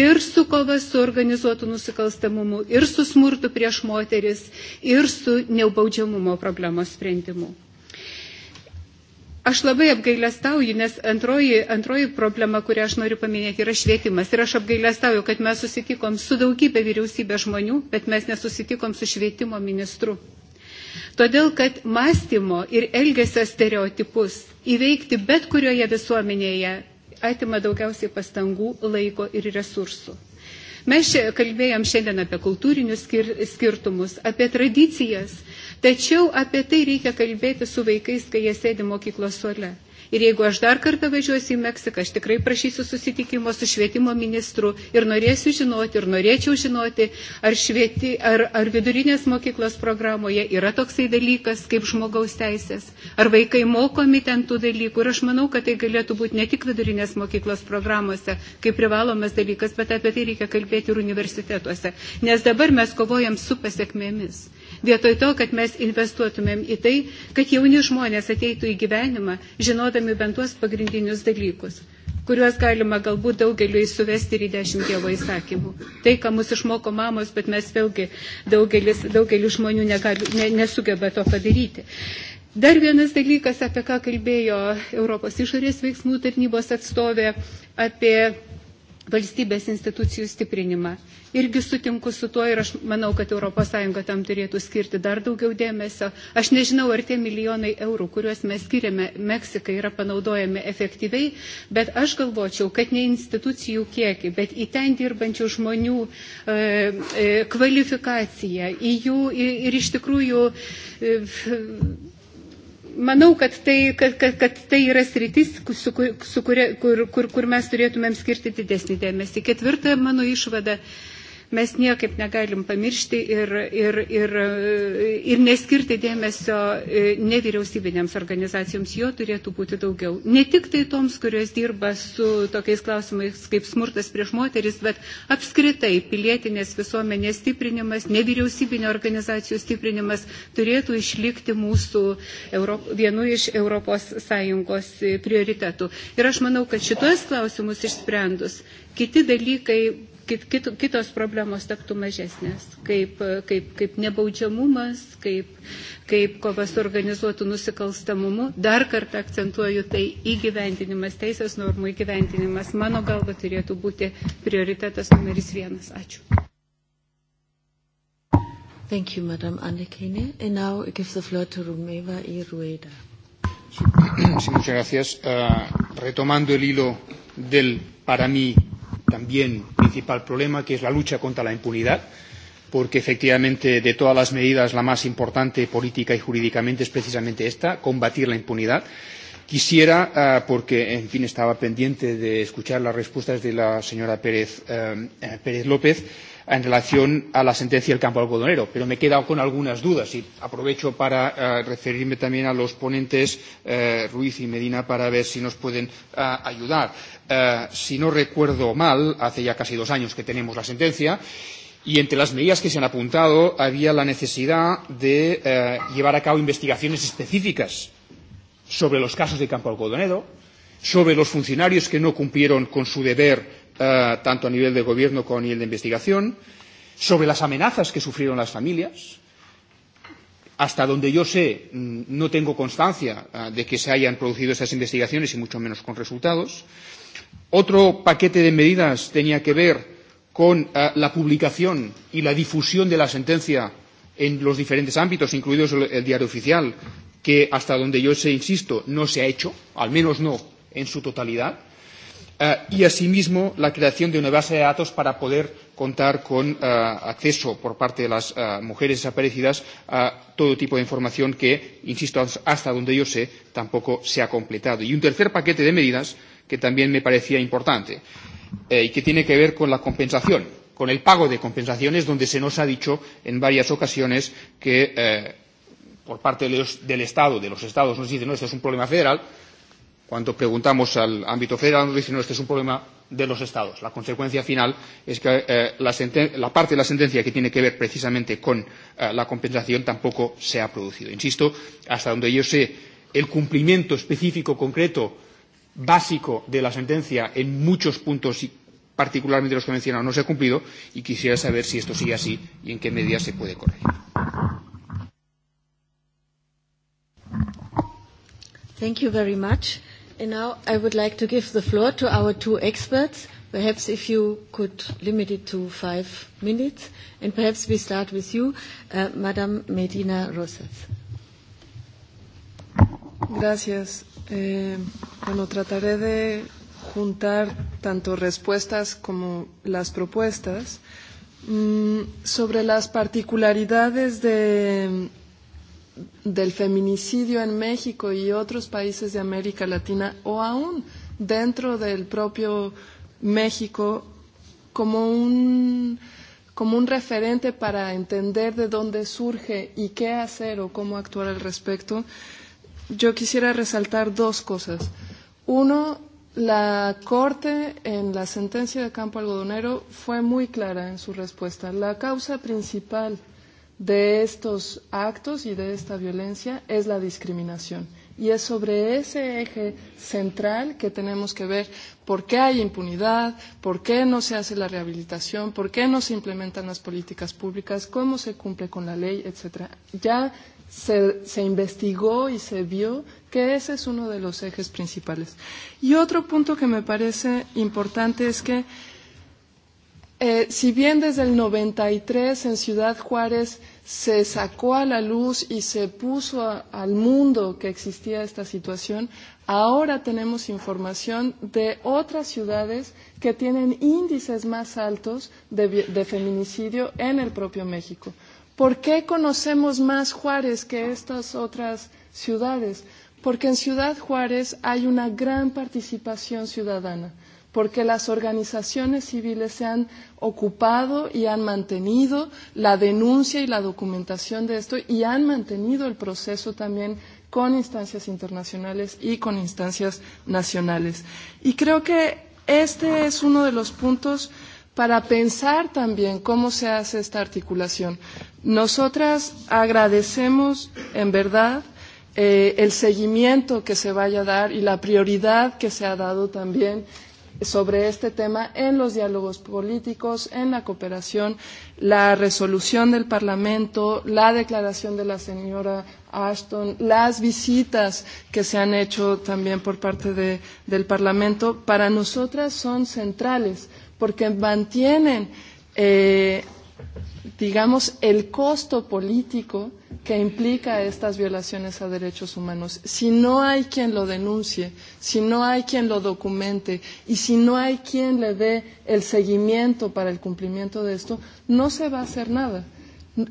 ir su kova su organizuotu nusikalstamumu, ir su smurtu prieš moteris, ir su neubaudžiamumo problemos sprendimu. Aš labai apgailestauju, nes antroji, antroji problema, kurią aš noriu paminėti, yra švietimas. Ir aš apgailestauju, kad mes susitikom su daugybė vyriausybės žmonių, bet mes nesusitikom su švietimo ministru. Todėl, kad mąstymo ir elgesio stereotipus įveikti bet kurioje visuomenėje atima daugiausiai pastangų, laiko ir resursų. Mes čia kalbėjom šiandien apie kultūrinius skir skirtumus, apie tradicijas, Tačiau apie tai reikia kalbėti su vaikais, kai jie sėdi mokyklos suole. Ir jeigu aš dar kartą važiuosiu į Meksiką, aš tikrai prašysiu susitikimo su švietimo ministru ir norėsiu žinoti, ir norėčiau žinoti, ar, švieti, ar, ar vidurinės mokyklos programoje yra toksai dalykas kaip žmogaus teisės, ar vaikai mokomi ten tų dalykų. Ir aš manau, kad tai galėtų būti ne tik vidurinės mokyklos programuose kaip privalomas dalykas, bet apie tai reikia kalbėti ir universitetuose. Nes dabar mes kovojam su pasiekmėmis vietoj to, kad mes investuotumėm į tai, kad jauni žmonės ateitų į gyvenimą, žinodami bent tuos pagrindinius dalykus kuriuos galima galbūt daugeliu įsivesti ir į dešimt Dievo įsakymų. Tai, ką mus išmoko mamos, bet mes vėlgi daugelis, daugelis žmonių negali, ne, nesugeba to padaryti. Dar vienas dalykas, apie ką kalbėjo Europos išorės veiksmų tarnybos atstovė, apie valstybės institucijų stiprinimą. Irgi sutinku su tuo ir aš manau, kad ES tam turėtų skirti dar daugiau dėmesio. Aš nežinau, ar tie milijonai eurų, kuriuos mes skiriame Meksikai, yra panaudojami efektyviai, bet aš galvočiau, kad ne institucijų kiekį, bet į ten dirbančių žmonių e, e, kvalifikaciją, į jų ir, ir iš tikrųjų e, Manau, kad tai, kad, kad, kad tai yra sritis, su, su kuria, kur, kur, kur mes turėtumėm skirti didesnį dėmesį. Ketvirta mano išvada mes niekaip negalim pamiršti ir, ir, ir, ir neskirti dėmesio e, nevyriausybinėms organizacijoms. Jo turėtų būti daugiau. Ne tik tai toms, kurios dirba su tokiais klausimais kaip smurtas prieš moteris, bet apskritai pilietinės visuomenės stiprinimas, nevyriausybinio organizacijų stiprinimas turėtų išlikti mūsų Europ, vienu iš Europos Sąjungos prioritetų. Ir aš manau, kad šitos klausimus išsprendus, kiti dalykai kit, kit, kitos problemos taptų mažesnės, kaip, kaip, kaip nebaudžiamumas, kaip, kaip kova su organizuotu nusikalstamumu. Dar kartą akcentuoju, tai įgyvendinimas, teisės normų įgyvendinimas, mano galva, turėtų būti prioritetas numeris vienas. Ačiū. Thank you, Madam Andekine. And now I give the floor to Rumeva Irueda. Sí, muchas gracias. Uh, retomando el hilo del, para mí, también principal problema, que es la lucha contra la impunidad, porque efectivamente de todas las medidas la más importante política y jurídicamente es precisamente esta, combatir la impunidad. Quisiera, uh, porque en fin estaba pendiente de escuchar las respuestas de la señora Pérez, uh, Pérez López, uh, en relación a la sentencia del campo algodonero, pero me he quedado con algunas dudas y aprovecho para eh, referirme también a los ponentes eh, Ruiz y Medina para ver si nos pueden eh, ayudar. Eh, si no recuerdo mal, hace ya casi dos años que tenemos la sentencia y entre las medidas que se han apuntado había la necesidad de eh, llevar a cabo investigaciones específicas sobre los casos de campo algodonero, sobre los funcionarios que no cumplieron con su deber eh, tanto a nivel de gobierno como a nivel de investigación, sobre las amenazas que sufrieron las familias. Hasta donde yo sé, mm, no tengo constancia eh, de que se hayan producido esas investigaciones y mucho menos con resultados. Otro paquete de medidas tenía que ver con eh, la publicación y la difusión de la sentencia en los diferentes ámbitos, incluidos el, el diario oficial, que hasta donde yo sé, insisto, no se ha hecho, al menos no en su totalidad eh, y, asimismo, la creación de una base de datos para poder contar con eh, acceso por parte de las eh, mujeres desaparecidas a todo tipo de información que, insisto, hasta donde yo sé, tampoco se ha completado. Y un tercer paquete de medidas que también me parecía importante eh, y que tiene que ver con la compensación, con el pago de compensaciones, donde se nos ha dicho en varias ocasiones que eh, por parte de los, del Estado, de los Estados, nos dicen, no, esto es un problema federal, eh, cuando preguntamos al ámbito federal nos dicen no, este es un problema de los Estados. La consecuencia final es que eh, la, la parte de la sentencia que tiene que ver precisamente con eh, la compensación tampoco se ha producido. Insisto, hasta donde yo sé, el cumplimiento específico, concreto, básico de la sentencia en muchos puntos, y particularmente los que he mencionado, no se ha cumplido y quisiera saber si esto sigue así y en qué medida se puede corregir. Thank you very much. And now I would like to give the floor to our two experts. Perhaps if you could limit it to five minutes, and perhaps we start with you, uh, Madam Medina Rosas. Gracias. Eh, bueno, trataré de juntar tanto respuestas como las propuestas. Mm, sobre las particularidades de, del feminicidio en México y otros países de América Latina o aún dentro del propio México como un, como un referente para entender de dónde surge y qué hacer o cómo actuar al respecto, yo quisiera resaltar dos cosas. Uno, la Corte en la sentencia de Campo Algodonero fue muy clara en su respuesta. La causa principal de estos actos y de esta violencia es la discriminación. Y es sobre ese eje central que tenemos que ver por qué hay impunidad, por qué no se hace la rehabilitación, por qué no se implementan las políticas públicas, cómo se cumple con la ley, etc. Ya se, se investigó y se vio que ese es uno de los ejes principales. Y otro punto que me parece importante es que Eh, si bien desde el 93 en Ciudad Juárez se sacó a la luz y se puso a, al mundo que existía esta situación, ahora tenemos información de otras ciudades que tienen índices más altos de, de feminicidio en el propio México. ¿Por qué conocemos más Juárez que estas otras ciudades? Porque en Ciudad Juárez hay una gran participación ciudadana porque las organizaciones civiles se han ocupado y han mantenido la denuncia y la documentación de esto y han mantenido el proceso también con instancias internacionales y con instancias nacionales. Y creo que este es uno de los puntos para pensar también cómo se hace esta articulación. Nosotras agradecemos, en verdad, eh, el seguimiento que se vaya a dar y la prioridad que se ha dado también sobre este tema en los diálogos políticos, en la cooperación, la resolución del Parlamento, la declaración de la señora Ashton, las visitas que se han hecho también por parte de, del Parlamento, para nosotras son centrales porque mantienen eh, digamos, el costo político que implica estas violaciones a derechos humanos. Si no hay quien lo denuncie, si no hay quien lo documente y si no hay quien le dé el seguimiento para el cumplimiento de esto, no se va a hacer nada.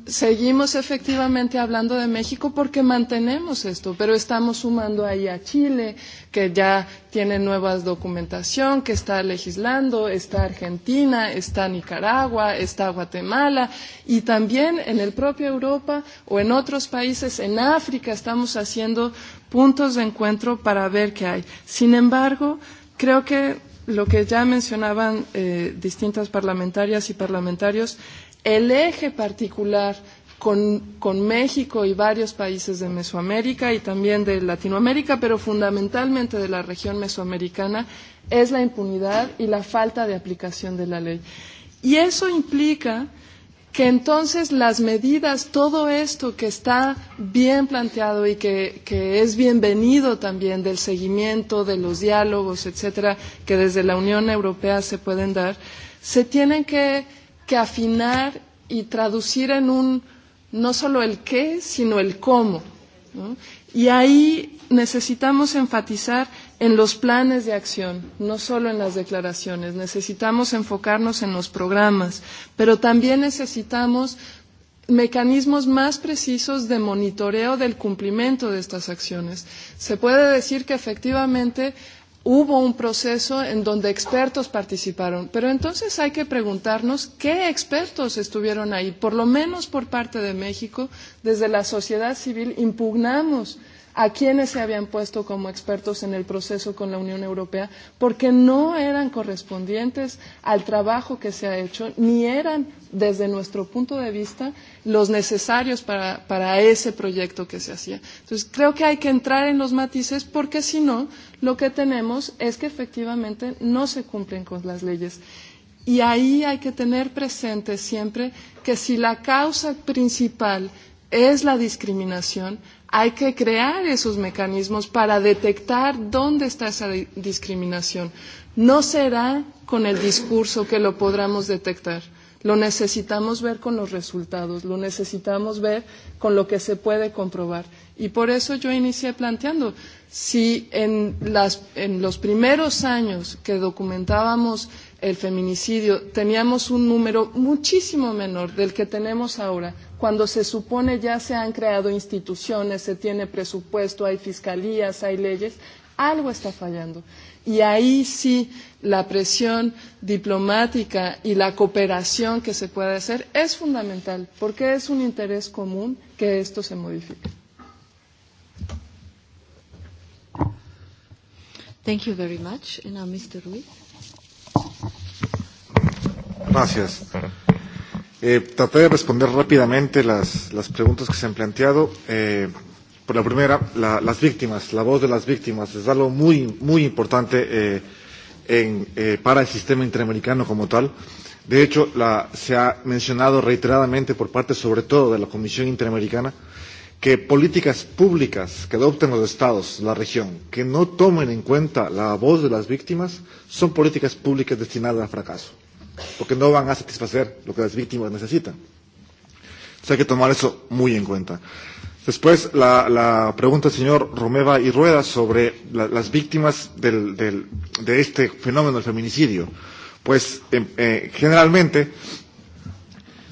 Seguimos efectivamente hablando de México porque mantenemos esto, pero estamos sumando ahí a Chile, que ya tiene nueva documentación, que está legislando, está Argentina, está Nicaragua, está Guatemala, y también en el propio Europa o en otros países, en África, estamos haciendo puntos de encuentro para ver qué hay. Sin embargo, creo que lo que ya mencionaban eh, distintas parlamentarias y parlamentarios el eje particular con, con México y varios países de Mesoamérica y también de Latinoamérica, pero fundamentalmente de la región mesoamericana, es la impunidad y la falta de aplicación de la ley. Y eso implica que entonces las medidas, todo esto que está bien planteado y que, que es bienvenido también del seguimiento, de los diálogos, etcétera, que desde la Unión Europea se pueden dar, se tienen que que afinar y traducir en un no solo el qué, sino el cómo. ¿no? Y ahí necesitamos enfatizar en los planes de acción, no solo en las declaraciones. Necesitamos enfocarnos en los programas, pero también necesitamos mecanismos más precisos de monitoreo del cumplimiento de estas acciones. Se puede decir que efectivamente hubo un proceso en donde expertos participaron, pero entonces hay que preguntarnos qué expertos estuvieron ahí. Por lo menos por parte de México, desde la sociedad civil impugnamos a quienes se habían puesto como expertos en el proceso con la Unión Europea, porque no eran correspondientes al trabajo que se ha hecho, ni eran, desde nuestro punto de vista, los necesarios para, para ese proyecto que se hacía. Entonces, creo que hay que entrar en los matices, porque si no, lo que tenemos es que efectivamente no se cumplen con las leyes. Y ahí hay que tener presente siempre que si la causa principal es la discriminación, Hay que crear esos mecanismos para detectar dónde está esa discriminación. No será con el discurso que lo podamos detectar Lo necesitamos ver con los resultados, lo necesitamos ver con lo que se puede comprobar. Y por eso yo inicié planteando, si en, las, en los primeros años que documentábamos el feminicidio teníamos un número muchísimo menor del que tenemos ahora, cuando se supone ya se han creado instituciones, se tiene presupuesto, hay fiscalías, hay leyes, algo está fallando. Y ahí sí la presión diplomática y la cooperación que se puede hacer es fundamental, porque es un interés común que esto se modifique. Thank you very much. And now Mr. Ruiz. Gracias. Eh, traté de responder rápidamente las, las preguntas que se han planteado. Eh, Por la primera, la, las víctimas, la voz de las víctimas es algo muy, muy importante eh, en, eh, para el sistema interamericano como tal. De hecho, la, se ha mencionado reiteradamente por parte, sobre todo, de la Comisión Interamericana, que políticas públicas que adopten los estados, la región, que no tomen en cuenta la voz de las víctimas, son políticas públicas destinadas al fracaso, porque no van a satisfacer lo que las víctimas necesitan. O sea, hay que tomar eso muy en cuenta. Después, la, la pregunta del señor Romeva y Rueda sobre la, las víctimas del, del, de este fenómeno del feminicidio. Pues, eh, eh, generalmente,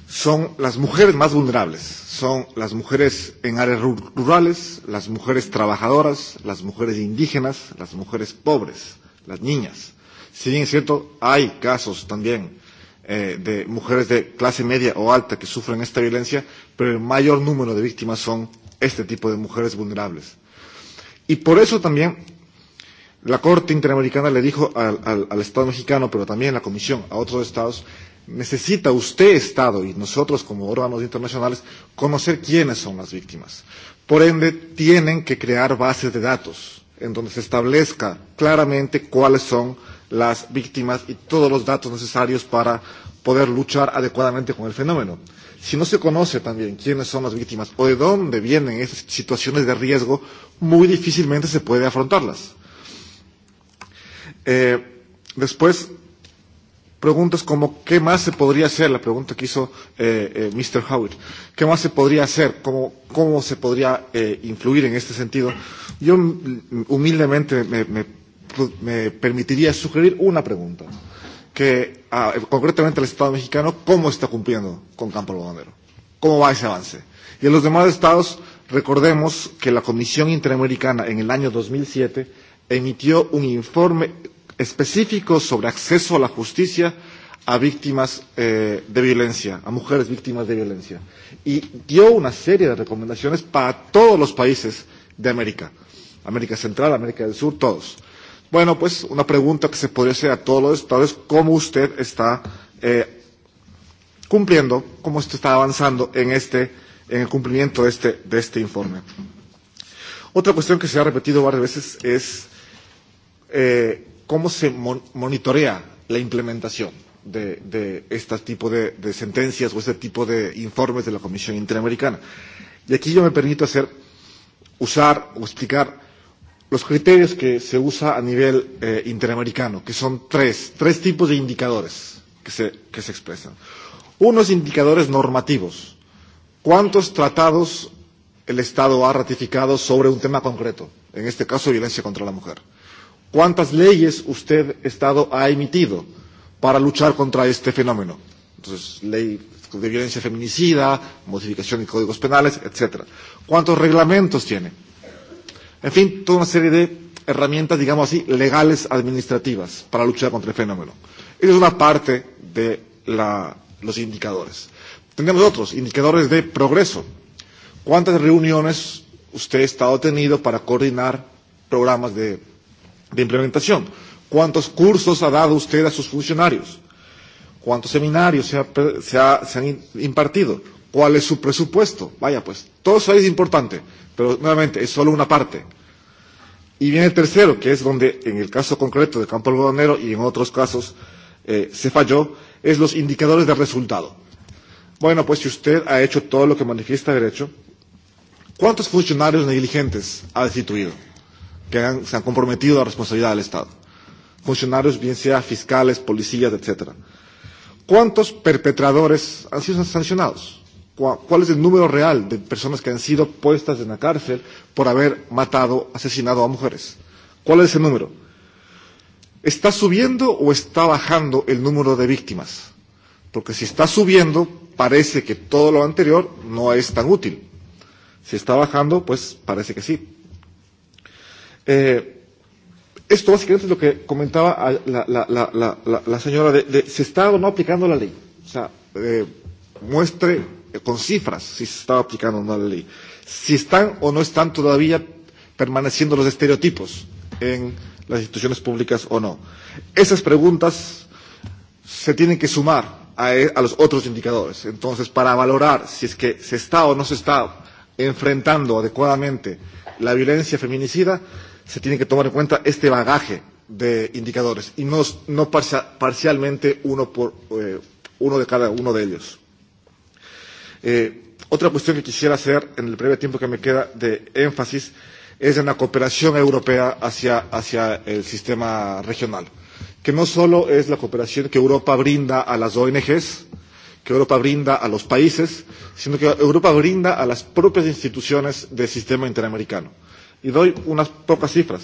son las mujeres más vulnerables. Son las mujeres en áreas rurales, las mujeres trabajadoras, las mujeres indígenas, las mujeres pobres, las niñas. Si bien es cierto, hay casos también eh, de mujeres de clase media o alta que sufren esta violencia, pero el mayor número de víctimas son este tipo de mujeres vulnerables. Y por eso también la Corte Interamericana le dijo al, al, al Estado mexicano, pero también la Comisión, a otros Estados, necesita usted, Estado, y nosotros como órganos internacionales, conocer quiénes son las víctimas. Por ende, tienen que crear bases de datos en donde se establezca claramente cuáles son las víctimas y todos los datos necesarios para poder luchar adecuadamente con el fenómeno si no se conoce también quiénes son las víctimas o de dónde vienen esas situaciones de riesgo, muy difícilmente se puede afrontarlas. Eh, después, preguntas como qué más se podría hacer, la pregunta que hizo eh, eh, Mr. Howard, qué más se podría hacer, cómo, cómo se podría eh, influir en este sentido. Yo mm, humildemente me, me, me permitiría sugerir una pregunta. Eh, que, ah, concretamente el Estado mexicano, cómo está cumpliendo con Campo Algodonero, cómo va ese avance. Y en los demás estados, recordemos que la Comisión Interamericana en el año 2007 emitió un informe específico sobre acceso a la justicia a víctimas eh, de violencia, a mujeres víctimas de violencia. Y dio una serie de recomendaciones para todos los países de América, América Central, América del Sur, todos. Bueno, pues una pregunta que se podría hacer a todos los estados es cómo usted está eh, cumpliendo, cómo usted está avanzando en, este, en el cumplimiento de este, de este informe. Otra cuestión que se ha repetido varias veces es eh, cómo se mon monitorea la implementación de, de este tipo de, de sentencias o este tipo de informes de la Comisión Interamericana. Y aquí yo me permito hacer, usar o explicar los criterios que se usa a nivel eh, interamericano, que son tres, tres tipos de indicadores que se, que se expresan. Uno es indicadores normativos. ¿Cuántos tratados el Estado ha ratificado sobre un tema concreto? En este caso, violencia contra la mujer. ¿Cuántas leyes usted, Estado, ha emitido para luchar contra este fenómeno? Entonces, ley de violencia feminicida, modificación de códigos penales, etc. ¿Cuántos reglamentos tiene? En fin, toda una serie de herramientas, digamos así, legales administrativas para luchar contra el fenómeno. Esa es una parte de la, los indicadores. Tenemos otros, indicadores de progreso. ¿Cuántas reuniones usted ha estado tenido para coordinar programas de, de implementación? ¿Cuántos cursos ha dado usted a sus funcionarios? ¿Cuántos seminarios se, ha, se, ha, se han impartido? o al de su presupuesto. Vaya, pues todo eso es importante, pero nuevamente es solo una parte. Y viene el tercero, que es donde en el caso concreto de campo algodonero y en otros casos eh, se falló, es los indicadores de resultado. Bueno, pues si usted ha hecho todo lo que manifiesta derecho, ¿cuántos funcionarios negligentes ha destituido que han, se han comprometido a la responsabilidad del Estado? Funcionarios, bien sea fiscales, policías, etcétera. ¿Cuántos perpetradores han sido sancionados? cuál es el número real de personas que han sido puestas en la cárcel por haber matado, asesinado a mujeres. ¿Cuál es ese número? ¿Está subiendo o está bajando el número de víctimas? Porque si está subiendo, parece que todo lo anterior no es tan útil. Si está bajando, pues parece que sí. Eh, esto básicamente es lo que comentaba la, la, la, la, la señora de, de si está o no aplicando la ley. O sea, eh, muestre Eh, con cifras si se estaba aplicando o no la ley, si están o no están todavía permaneciendo los estereotipos en las instituciones públicas o no. Esas preguntas se tienen que sumar a, e, a los otros indicadores. Entonces, para valorar si es que se está o no se está enfrentando adecuadamente la violencia feminicida, se tiene que tomar en cuenta este bagaje de indicadores y no, no parcia, parcialmente uno, por, eh, uno de cada uno de ellos. Eh, otra cuestión que quisiera hacer en el breve tiempo que me queda de énfasis es en la cooperación europea hacia, hacia el sistema regional, que no solo es la cooperación que Europa brinda a las ONGs, que Europa brinda a los países, sino que Europa brinda a las propias instituciones del sistema interamericano. Y doy unas pocas cifras.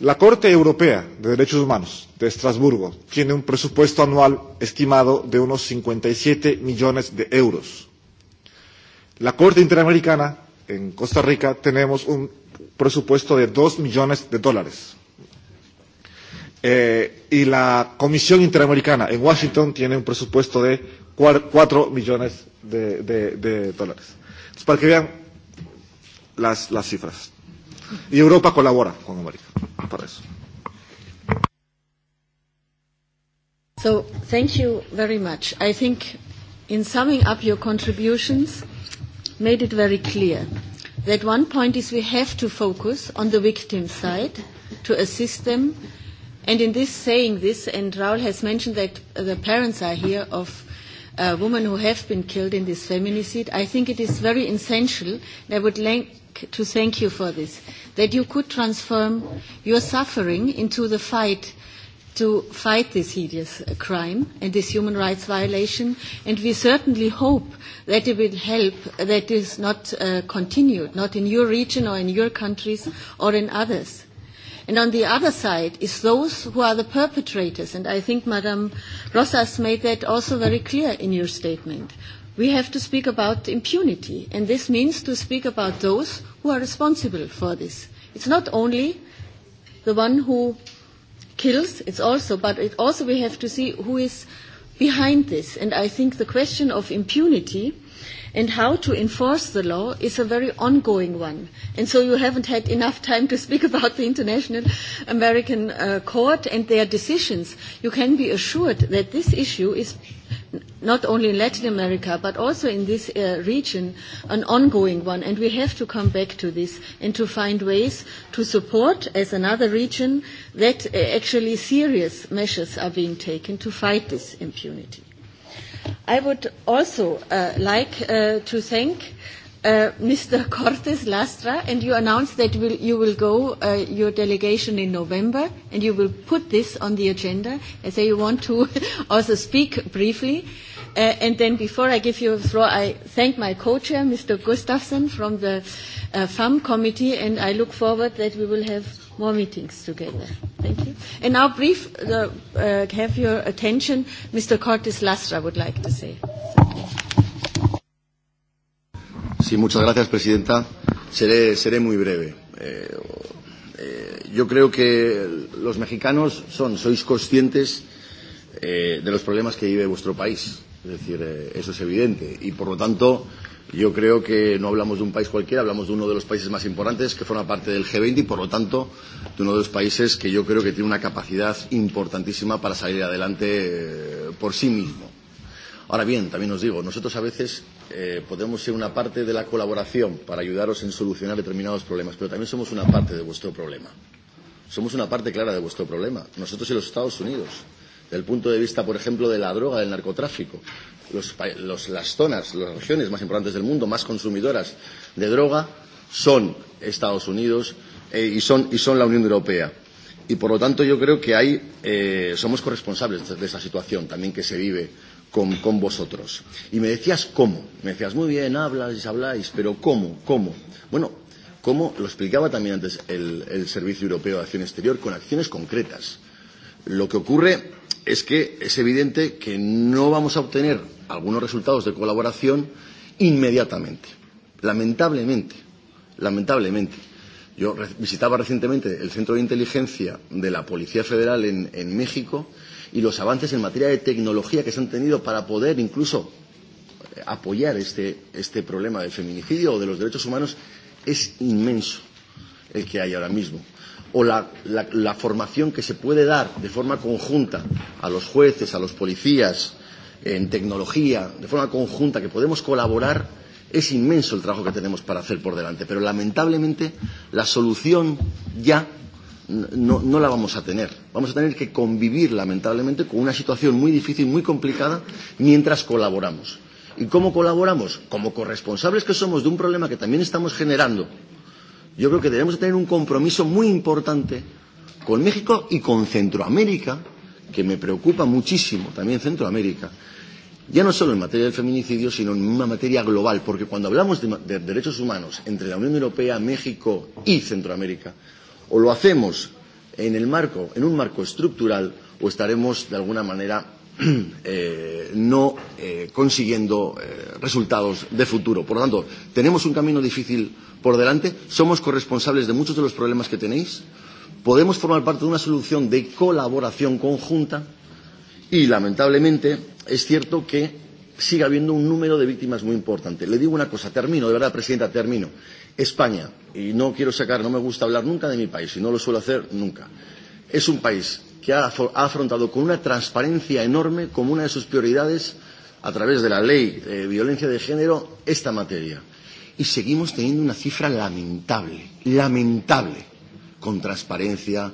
La Corte Europea de Derechos Humanos de Estrasburgo tiene un presupuesto anual estimado de unos 57 millones de euros. La Corte Interamericana en Costa Rica tenemos un presupuesto de 2 millones de dólares. Eh, y la Comisión Interamericana en Washington tiene un presupuesto de 4 millones de, de, de dólares. Entonces, para que vean las, las cifras. Y Europa colabora con América para eso. So, thank you very much. I think in summing up your contributions, made it very clear that one point is we have to focus on the victim side to assist them. And in this saying this, and Raul has mentioned that the parents are here of uh, women who have been killed in this feminicide, I think it is very essential. And I would like to thank you for this, that you could transform your suffering into the fight to fight this hideous crime and this human rights violation. And we certainly hope that it will help that is not uh, continued, not in your region or in your countries or in others. And on the other side is those who are the perpetrators. And I think Madame Rosas made that also very clear in your statement we have to speak about impunity, and this means to speak about those who are responsible for this. It's not only the one who kills, it's also, but it also we have to see who is behind this. And I think the question of impunity and how to enforce the law is a very ongoing one. And so you haven't had enough time to speak about the International American uh, Court and their decisions. You can be assured that this issue is not only in Latin America, but also in this uh, region, an ongoing one. And we have to come back to this and to find ways to support, as another region, that uh, actually serious measures are being taken to fight this impunity. I would also uh, like uh, to thank uh, Uh, Mr. Cortes Lastra, and you announced that will, you will go, uh, your delegation in November, and you will put this on the agenda. I say you want to [laughs] also speak briefly. Uh, and then before I give you the floor, I thank my co-chair, Mr. Gustafsson, from the uh, FAM committee, and I look forward that we will have more meetings together. Thank you. And now brief, uh, uh, have your attention. Mr. Cortes Lastra would like to say something. Sí, muchas gracias, presidenta. Seré, seré muy breve. Eh, eh, yo creo que los mexicanos son, sois conscientes eh, de los problemas que vive vuestro país. Es decir, eh, eso es evidente. Y por lo tanto, yo creo que no hablamos de un país cualquiera, hablamos de uno de los países más importantes que forma parte del G20 y por lo tanto de uno de los países que yo creo que tiene una capacidad importantísima para salir adelante eh, por sí mismo. Ahora bien, también os digo, nosotros a veces eh, podemos ser una parte de la colaboración para ayudaros en solucionar determinados problemas, pero también somos una parte de vuestro problema. Somos una parte clara de vuestro problema, nosotros y los Estados Unidos. Desde el punto de vista, por ejemplo, de la droga, del narcotráfico, los, los, las zonas, las regiones más importantes del mundo, más consumidoras de droga, son Estados Unidos eh, y, son, y son la Unión Europea. Y por lo tanto yo creo que hay, eh, somos corresponsables de, de esa situación también que se vive con, con vosotros. Y me decías cómo. Me decías, muy bien, hablas, habláis, pero ¿cómo? ¿Cómo? Bueno, cómo lo explicaba también antes el, el Servicio Europeo de Acción Exterior, con acciones concretas. Lo que ocurre es que es evidente que no vamos a obtener algunos resultados de colaboración inmediatamente. Lamentablemente. Lamentablemente. Yo visitaba recientemente el Centro de Inteligencia de la Policía Federal en, en México y los avances en materia de tecnología que se han tenido para poder incluso eh, apoyar este, este problema del feminicidio o de los derechos humanos es inmenso el que hay ahora mismo. O la, la, la formación que se puede dar de forma conjunta a los jueces, a los policías, en tecnología, de forma conjunta, que podemos colaborar, es inmenso el trabajo que tenemos para hacer por delante. Pero lamentablemente la solución ya no, no la vamos a tener. Vamos a tener que convivir, lamentablemente, con una situación muy difícil, muy complicada, mientras colaboramos. ¿Y cómo colaboramos? Como corresponsables que somos de un problema que también estamos generando, yo creo que debemos tener un compromiso muy importante con México y con Centroamérica, que me preocupa muchísimo, también Centroamérica, ya no solo en materia del feminicidio, sino en una materia global, porque cuando hablamos de, de derechos humanos entre la Unión Europea, México y Centroamérica, o lo hacemos en, el marco, en un marco estructural o estaremos de alguna manera [clears throat] eh, no eh, consiguiendo eh, resultados de futuro. Por lo tanto, tenemos un camino difícil por delante, somos corresponsables de muchos de los problemas que tenéis, podemos formar parte de una solución de colaboración conjunta y, lamentablemente, es cierto que sigue habiendo un número de víctimas muy importante. Le digo una cosa, termino, de verdad, Presidenta, termino. España, y no quiero sacar, no me gusta hablar nunca de mi país, y no lo suelo hacer nunca, es un país que ha, ha afrontado con una transparencia enorme como una de sus prioridades a través de la ley de violencia de género esta materia. Y seguimos teniendo una cifra lamentable, lamentable, con transparencia,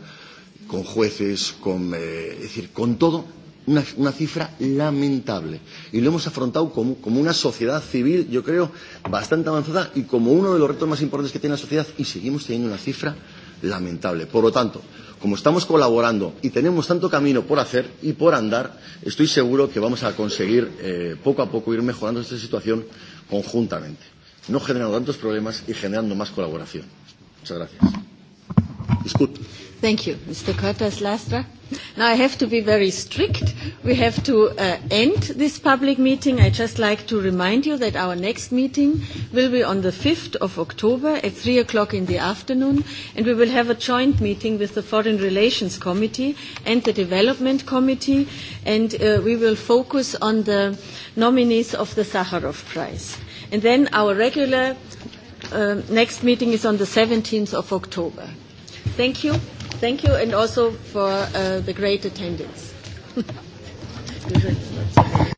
con jueces, con, eh, es decir, con todo una, una cifra lamentable. Y lo hemos afrontado como, como una sociedad civil, yo creo, bastante avanzada y como uno de los retos más importantes que tiene la sociedad y seguimos teniendo una cifra lamentable. Por lo tanto, como estamos colaborando y tenemos tanto camino por hacer y por andar, estoy seguro que vamos a conseguir eh, poco a poco ir mejorando esta situación conjuntamente, no generando tantos problemas y generando más colaboración. Muchas gracias. Disculpe. Thank you, Mr. Cortes Lastra. Now I have to be very strict. We have to uh, end this public meeting. I just like to remind you that our next meeting will be on the 5th of October at 3 o'clock in the afternoon, and we will have a joint meeting with the Foreign Relations Committee and the Development Committee, and uh, we will focus on the nominees of the Sakharov Prize. And then our regular uh, next meeting is on the 17th of October. Thank you. Thank you, and also for uh, the great attendance. [laughs]